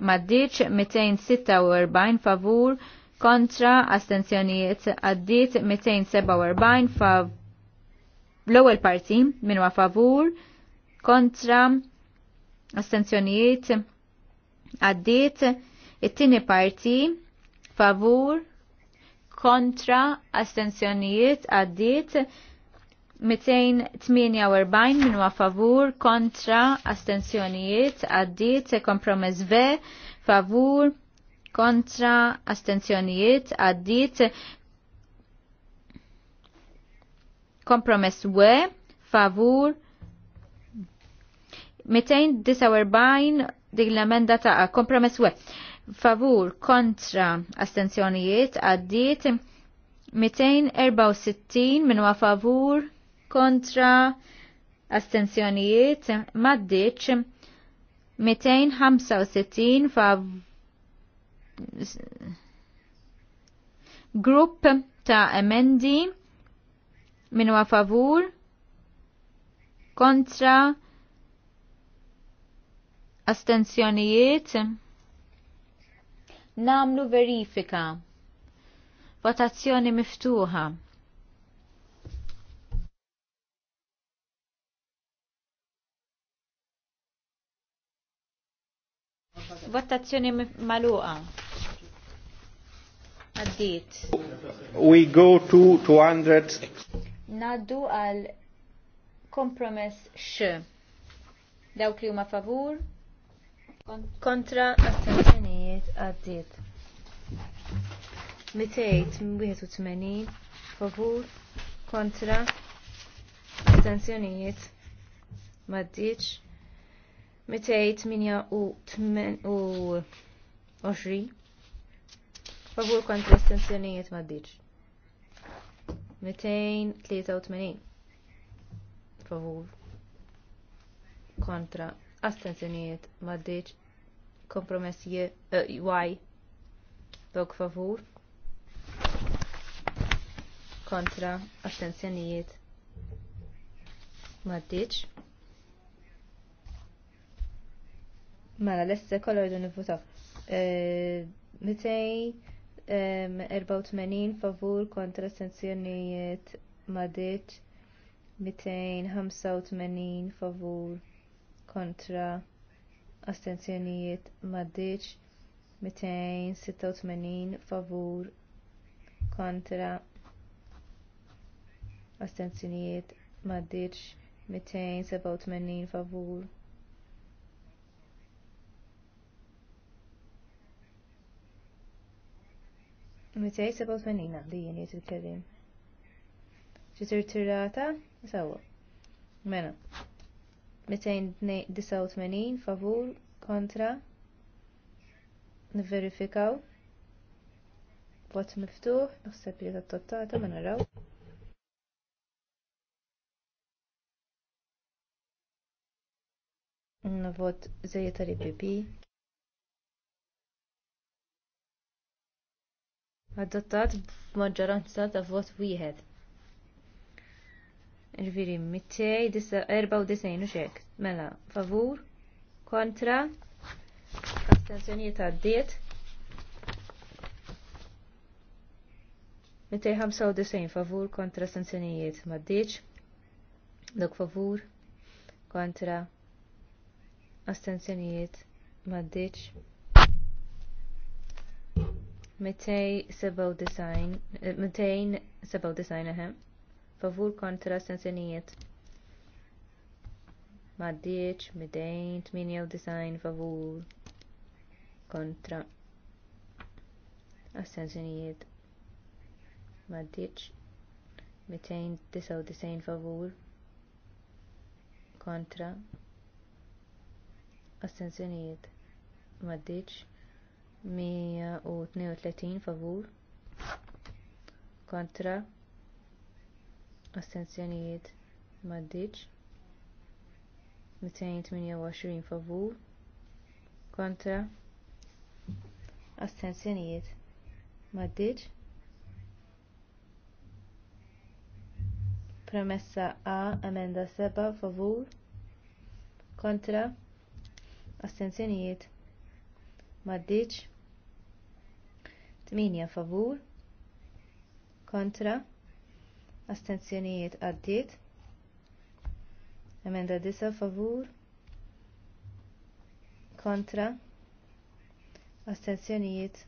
maddiċ 246 favur kontra astenzjonijiet għaddit 247 favur l-ewwel parti minwa favur kontra astenzjonijiet għaddiet it-tieni parti favur kontra astenzjonijiet għaddiet 248 minn huwa favur kontra astenzjonijiet għaddiet kompromess V favur kontra astenzjonijiet għaddiet Kompromess we, favur, 249 dik l-emenda ta' kompromess we. Favur kontra astenzjonijiet għaddiet 264 minn wa favur kontra astenzjonijiet maddiċ 265 fa grupp ta' emendi Minu a favur? Kontra? Astenzjonijiet? Namlu verifika. Votazzjoni miftuħa. Votazzjoni maluqa. Għaddit. We go to 200. Naddu għal kompromess x. Dawk li huma favur. Kontra astenzjonijiet għaddiet. 281 favur kontra astenzjonijiet maddiċ 228 favur kontra astenzjonijiet maddiċ 283 favur kontra astenzjonijiet maddiċ kompromess je eh, y dog favur kontra astenzjonijiet maddiċ mela l-esse kolor dun nivvutaw 200 eh, 84 favur kontra sanzjonijiet Madiċ 285 favur kontra astenzjonijiet Madiċ 286 favur kontra astenzjonijiet Madiċ 287 favur 287 li jien jiet il-kelim. Ġitir tirata, sawa. Mela. Mena. 289 favur kontra niverifikaw vot miftuħ naħseb li ta' tottata ma naraw vot zejja tal-IPP adottat b'maġġoranza ta' vot wieħed. Ġviri, 294 u xek. Mela, favur, kontra, astenzjoniet għaddiet. 295 favur kontra astensjonijiet maddiċ. Dok favur kontra astenzjonijiet maddiċ. Mitejn civil design, eh, mitejn civil design aħem, favur kontra sensinijiet. Maddiċ, mitejn, tminjaw design, favur kontra assenzinijiet. Maddiċ, mitejn, tisaw design, favur kontra assenzinijiet. Maddiċ, mitejn, 132 favur kontra astenzjonijiet maddiċ 228 favur kontra astenzjonijiet maddiċ premessa A emenda 7 favur kontra astenzjonijiet maddiċ 8 favur kontra astenzjonijiet għaddiet emenda 9 favur kontra astenzjonijiet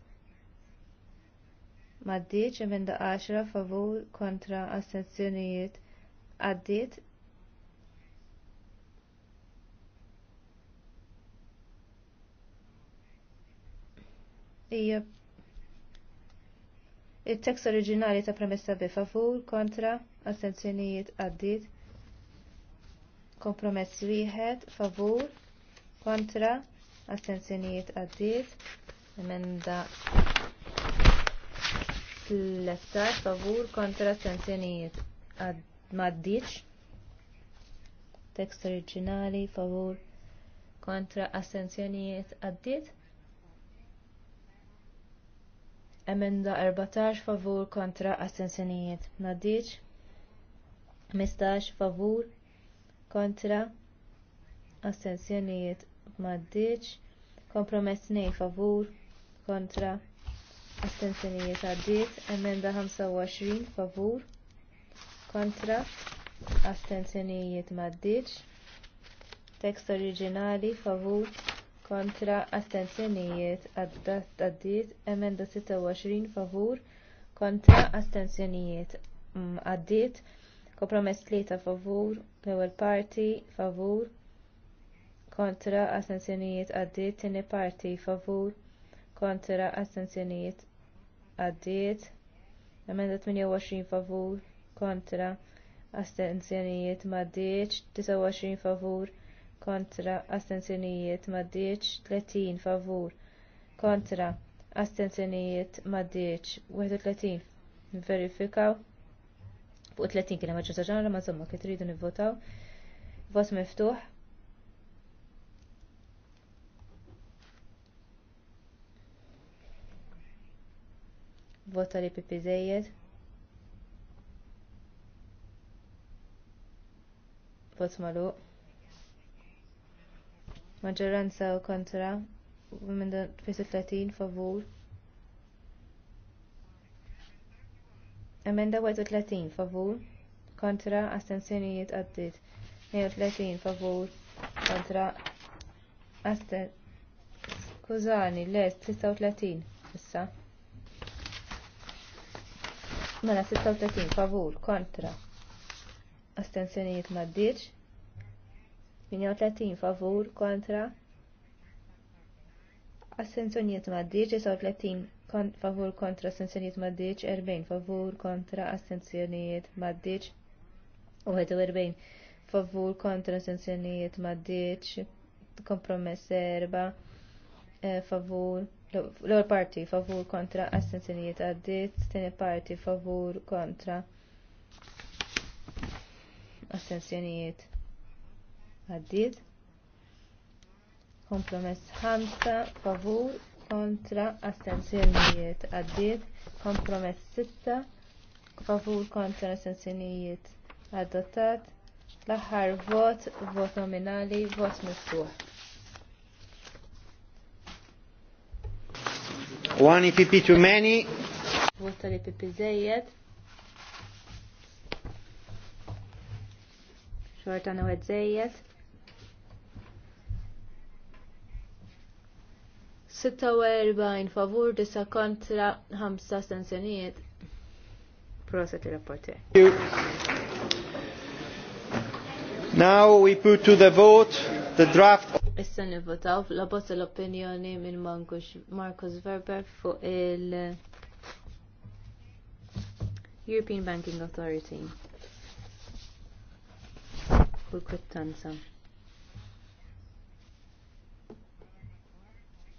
maddiċ emenda 10 favur kontra astenzjonijiet għaddiet hija il-tekst oriġinali ta' premessa bi favur kontra assenzjonijiet għaddit kompromess wieħed favur kontra assenzjonijiet għaddit emenda l ettar favur kontra assenzjonijiet maddiċ tekst oriġinali favur kontra assenzjonijiet għaddit Emenda 14 favur kontra assenzjonijiet. Maddiċ. 15 favur kontra assenzjonijiet. Maddiċ. Kompromess 2 favur kontra assenzjonijiet. Għaddiet. Emenda 25 favur kontra astensjonijiet maddiċ, tekst oriġinali favur kontra astensjonijiet għaddiet emenda 26 favur kontra astensjonijiet mm, għaddiet kompromess tlieta favur l-ewwel parti favur kontra astensjonijiet għaddiet tieni parti favur kontra astensjonijiet għaddiet emenda 28 favur kontra astensjonijiet m'għaddiex 29 favur kontra astenzjonijiet maddiċ 30 favur kontra astenzjonijiet maddiċ 31 verifikaw fuq 30 kien maġġorza ġanra ma żomma kif tridu nivvotaw vot miftuħ vota li pipi żejjed. vot maluq maġġoranza kontra u minn 36 favur Emenda 31 favur kontra astensjonijiet għaddit 32 favur kontra asten skużani le 36 issa Mela 36 favur kontra astensjonijiet maddiċ 38 favur kontra assenzjonijiet maddiċ 39 favur kontra assenzjonijiet maddiċ 40 favur kontra assenzjonijiet maddiċ 41 favur kontra assenzjonijiet maddiċ kompromess erba eh, favur l-ewwel parti favur kontra assenzjonijiet għaddiet, tieni parti favur kontra assenzjonijiet għaddiet. Kompromess 5 favur kontra astenzjonijiet għaddiet. Kompromess 6 favur kontra astenzjonijiet adottat. L-aħħar vot, vot nominali, vot miftuħ. One IPP e too many. Vota li e xorta nwed zejjed. 46 favur, 9 kontra, 5 stanzjonijiet. Proset il-rapporter. Now we put to the vote the draft. Issa nivvotaw la bozza l-opinjoni minn Marcus Verber fuq il European Banking Authority u l-kwittanza.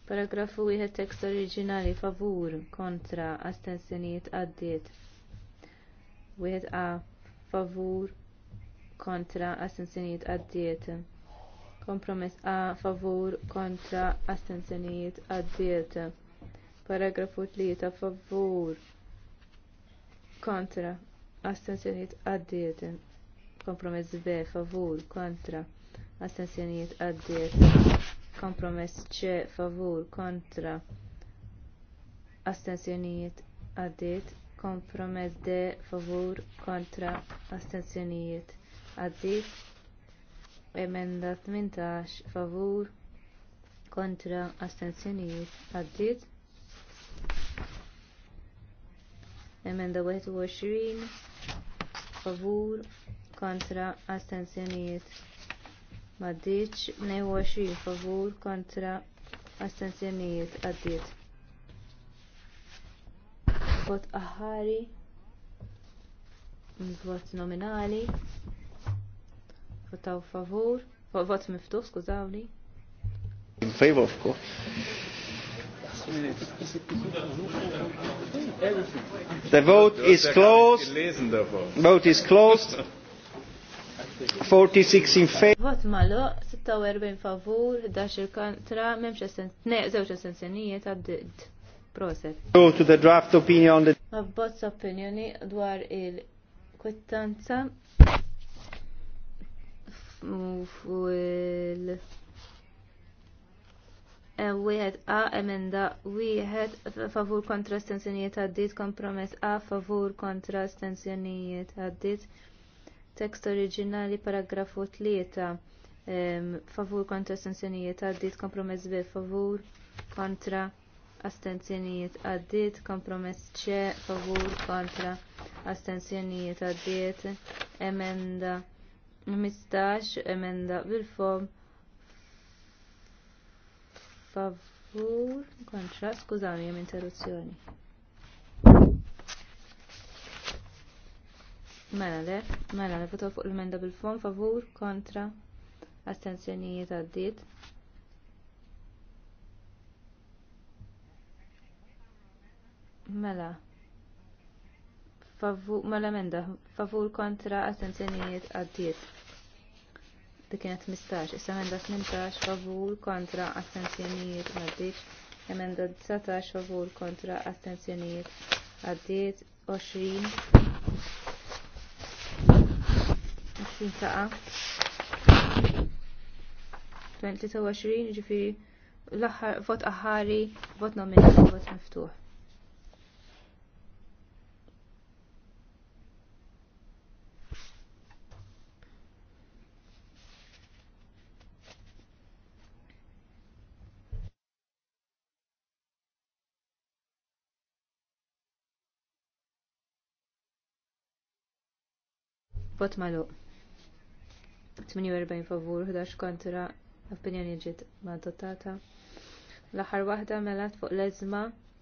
Paragrafu wieħed tekst oriġinali favur kontra astensjonijiet għaddiet. Wieħed A favur kontra astensjonijiet għaddiet. Kompromess A favur kontra astensjonijiet għaddiet. Paragrafu tlieta favur kontra astensjonijiet għaddiet. Kompromess B favur kontra astensjonijiet għaddiet. Kompromess C favur kontra astensjonijiet għaddiet. Kompromess D favur kontra astensjonijiet għaddiet. Emenda 18 favur kontra astensjonijiet għaddiet. Emenda 21 favur kontra astensjonijiet maddiċ 22 favur kontra astensjonijiet għaddiet vot aħari vot nominali votaw favur vot miftuħ skużawni in favor of course. The vote is closed. Vote is closed. Vot malo, 46 favur, 11 kontra, memx zewċ essenzjonijiet għaddid. Proset. Go to the draft opinion. Abbozz opinjoni dwar il-kwittanza fu eh, wieħed A emenda wieħed favur kontra stenzjonijiet għaddit kompromess A favur kontra stenzjonijiet għaddit Tekst oriġinali paragrafu 3 favur kontra astenzjonijiet għaddit kompromess B favur kontra astenzjonijiet għaddiet, kompromess C favur kontra astenzjonijiet għaddiet, emenda 15, emenda bil-fom favur kontra, skużani, jem interruzzjoni. Mela le, mela le fuq l-emenda bil-fond favur kontra astensjonijiet għaddiet. Mela. Favur, mela emenda, favur kontra astensjonijiet għaddiet. Dik kienet 15, issa emenda 18 favur kontra astensjonijiet għaddit. emenda 19 favur kontra astenzjonijiet għaddiet 20 tintaqa 23 ġifiri l-aħħar vot aħari vot nominali vot miftuħ. Vot maluq. 48 favur, 11 kontra, opinjoni ġiet adottata. L-aħħar waħda melat fuq l-ezma,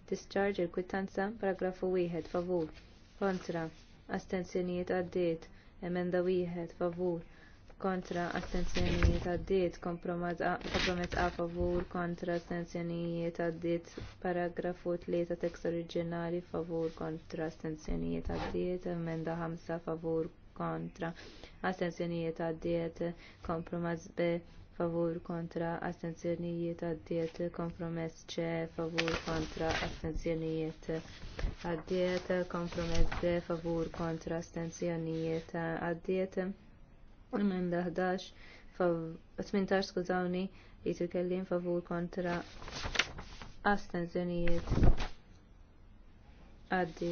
discharge il-kwittanza, paragrafu 1, favur, kontra, astenzjonijiet għaddiet, emenda 1, favur, kontra, astenzjonijiet għaddiet, kompromess a favur, kontra, astenzjonijiet għaddiet, paragrafu 3, tekst oriġinali, favur, kontra, astenzjonijiet għaddiet, emenda 5, favur, kontra astenzjonijiet għaddiet kompromess B favur kontra astenzjonijiet għaddiet kompromess C favur kontra astenzjonijiet għaddiet kompromess D favur kontra astenzjonijiet għaddiet emenda 11 18 skużawni jitilkellim favur kontra astenzjonijiet għaddi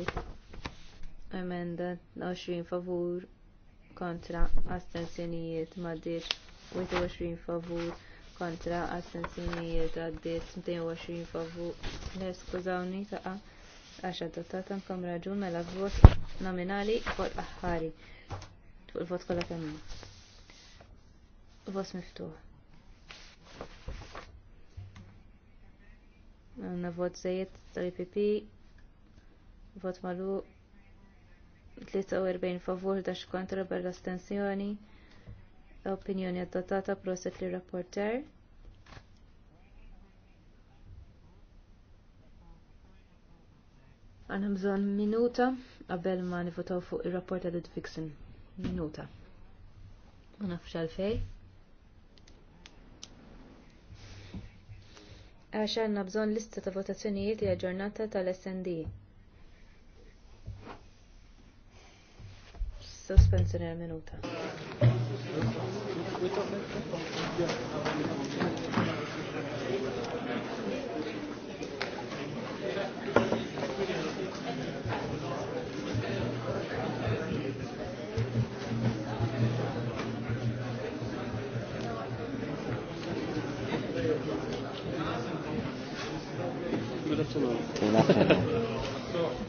emenda 20 favur kontra astensjonijiet maddiċ 28 favur kontra astensjonijiet għaddiet 220 favur neskużawni taqa għaxa dottata nkom raġun mela vot nominali vot aħħari fuq il-vot kollha kemm Vot miftuħ. Għanna vot zejiet tal-IPP, vot maluq 43 favur dax kontra bella astensjoni opinjoni adottata proset li rapporter Għanna bżon minuta qabel ma nifotaw fuq il-rapport ta' Ludwigsen. Minuta. Ma nafx fej? Għax għanna lista ta' votazzjonijiet li ġurnata tal-SND. Sospensione għal minuta. Good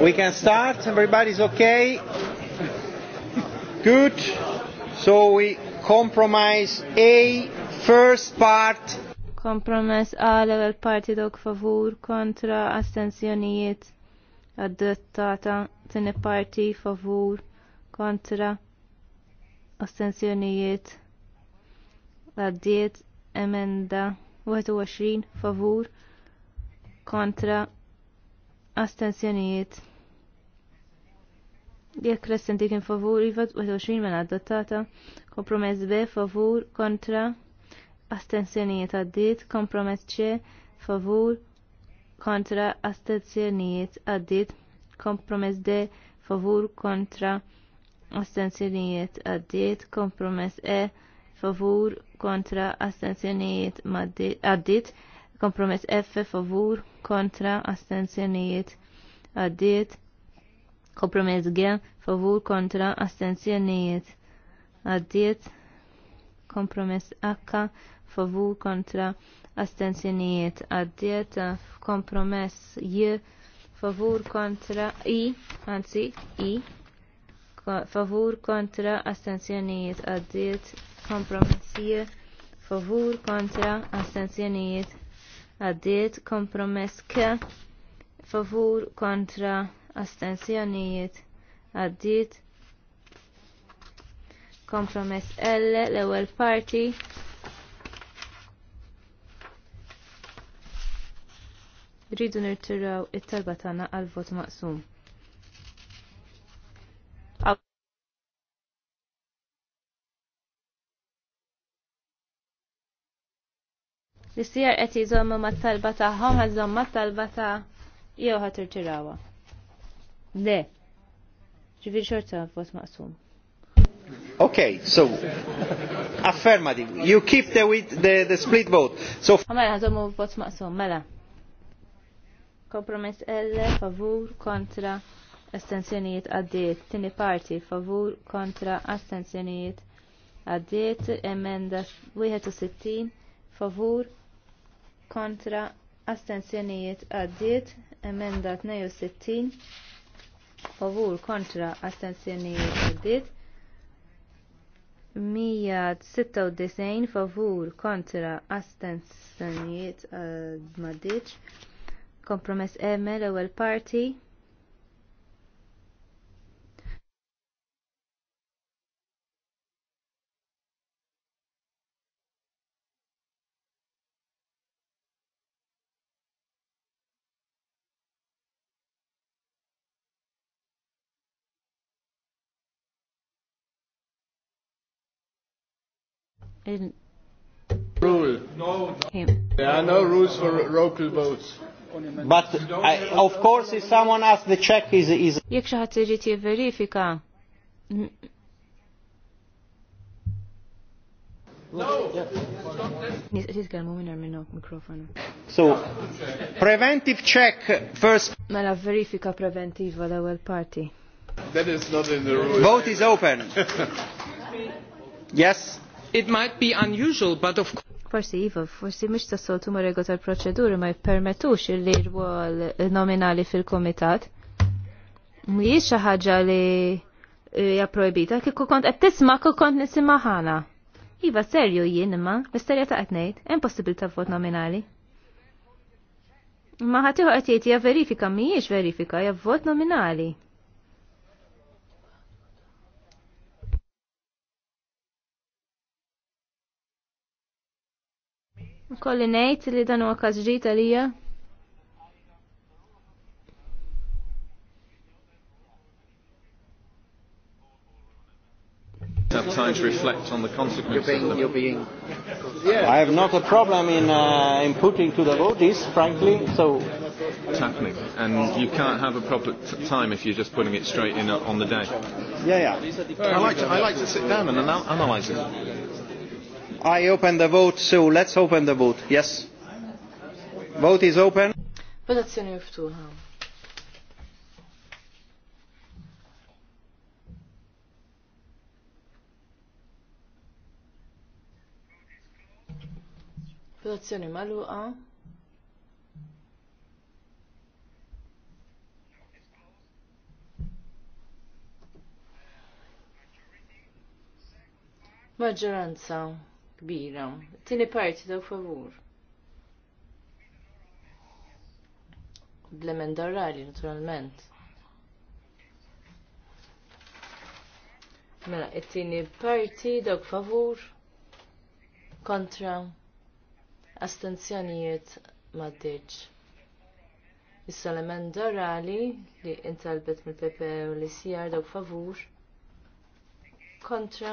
We can start. Everybody's okay. Good. So we compromise A, first part. Kompromess A, level parti dok favur kontra astensjonijiet adottata. Tini parti favur kontra astensjonijiet għaddiet emenda 21 favur kontra astensjonijiet jekk restanti kien favur iva 21 mela adottata, kompromess B favur kontra astensjonijiet għaddit, kompromess C favur kontra astensjonijiet għaddit, kompromess D favur kontra astensjonijiet għaddit, kompromess E favur kontra astensjonijiet għaddit, kompromess F favur kontra astenzjonijiet għaddiet kompromess G favur kontra astenzjonijiet għaddiet kompromess H favur kontra astenzjonijiet għaddiet kompromess J favur kontra i, anzi i, favur kontra astenzjonijiet għaddiet J favur kontra astenzjonijiet għaddiet kompromess k favur kontra astensjonijiet għaddiet kompromess L l-ewwel parti rridu nirtiraw it-talba tagħna għal vot maqsum. L-istijar qed ma t talba tagħhom ma mat-talba ta' jew ħad tirtirawha. Le. ġivir xorta vot maqsum. Okay, so affermative, You keep the with the, the split vote. So Mela ħażhom vot maqsum, mela. Kompromess L favur kontra astensjonijiet għaddiet, tini parti favur kontra astensjonijiet għaddiet, emenda 61 favur kontra astensjonijiet għaddiet emenda 62 favur kontra astensjonijiet għaddiet 196 favur kontra astensjonijiet għaddiet kompromess emel ewwel parti Rule. No, no. There are no rules for local votes. But I, of course if someone asks the check is is Jekk xi ħadd irid jivverifika. So, preventive check first. Mela verifika preventiva l well party. That is not in the rule. Vote is open. yes. It might be unusual, but of course forsi iva, forsi mhix tassoltu ma rego tal-proċeduri ma jippermettux li rwol nominali fil-komitat. Mhijiex xi ħaġa li eh, hija projbita, kieku kont qed tisma' kieku kont nisimha' ħana. Iva serju jien imma, misterja ta' qed ngħid, ta' vot nominali. Ma ħatiħu qed jgħid hija verifika mhijiex verifika, ja vot nominali. Kolli ngħid li dan huwa każ ġdid għalija. have time to reflect on the consequences. You're being, you're being. Yeah. I have not a problem in, uh, in putting to the vote this, frankly. So it's happening, and you can't have a proper t- time if you're just putting it straight in uh, on the day. Yeah, yeah. I like to, I like to sit down and anal- analyse it. I open the vote, so let's open the vote. Yes. Vote is open. Votazzjoni miftuħa. Votazzjoni maluqa. Maġġoranza kbira. Tini parti daw favur. Blemenda orali, naturalment. Mela, it-tini parti dawk favur kontra astenzjonijiet maddiġ. Issa l emenda orali li intalbet mill-PP e u li sijar e dawk favur kontra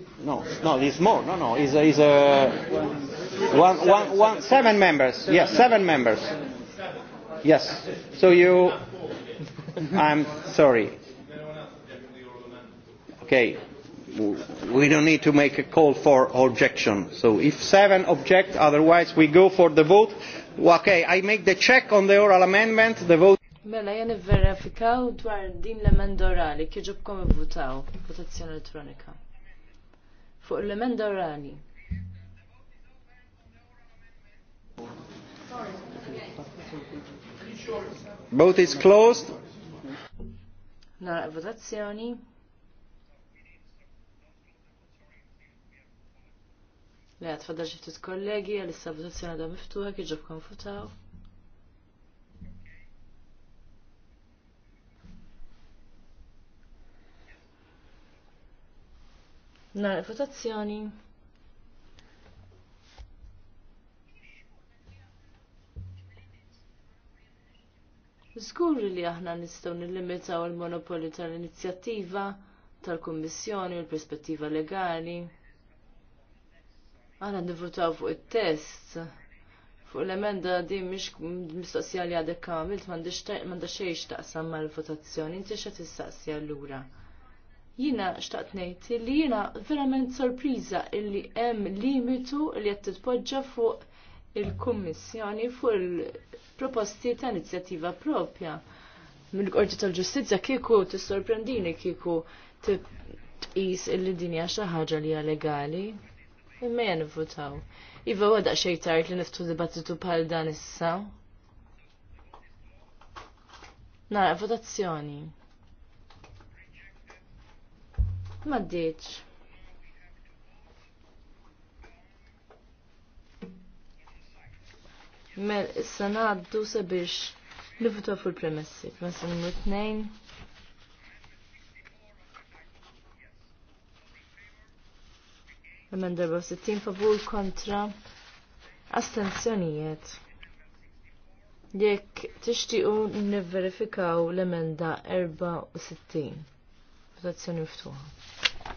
no, no, it's more, no, no, it's, it's a one, one, one, seven members, yes, seven members. Yes, so you, I'm sorry. Okay, we don't need to make a call for objection. So if seven object, otherwise we go for the vote. Okay, I make the check on the oral amendment, the vote. Mela, jen verifikaw dwar din l kieġu kieġobkom votaw, votazzjoni elettronika fuq l-emenda rani. Both is closed. Nara votazzjoni. Le għatfadda ġiftit kollegi, għal-issa votazzjoni da miftuħa, kħiġob konfutaw. Nara votazzjoni. Skurri li aħna nistgħu nillimitaw il-monopolju tal-inizjattiva tal-Kummissjoni u l-perspettiva legali. Aħna nivutaw fuq it-test. Fuq l-emenda di mhix mistoqsija li għadek kamilt m'għandix xejn taqsam mal-votazzjoni, inti xa tistaqsija ura jina xtaqt ngħid li jina verament sorpriża illi hemm limitu li qed titpoġġa fuq il-Kummissjoni fuq il-proposti ta' inizjattiva propja. Mill-Qorti tal-Ġustizzja kieku tissorprendini kieku tqis illi dinja xi ħaġa li hija legali. Imma jgħan votaw. Iva għada xejtart li niftu dibattitu bħal dan issa. Nara, votazzjoni. Maddiċ. Mel, issa naddu sabiex nifutaw fuq il-premessi. Premessi numru 2. Emenda 60 favur kontra astenzjonijiet. Jekk tixtiequ verifikaw l-emenda 64 votazzjoni miftuħa.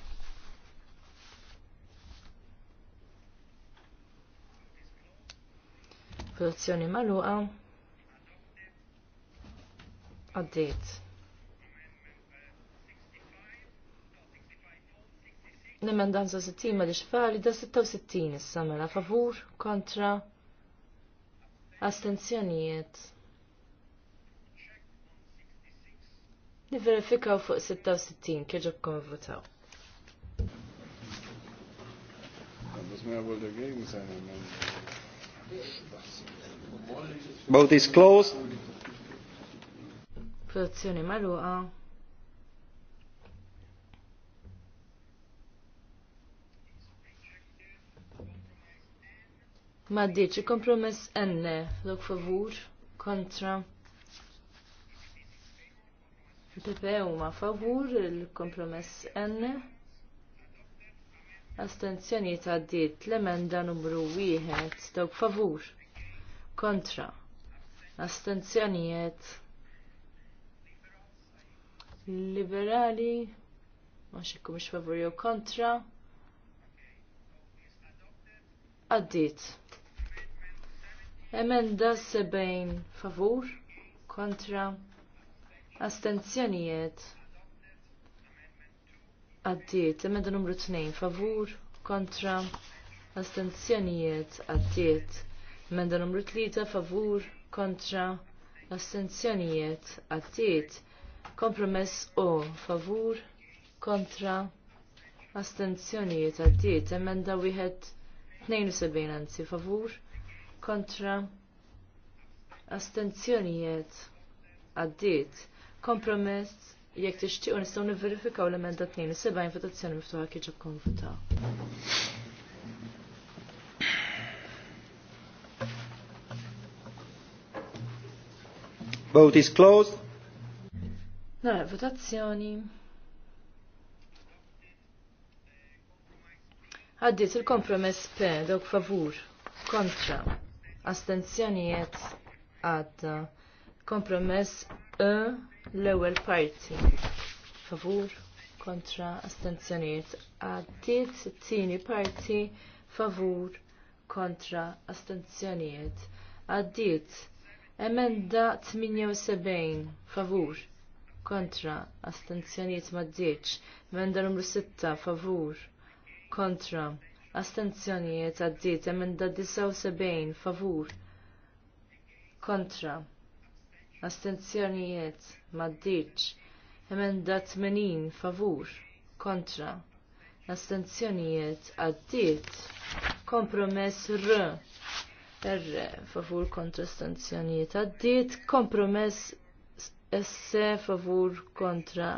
Votazzjoni magħluqa. Għaddiet. L-emendan 60 ma li xfali da 66 issa samela favur kontra astenzjonijiet. Niverifikaw fuq 66 kieġob kon votaw. Vote is closed. Votazzjoni maluqa. Maddiċi kompromess enne, lok favur, kontra. Depew ma favur il-kompromess N. Astenzjoni ta' ditt l-emenda numru 1 dawk favur. Kontra. Astenzjonijiet. Liberali. Ma xikku mux favur jew kontra. Għaddit. Emenda 70 favur. Kontra. Astenzjonijiet. Għaddiet, emenda numru 2, favur, kontra, astenzjonijiet, għaddiet. Emenda numru 3, favur, kontra, astenzjonijiet, għaddiet. Kompromess O, favur, kontra, astenzjonijiet, għaddiet. Emenda wieħed 72, anzi, favur, kontra, astenzjonijiet, għaddiet. Kompromess jekk tixtiequ nistgħu nivverifikaw l-emenda 72 votazzjoni miftuħa kif ġabkom votaw. Vote is closed. Nara votazzjoni. Għaddiet il-kompromess P dawk favur, kontra, astenzjonijiet għadda, kompromess E l-ewwel parti favur kontra astenzjoniet għaddiet it-tieni parti favur kontra astenzjoniet għaddiet emenda 78 favur kontra astenzjoniet maddiċ emenda numru 6 favur kontra astenzjoniet għaddiet emenda 79 favur kontra astenzjonijiet maddiċ, emenda 80 favur, kontra, astenzjonijiet għaddiet, kompromess r, r, favur kontra astenzjonijiet għaddiet, kompromess s, favur kontra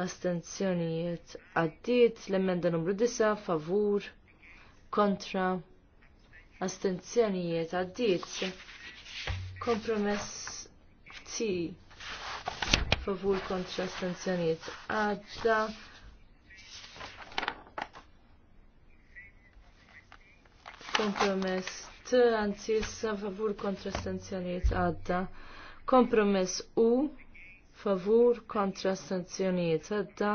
astenzjonijiet għaddiet, l-emenda numru 9 favur kontra astenzjonijiet għaddiet, kompromess ti favur kontra stanzjoniet għadda kompromess T anzi issa favur kontra stanzjoniet għadda kompromess U favur kontra stanzjoniet għadda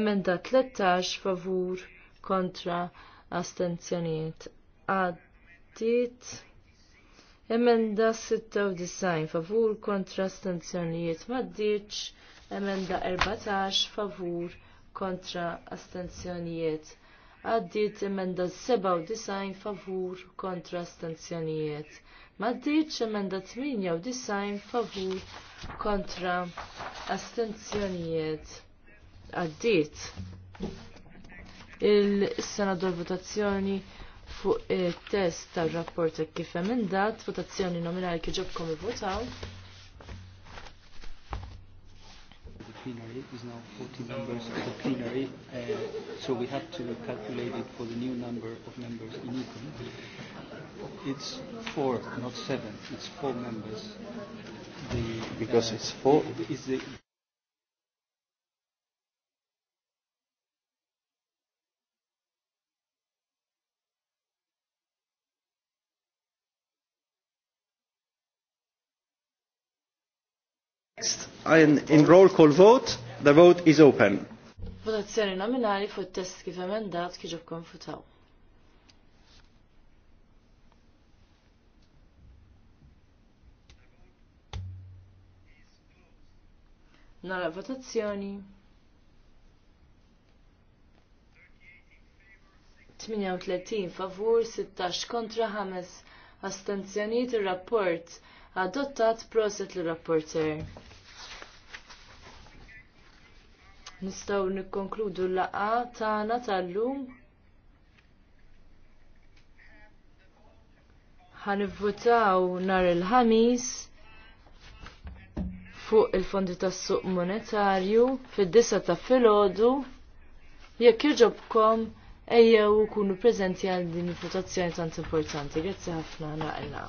emenda 13 favur kontra astenzjoniet għaddit Emenda 96 favur kontra astenzjonijiet maddiċ. Emenda 14 favur kontra astenzjonijiet. Għaddit emenda 97 favur kontra astenzjonijiet. Maddiċ emenda 98 favur kontra astenzjonijiet. Għaddit. Il-sena votazzjoni fuq il-test tal-rapport e kif emendat, votazzjoni nominali kif ġobkom votaw. plenary is now 40 members of the plenary, uh, so we have to calculate it for the new number of members in ECON. It's four, not seven. It's four members. The, Because uh, it's four. Is the Next, in roll call vote, the vote is open. Votazzjoni nominali fuq test kif emendat kif ġobkom konfutaw. Nara votazzjoni. 38 favur, 16 kontra 5 astenzjoniet ir-rapport adottat proset l-rapporter. Nistaw nikkonkludu l-laqa tagħna tal-lum. Ħanivvutaw nhar il-ħamis fuq il-fondi tas-suq monetarju fid-disa ta' filgħodu jekk jogħġobkom ejjew ukunu preżenti għal din il-votazzjoni tant importanti. Grazzi ħafna naqilna.